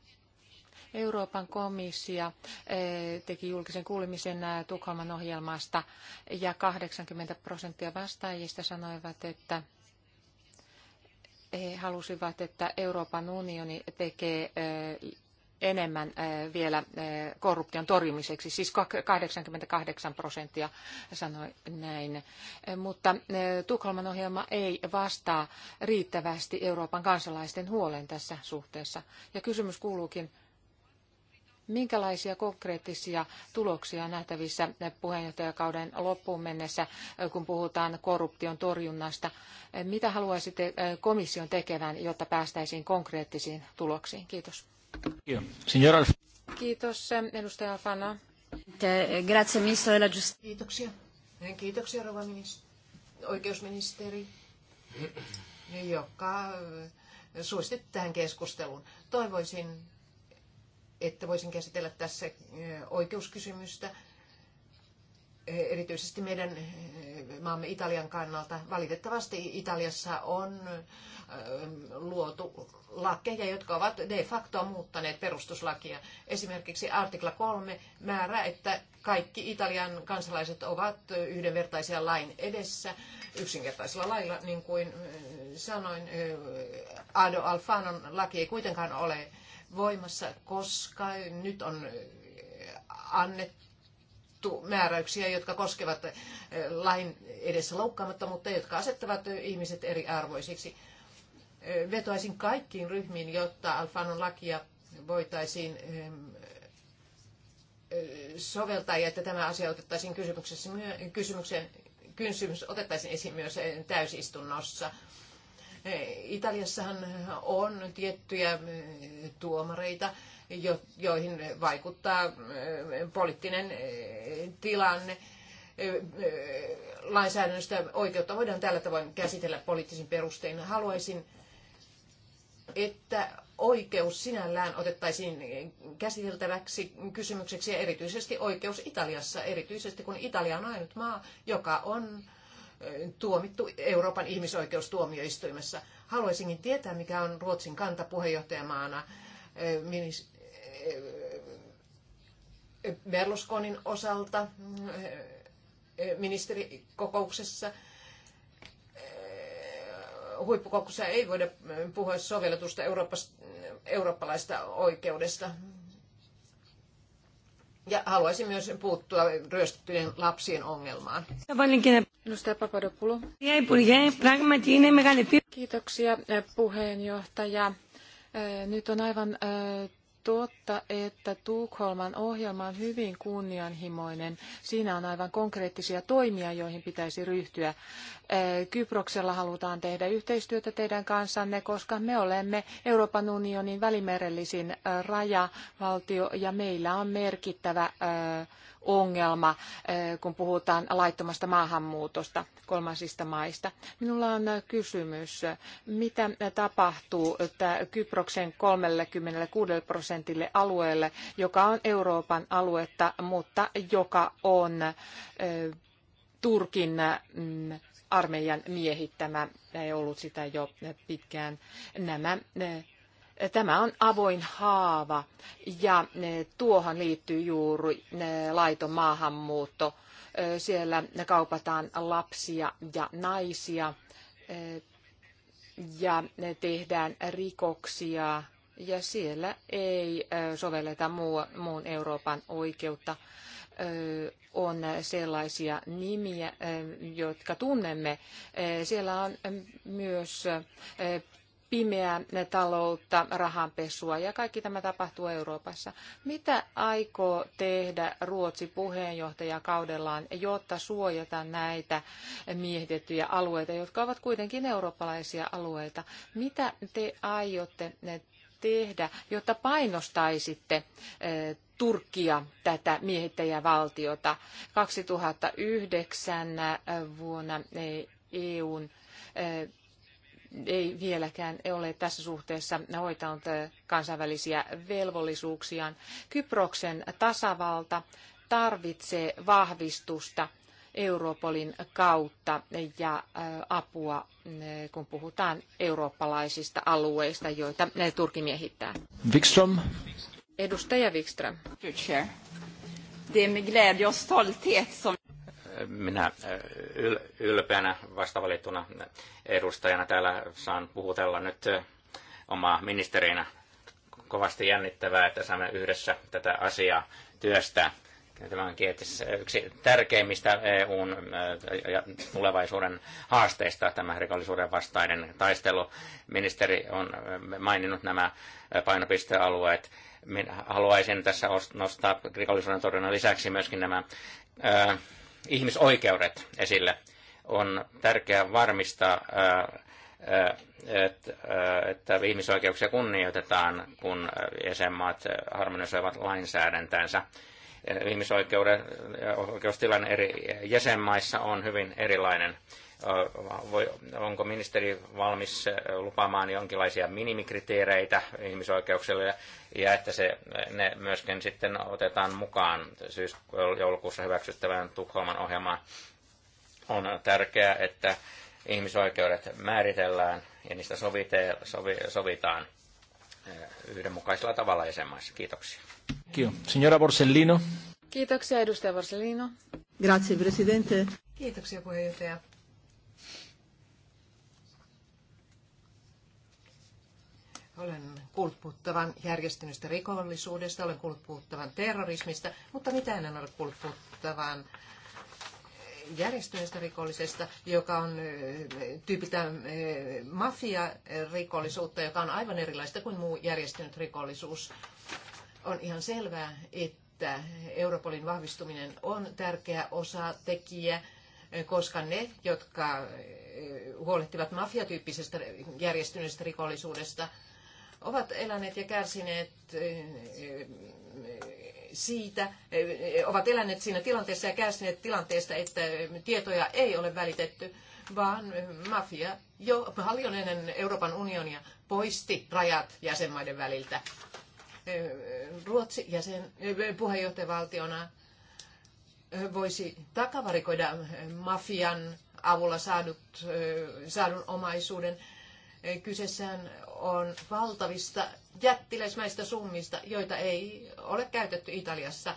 Euroopan komissio eh, teki julkisen kuulemisen eh, Tukholman ohjelmasta ja 80 prosenttia vastaajista sanoivat, että he halusivat, että Euroopan unioni tekee enemmän vielä korruption torjumiseksi. Siis 88 prosenttia sanoi näin. Mutta Tukholman ohjelma ei vastaa riittävästi Euroopan kansalaisten huolen tässä suhteessa. Ja kysymys kuuluukin, Minkälaisia konkreettisia tuloksia nähtävissä puheenjohtajakauden loppuun mennessä, kun puhutaan korruption torjunnasta? Mitä haluaisitte komission tekevän, jotta päästäisiin konkreettisiin tuloksiin? Kiitos. Kiitos. Kiitos, edustaja fana. Grazie, ministro della giustizia. Kiitoksia. Kiitoksia, rouva oikeusministeri, joka eh, suositti tähän keskusteluun. Toivoisin, että voisin käsitellä tässä eh, oikeuskysymystä erityisesti meidän eh, maamme Italian kannalta. Valitettavasti Italiassa on eh, luotu lakeja, jotka ovat de facto muuttaneet perustuslakia. Esimerkiksi artikla 3 määrää, että kaikki Italian kansalaiset ovat eh, yhdenvertaisia lain edessä yksinkertaisella lailla, niin kuin sanoin, Ado Alfanon laki ei kuitenkaan ole voimassa, koska nyt on annettu määräyksiä, jotka koskevat eh, lain edessä loukkaamattomuutta, mutta jotka asettavat eh, ihmiset eriarvoisiksi. Eh, vetoaisin kaikkiin ryhmiin, jotta Alfanon lakia voitaisiin soveltaa ja että tämä asia otettaisiin kysymyksessä, kysymys otettaisiin esiin myös täysistunnossa. Italiassahan on tiettyjä tuomareita, joihin vaikuttaa poliittinen tilanne. Lainsäädännöstä oikeutta voidaan tällä tavoin käsitellä poliittisin perustein. Haluaisin, että oikeus sinällään otettaisiin käsiteltäväksi kysymykseksi ja erityisesti oikeus Italiassa, erityisesti kun Italia on ainut maa, joka on tuomittu Euroopan ihmisoikeustuomioistuimessa. Haluaisinkin tietää, mikä on Ruotsin kanta puheenjohtajamaana Berlusconin osalta eh, eh, ministerikokouksessa eh, huippukokouksessa ei voida puhua sovelletusta eurooppalaista oikeudesta. Ja haluaisin myös puuttua ryöstettyjen lapsien ongelmaan. Edustaja Papadopoulou. Kiitoksia puheenjohtaja. Nyt on aivan totta, että Tukholman ohjelma on hyvin kunnianhimoinen. Siinä on aivan konkreettisia toimia, joihin pitäisi ryhtyä. Kyproksella halutaan tehdä yhteistyötä teidän kanssanne, koska me olemme Euroopan unionin välimerellisin rajavaltio ja meillä on merkittävä ongelma, eh, kun puhutaan laittomasta maahanmuutosta kolmansista maista. Minulla on eh, kysymys, mitä tapahtuu Kyproksen 36 prosentille alueelle, joka on Euroopan aluetta, mutta joka on eh, Turkin mm, armeijan miehittämä, ei ollut sitä jo pitkään. Nämä Tämä on avoin haava ja e, tuohon liittyy juuri e, laiton maahanmuutto. E, siellä kaupataan lapsia ja naisia ja tehdään rikoksia ja siellä ei sovelleta muun Euroopan oikeutta. On sellaisia nimiä, jotka tunnemme. Siellä on myös pimeää taloutta, rahanpesua ja kaikki tämä tapahtuu Euroopassa. Mitä aikoo tehdä Ruotsi puheenjohtajakaudellaan, jotta suojata näitä miehitettyjä alueita, jotka ovat kuitenkin eurooppalaisia alueita? Mitä te aiotte tehdä, jotta painostaisitte eh, Turkkia, tätä miehittäjävaltiota? 2009 vuonna eh, EUn eh, ei vieläkään ole tässä suhteessa hoitanut kansainvälisiä velvollisuuksiaan. Kyproksen tasavalta tarvitsee vahvistusta Europolin kautta ja äh, apua, äh, kun puhutaan eurooppalaisista alueista, joita äh, Turkki miehittää. Wikström. Edustaja Wikström. Det är med glädje och stolthet som minä äh, ylpeänä vastavalittuna edustajana täällä saan puhutella nyt äh, omaa ministerinä. Kovasti jännittävää, että saamme yhdessä tätä asiaa työstää. Tämä on yksi tärkeimmistä EUn äh, ja tulevaisuuden haasteista, tämä rikollisuuden vastainen taistelu. Ministeri on maininnut nämä painopistealueet. Minä haluaisin tässä nostaa rikollisuuden torjunnan lisäksi myöskin nämä ihmisoikeudet esille. On tärkeää varmistaa, että ihmisoikeuksia kunnioitetaan, kun jäsenmaat harmonisoivat lainsäädäntänsä Eh, ihmisoikeuden eh, oikeustilanne eri eh, jäsenmaissa on hyvin erilainen. Voi, onko ministeri valmis lupaamaan jonkinlaisia minimikriteereitä ihmisoikeuksille ja että se, ne myöskin sitten otetaan mukaan syys-joulukuussa hyväksyttävän Tukholman ohjelmaan? On tärkeää, että ihmisoikeudet määritellään ja niistä sovite, sovi, sovitaan yhdenmukaisella tavalla jäsenmaissa. Kiitoksia. Kiitos. Signora Borsellino. Kiitoksia, edustaja Borsellino. Grazie, presidente. Kiitoksia, puheenjohtaja. Olen kuullut puhuttavan järjestyneestä rikollisuudesta, olen kuullut puhuttavan terrorismista, mutta mitään en ole kuullut puhuttavan järjestyneestä rikollisesta, joka on tyypiltä mafiarikollisuutta, joka on aivan erilaista kuin muu järjestynyt rikollisuus. On ihan selvää, että Europolin vahvistuminen on tärkeä osa tekijä, koska ne, jotka huolehtivat mafiatyyppisestä järjestyneestä rikollisuudesta, ovat eläneet ja kärsineet siitä, eh, ovat eläneet siinä tilanteessa ja kärsineet tilanteesta, että eh, tietoja ei ole välitetty, vaan eh, mafia jo paljon ennen Euroopan unionia poisti rajat jäsenmaiden väliltä. Ruotsi jäsen, puheenjohtajavaltiona voisi takavarikoida mafian avulla saadut, saadun omaisuuden Kyseessään on valtavista jättiläismäistä summista, joita ei ole käytetty Italiassa.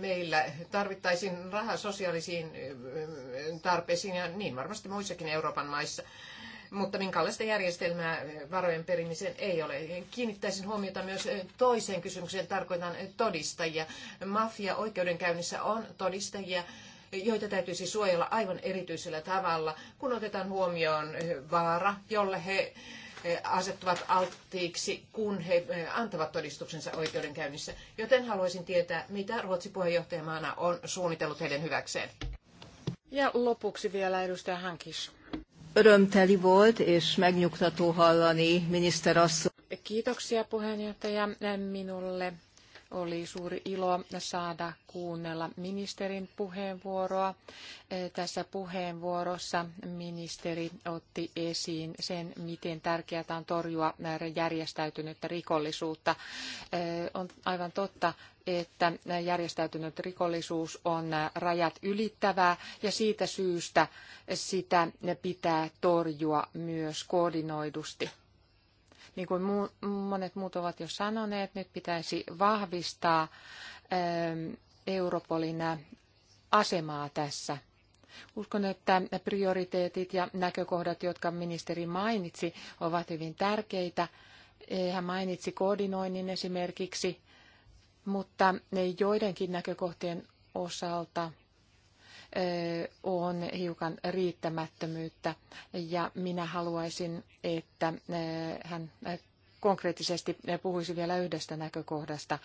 Meillä tarvittaisiin rahaa sosiaalisiin tarpeisiin ja niin varmasti muissakin Euroopan maissa mutta minkälaista järjestelmää varojen perimiseen ei ole. Kiinnittäisin huomiota myös toiseen kysymykseen, tarkoitan todistajia. Mafia oikeudenkäynnissä on todistajia joita täytyisi suojella aivan erityisellä tavalla, kun otetaan huomioon vaara, jolle he asettuvat alttiiksi, kun he antavat todistuksensa oikeudenkäynnissä. Joten haluaisin tietää, mitä Ruotsi puheenjohtajamaana on suunnitellut heidän hyväkseen. Ja lopuksi vielä edustaja Hankis. Örömteli volt és megnyugtató hallani miniszterasszony. Kiitoksia puheenjohtaja minulle oli suuri ilo saada kuunnella ministerin puheenvuoroa. Eh, tässä puheenvuorossa ministeri otti esiin sen, miten tärkeää on torjua eh, järjestäytynyttä rikollisuutta. Eh, on aivan totta, että järjestäytynyt rikollisuus on rajat ylittävää ja siitä syystä sitä pitää torjua myös koordinoidusti. Niin kuin monet muut ovat jo sanoneet, nyt pitäisi vahvistaa ähm, Europolin asemaa tässä. Uskon, että prioriteetit ja näkökohdat, jotka ministeri mainitsi, ovat hyvin tärkeitä. Hän mainitsi koordinoinnin esimerkiksi, mutta joidenkin näkökohtien osalta on hiukan riittämättömyyttä ja minä haluaisin, että hän konkreettisesti puhuisi vielä yhdestä näkökohdasta.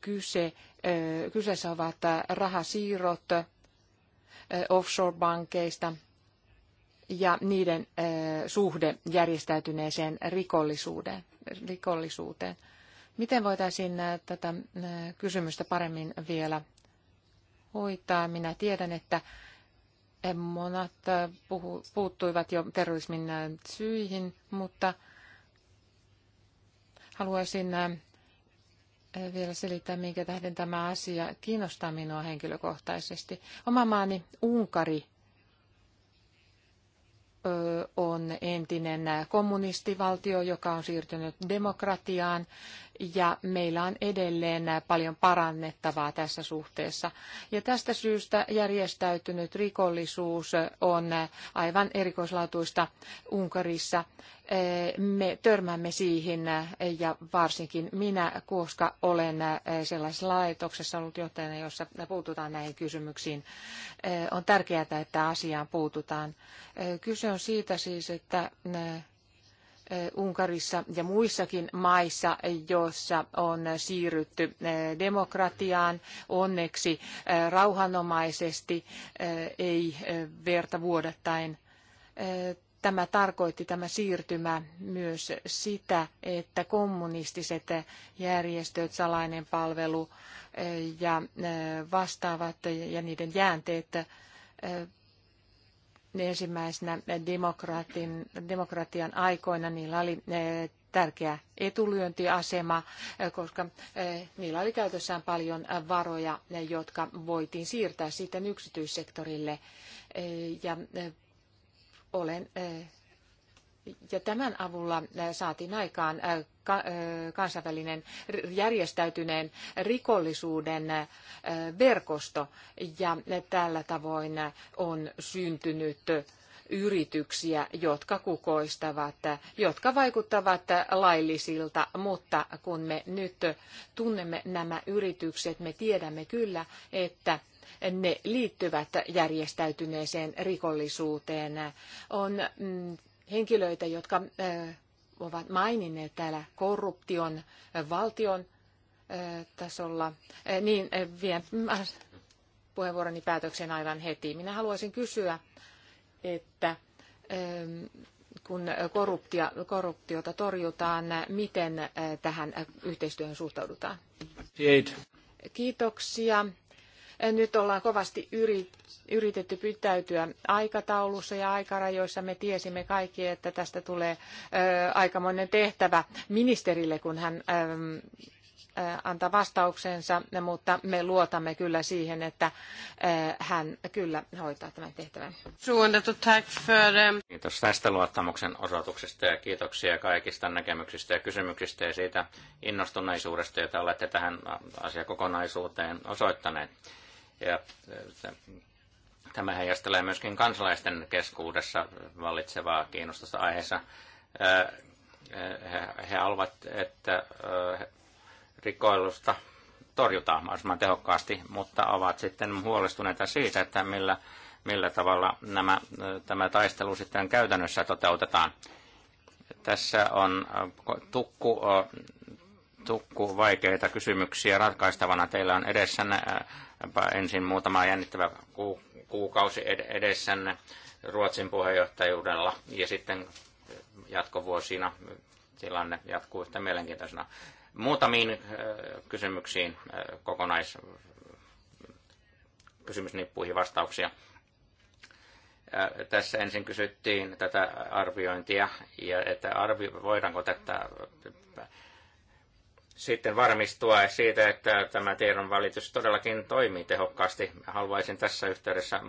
Kyse, kyseessä ovat rahasiirrot offshore-bankeista ja niiden suhde järjestäytyneeseen rikollisuuteen. rikollisuuteen. Miten voitaisiin tätä kysymystä paremmin vielä hoitaa. Minä tiedän, että monat äh, puuttuivat jo terrorismin äh, syihin, mutta haluaisin äh, vielä selittää, minkä tähden tämä asia kiinnostaa minua henkilökohtaisesti. Oma maani Unkari on entinen kommunistivaltio, joka on siirtynyt demokratiaan ja meillä on edelleen paljon parannettavaa tässä suhteessa. Ja tästä syystä järjestäytynyt rikollisuus on aivan erikoislaatuista Unkarissa. Me törmäämme siihen ja varsinkin minä, koska olen sellaisessa laitoksessa ollut johtajana, jossa puututaan näihin kysymyksiin. On tärkeää, että asiaan puututaan. Kyse on siitä siis, että Unkarissa ja muissakin maissa, joissa on siirrytty demokratiaan onneksi rauhanomaisesti, ei verta vuodattaen. Tämä tarkoitti tämä siirtymä myös sitä, että kommunistiset järjestöt, salainen palvelu ja vastaavat ja niiden jäänteet ensimmäisenä demokratian aikoina niillä oli eh, tärkeä etulyöntiasema, eh, koska eh, niillä oli käytössään paljon varoja, jotka voitiin siirtää sitten yksityissektorille. Ja olen ja tämän avulla saatiin aikaan kansainvälinen järjestäytyneen rikollisuuden verkosto ja tällä tavoin on syntynyt yrityksiä, jotka kukoistavat, jotka vaikuttavat laillisilta, mutta kun me nyt tunnemme nämä yritykset, me tiedämme kyllä, että ne liittyvät järjestäytyneeseen rikollisuuteen. On mm, henkilöitä, jotka ovat maininneet täällä korruption valtion tasolla, niin vien puheenvuoroni päätöksen aivan heti. Minä haluaisin kysyä, että kun korruptia, korruptiota torjutaan, miten tähän yhteistyöhön suhtaudutaan? Kiitoksia. Nyt ollaan kovasti yritetty pitäytyä aikataulussa ja aikarajoissa. Me tiesimme kaikki, että tästä tulee aikamoinen tehtävä ministerille, kun hän antaa vastauksensa, mutta me luotamme kyllä siihen, että hän kyllä hoitaa tämän tehtävän. Ähm, Kiitos tästä luottamuksen osoituksesta ja kiitoksia kaikista näkemyksistä ja kysymyksistä ja siitä innostuneisuudesta, jota olette tähän asiakokonaisuuteen osoittaneet. Ja tämä heijastelee myöskin kansalaisten keskuudessa vallitsevaa kiinnostusta aiheessa. He haluavat, että rikoilusta torjutaan mahdollisimman tehokkaasti, mutta ovat sitten huolestuneita siitä, että millä, millä tavalla nämä, tämä taistelu sitten käytännössä toteutetaan. Tässä on tukku, tukku vaikeita kysymyksiä ratkaistavana. Teillä on edessänne ensin muutama jännittävä kuukausi edessänne Ruotsin puheenjohtajuudella ja sitten jatkovuosina tilanne jatkuu yhtä mielenkiintoisena. Muutamiin kysymyksiin kokonais kysymysnippuihin vastauksia. Tässä ensin kysyttiin tätä arviointia ja että arvi, voidaanko tätä sitten varmistua siitä, että tämä tiedonvälitys todellakin toimii tehokkaasti. Haluaisin tässä yhteydessä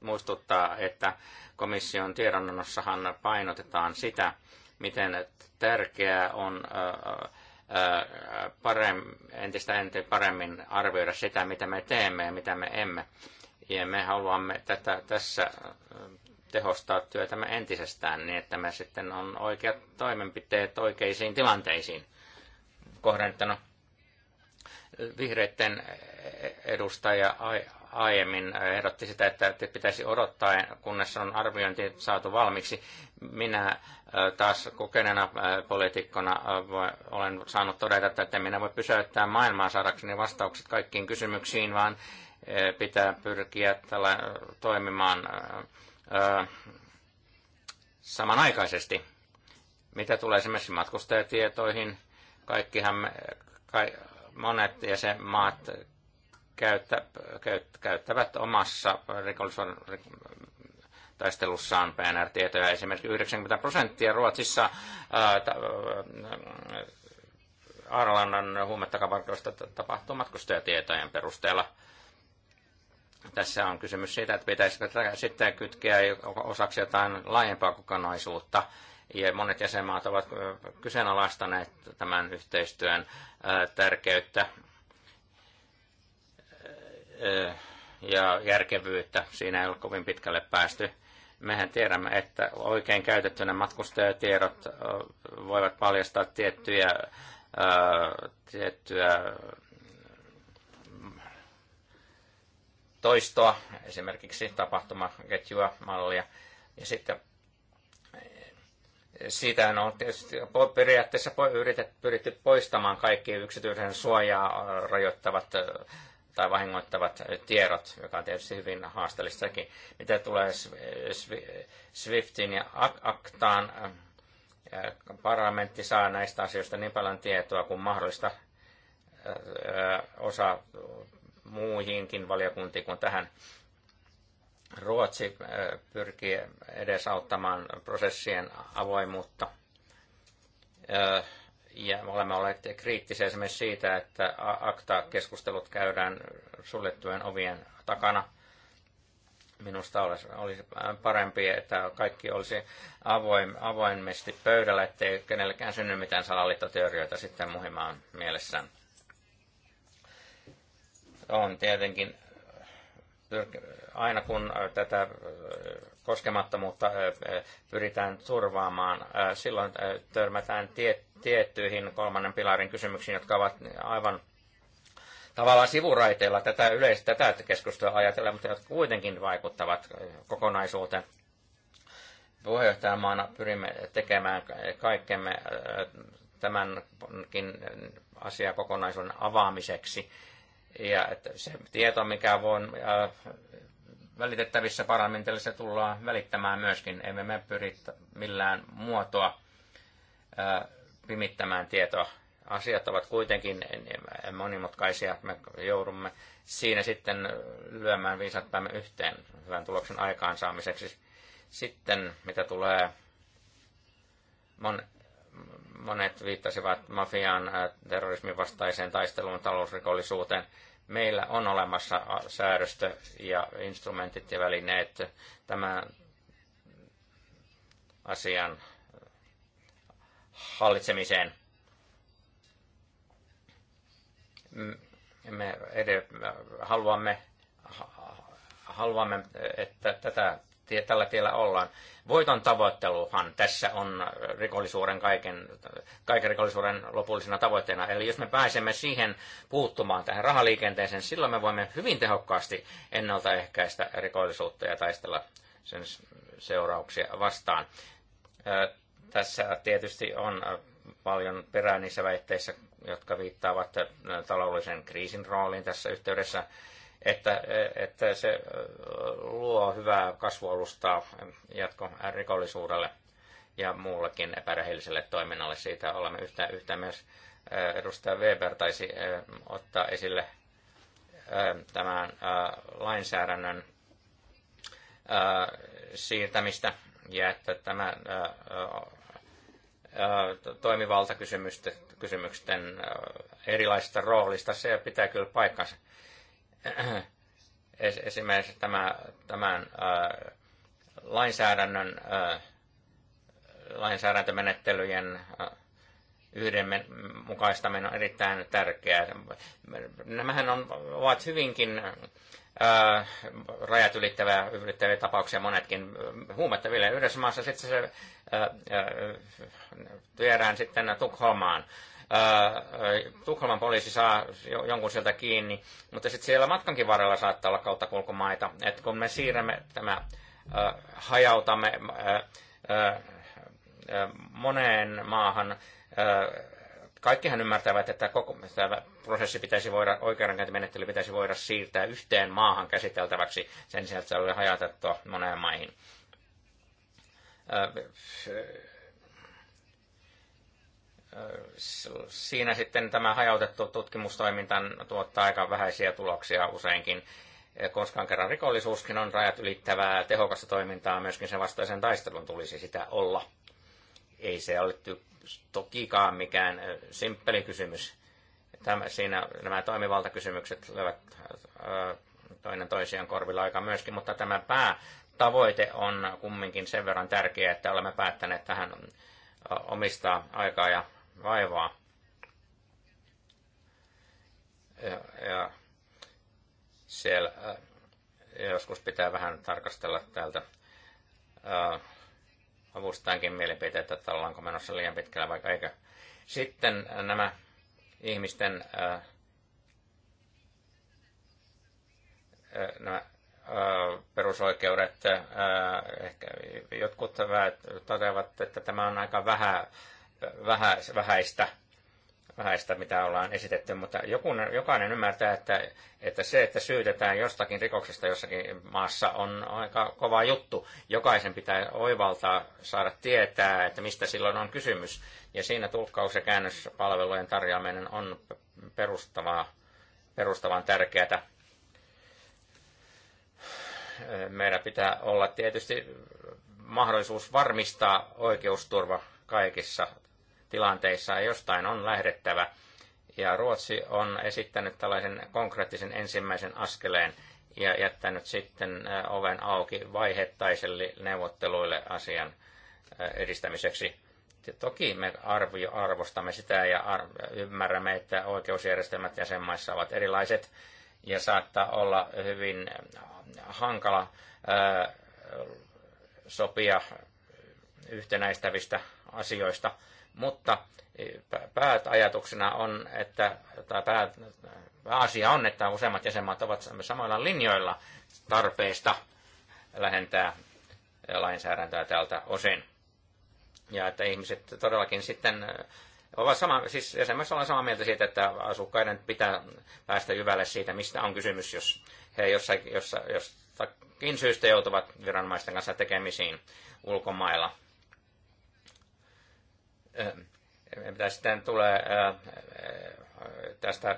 muistuttaa, että komission tiedonannossahan painotetaan sitä, miten tärkeää on paremmin, entistä entistä paremmin arvioida sitä, mitä me teemme ja mitä me emme. Ja me haluamme tätä, tässä tehostaa työtämme entisestään niin, että me sitten on oikeat toimenpiteet oikeisiin tilanteisiin – kohdennettuna. Vihreiden edustaja aiemmin ehdotti sitä, että pitäisi odottaa, kunnes on arviointi saatu valmiiksi. Minä taas kokeneena poliitikkona olen saanut todeta, että minä voi pysäyttää maailmaa saadakseni vastaukset kaikkiin kysymyksiin, vaan pitää pyrkiä tällä toimimaan samanaikaisesti. Mitä tulee esimerkiksi matkustajatietoihin, Kaikkihan me, ka, monet jäsenmaat käyttä, käyt, käyttävät omassa rikollisuuden taistelussaan PNR-tietoja. Esimerkiksi 90 prosenttia Ruotsissa ää, Arlannan huumettakavarkoista tapahtuu matkustajatietojen perusteella. Tässä on kysymys siitä, että pitäisikö sitten kytkeä osaksi jotain laajempaa kokonaisuutta – ja monet jäsenmaat ovat kyseenalaistaneet tämän yhteistyön tärkeyttä ja järkevyyttä. Siinä ei ole kovin pitkälle päästy. Mehän tiedämme, että oikein käytettynä matkustajatiedot voivat paljastaa tiettyjä, tiettyä toistoa, esimerkiksi tapahtumaketjua, mallia. Ja sitten siitä on tietysti periaatteessa pyritty poistamaan kaikki yksityisen suojaa äh, rajoittavat äh, tai vahingoittavat tiedot, joka on tietysti hyvin haasteellistakin. Mitä tulee Swiftin ja Aktaan, äh, parlamentti saa näistä asioista niin paljon tietoa kuin mahdollista osa muihinkin valiokuntiin kuin tähän Ruotsi äh, pyrkii edesauttamaan prosessien avoimuutta. Äh, ja me olemme olleet kriittisiä esimerkiksi siitä, että akta-keskustelut käydään suljettujen ovien takana. Minusta olisi, olisi parempi, että kaikki olisi avoim, avoimesti pöydällä, ettei kenellekään synny mitään salaliittoteorioita sitten muhimaan mielessään. On tietenkin aina kun äh, tätä äh, koskemattomuutta äh, pyritään turvaamaan, silloin törmätään tie, tiettyihin kolmannen pilarin kysymyksiin, jotka ovat aivan tavallaan sivuraiteilla tätä yleistä tätä keskustelua ajatella, mutta jotka kuitenkin vaikuttavat kokonaisuuteen. Puheenjohtajamaana pyrimme tekemään kaikkemme tämänkin asiakokonaisuuden avaamiseksi ja että se tieto, mikä on äh, välitettävissä parlamentille, se tullaan välittämään myöskin. Emme me pyri millään muotoa äh, pimittämään tietoa. Asiat ovat kuitenkin monimutkaisia. Me joudumme siinä sitten lyömään viisat päämme yhteen hyvän tuloksen aikaansaamiseksi. Sitten mitä tulee mon Monet viittasivat mafiaan, äh, terrorismin vastaiseen taisteluun, talousrikollisuuteen. Meillä on olemassa äh, säädöstö ja instrumentit ja välineet tämän asian hallitsemiseen. Me haluamme, haluamme, että tätä tällä tiellä ollaan. Voiton tavoitteluhan tässä on rikollisuuden kaiken, kaiken rikollisuuden lopullisena tavoitteena. Eli jos me pääsemme siihen puuttumaan tähän rahaliikenteeseen, silloin me voimme hyvin tehokkaasti ennaltaehkäistä rikollisuutta ja taistella sen seurauksia vastaan. Tässä tietysti on paljon perää niissä väitteissä, jotka viittaavat taloudellisen kriisin rooliin tässä yhteydessä että, että se luo hyvää kasvualustaa rikollisuudelle ja muullekin epärehelliselle toiminnalle. Siitä olemme yhtä, yhtä myös edustaja Weber taisi ottaa esille tämän lainsäädännön siirtämistä ja että tämä toimivaltakysymysten erilaisesta roolista, se pitää kyllä paikkansa esimerkiksi tämä, tämän ää, lainsäädännön, ää, lainsäädäntömenettelyjen ää, yhdenmukaistaminen on erittäin tärkeää. Nämähän on, ovat hyvinkin rajat ylittäviä, ylittäviä tapauksia monetkin huumettaville. Yhdessä maassa sitten se ää, ää, sitten Tukholmaan Tukholman poliisi saa jonkun sieltä kiinni, mutta sitten siellä matkankin varrella saattaa olla kautta kulkumaita. Et kun me siirrämme tämä, hajautamme moneen maahan, kaikkihan ymmärtävät, että koko tämä prosessi pitäisi voida, oikeudenkäyntimenettely pitäisi voida siirtää yhteen maahan käsiteltäväksi sen sijaan, että se oli hajatettua moneen maihin siinä sitten tämä hajautettu tutkimustoiminta tuottaa aika vähäisiä tuloksia useinkin, koska kerran rikollisuuskin on rajat ylittävää tehokasta toimintaa, myöskin sen vastaisen taistelun tulisi sitä olla. Ei se ole tokikaan mikään simppeli kysymys. Tämä, siinä nämä toimivaltakysymykset löyvät toinen toisiaan korvilla aika myöskin, mutta tämä päätavoite on kumminkin sen verran tärkeä, että olemme päättäneet tähän omistaa aikaa ja vaivaa. Ja, ja siellä äh, joskus pitää vähän tarkastella täältä avustajankin äh, mielipiteitä, että ollaanko menossa liian pitkällä vai eikö. Sitten äh, nämä ihmisten ää, nämä perusoikeudet, ää, ehkä jotkut toteavat, että tämä on aika vähän vähäistä, vähäistä, mitä ollaan esitetty, mutta jokainen ymmärtää, että, että se, että syytetään jostakin rikoksesta jossakin maassa on aika kova juttu. Jokaisen pitää oivaltaa, saada tietää, että mistä silloin on kysymys. Ja siinä tulkkaus- ja käännöspalvelujen tarjoaminen on perustavaa, perustavan tärkeää. Meidän pitää olla tietysti mahdollisuus varmistaa oikeusturva kaikissa tilanteissa jostain on lähdettävä. Ja Ruotsi on esittänyt tällaisen konkreettisen ensimmäisen askeleen ja jättänyt sitten oven auki vaihettaiselle neuvotteluille asian edistämiseksi. Toki me arvio, arvostamme sitä ja ar- ymmärrämme, että oikeusjärjestelmät jäsenmaissa ovat erilaiset ja saattaa olla hyvin hankala ää, sopia yhtenäistävistä asioista – mutta e, ajatuksena on, että, tai päät, asia on, että useimmat jäsenmaat ovat samoilla linjoilla tarpeesta lähentää lainsäädäntöä tältä osin. Ja että ihmiset todellakin sitten e, ovat sama, siis jäsenmaissa ollaan samaa mieltä siitä, että asukkaiden pitää päästä jyvälle siitä, mistä on kysymys, jos he jossain, jossa, jostakin syystä joutuvat viranomaisten kanssa tekemisiin ulkomailla mitä sitten tulee tästä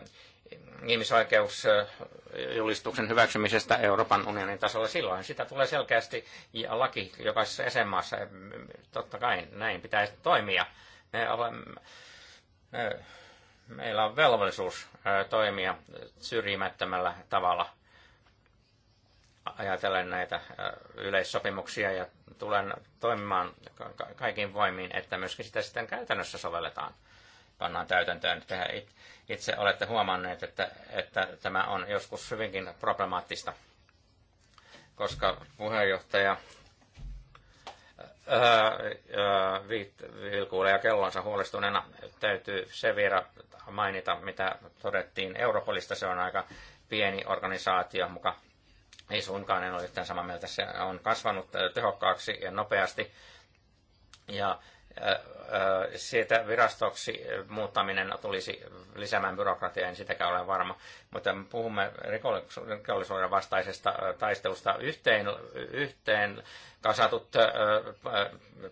ihmisoikeusjulistuksen hyväksymisestä Euroopan unionin tasolla silloin. Sitä tulee selkeästi ja laki jokaisessa jäsenmaassa. Totta kai näin pitäisi toimia. Me olemme, me, meillä on velvollisuus toimia syrjimättömällä tavalla – ajatellen näitä äh, yleissopimuksia ja tulen toimimaan kaikin voimin, että myöskin sitä sitten käytännössä sovelletaan, pannaan täytäntöön. Te itse olette huomanneet, että, että tämä on joskus hyvinkin problemaattista, koska puheenjohtaja äh, äh, ja kellonsa huolestuneena. Täytyy se vielä mainita, mitä todettiin Europolista. Se on aika pieni organisaatio, muka ei suinkaan, en ole yhtään samaa mieltä. Se on kasvanut äh, tehokkaaksi ja nopeasti. Ja äh, äh, siitä virastoksi muuttaminen tulisi lisäämään byrokratiaa, en sitäkään ole varma. Mutta puhumme rikollisuuden vastaisesta taistelusta. Yhteen, yhteen kasatut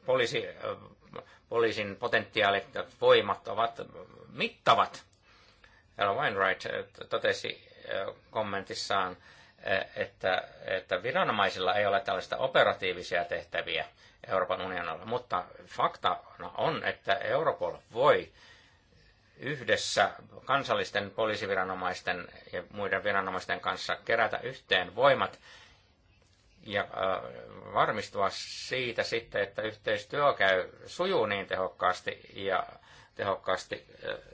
poliisi, poliisin potentiaalit ja voimat ovat mittavat. Ella Wainwright totesi kommentissaan E, että, että viranomaisilla ei ole tällaista operatiivisia tehtäviä Euroopan unionilla, mutta faktana on, että Europol voi yhdessä kansallisten poliisiviranomaisten ja muiden viranomaisten kanssa kerätä yhteen voimat ja varmistua siitä sitten, että yhteistyö käy, sujuu niin tehokkaasti ja tehokkaasti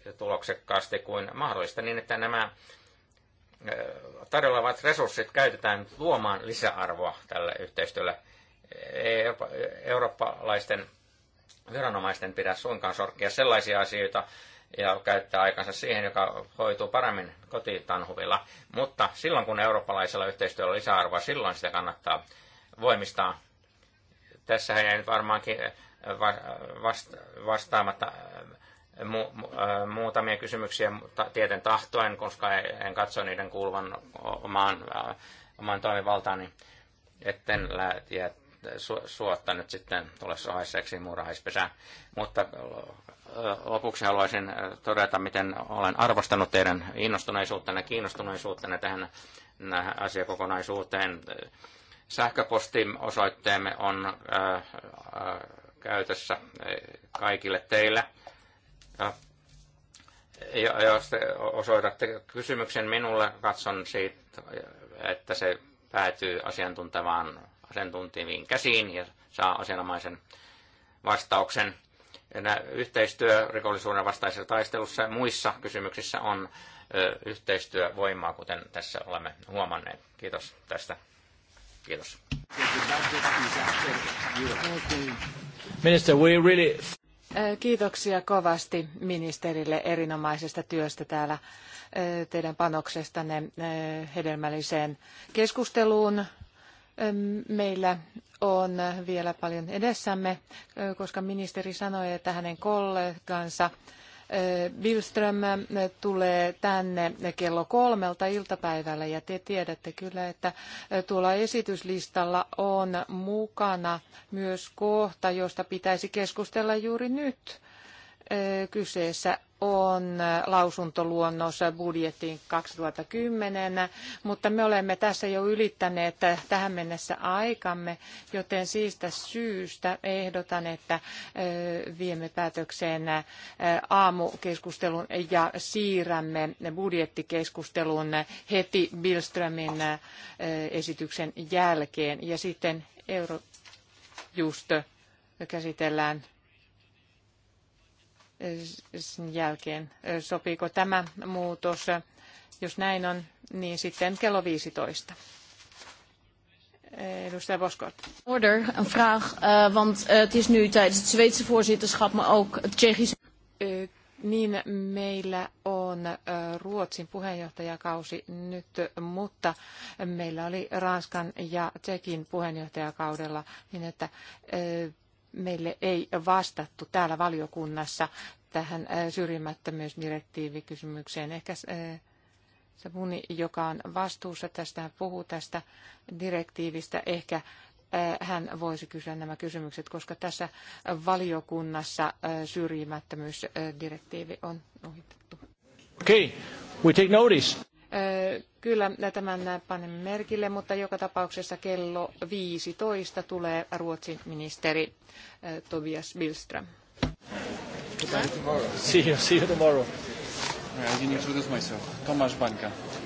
ja tuloksekkaasti kuin mahdollista, niin että nämä Äh, tarjolla olevat resurssit käytetään luomaan lisäarvoa tälle yhteistyölle. eurooppalaisten viranomaisten pidä suinkaan sorkkia sellaisia asioita ja käyttää aikansa siihen, joka hoituu paremmin kotitanhuvilla. Mutta silloin, kun eurooppalaisella yhteistyöllä on lisäarvoa, silloin sitä kannattaa voimistaa. Tässä ei nyt varmaankin vastaamatta mu- äh, muutamia kysymyksiä tieten tahtoen, koska en katso niiden kuuluvan omaan, äh, omaan toimivaltaani, etten lähtiä su- suotta nyt sitten tule sohaiseksi muurahaispesään. Mutta äh, lopuksi haluaisin todeta, miten olen arvostanut teidän innostuneisuuttanne ja kiinnostuneisuuttanne tähän asiakokonaisuuteen. Sähköpostiosoitteemme on käytössä kaikille teille Ah. Ja, jos te osoitatte kysymyksen minulle, katson siitä, että se päätyy asiantuntevaan asiantuntiviin käsiin ja saa asianomaisen vastauksen. Ja yhteistyö rikollisuuden vastaisessa taistelussa ja muissa kysymyksissä on ö, yhteistyövoimaa, kuten tässä olemme huomanneet. Kiitos tästä. Kiitos. Minister, we really Kiitoksia kovasti ministerille erinomaisesta työstä täällä teidän panoksestanne hedelmälliseen keskusteluun. Meillä on vielä paljon edessämme, koska ministeri sanoi, että hänen kollegansa Eh, Billström eh, tulee tänne kello kolmelta iltapäivällä ja te tiedätte kyllä, että eh, tuolla esityslistalla on mukana myös kohta, josta pitäisi keskustella juuri nyt. Kyseessä on lausuntoluonnos budjettiin 2010, mutta me olemme tässä jo ylittäneet tähän mennessä aikamme, joten siitä syystä ehdotan, että viemme päätökseen aamukeskustelun ja siirrämme budjettikeskustelun heti Billströmin esityksen jälkeen ja sitten Eurojust käsitellään sen jälkeen. Sopiiko tämä muutos? Jos näin on, niin sitten kello 15. Edustaja Boskort. Order, een vraag, uh, want uh, het is nu tijdens het Zweedse voorzitterschap, maar ook het Tsjechische... niin meillä on Ruotsin puheenjohtajakausi nyt, mutta meillä oli Ranskan ja Tsekin puheenjohtajakaudella niin, että meille ei vastattu täällä valiokunnassa tähän äh, syrjimättömyysdirektiivikysymykseen. Ehkä äh, Sabuni, joka on vastuussa tästä, hän puhuu tästä direktiivistä, ehkä äh, hän voisi kysyä nämä kysymykset, koska tässä valiokunnassa syrjimättömyysdirektiivi on ohitettu. Okay, we take notice. Kyllä tämän panemme merkille, mutta joka tapauksessa kello 15 tulee Ruotsin ministeri Tobias Billström. See you, see you tomorrow. I didn't introduce myself. Tomas Banka.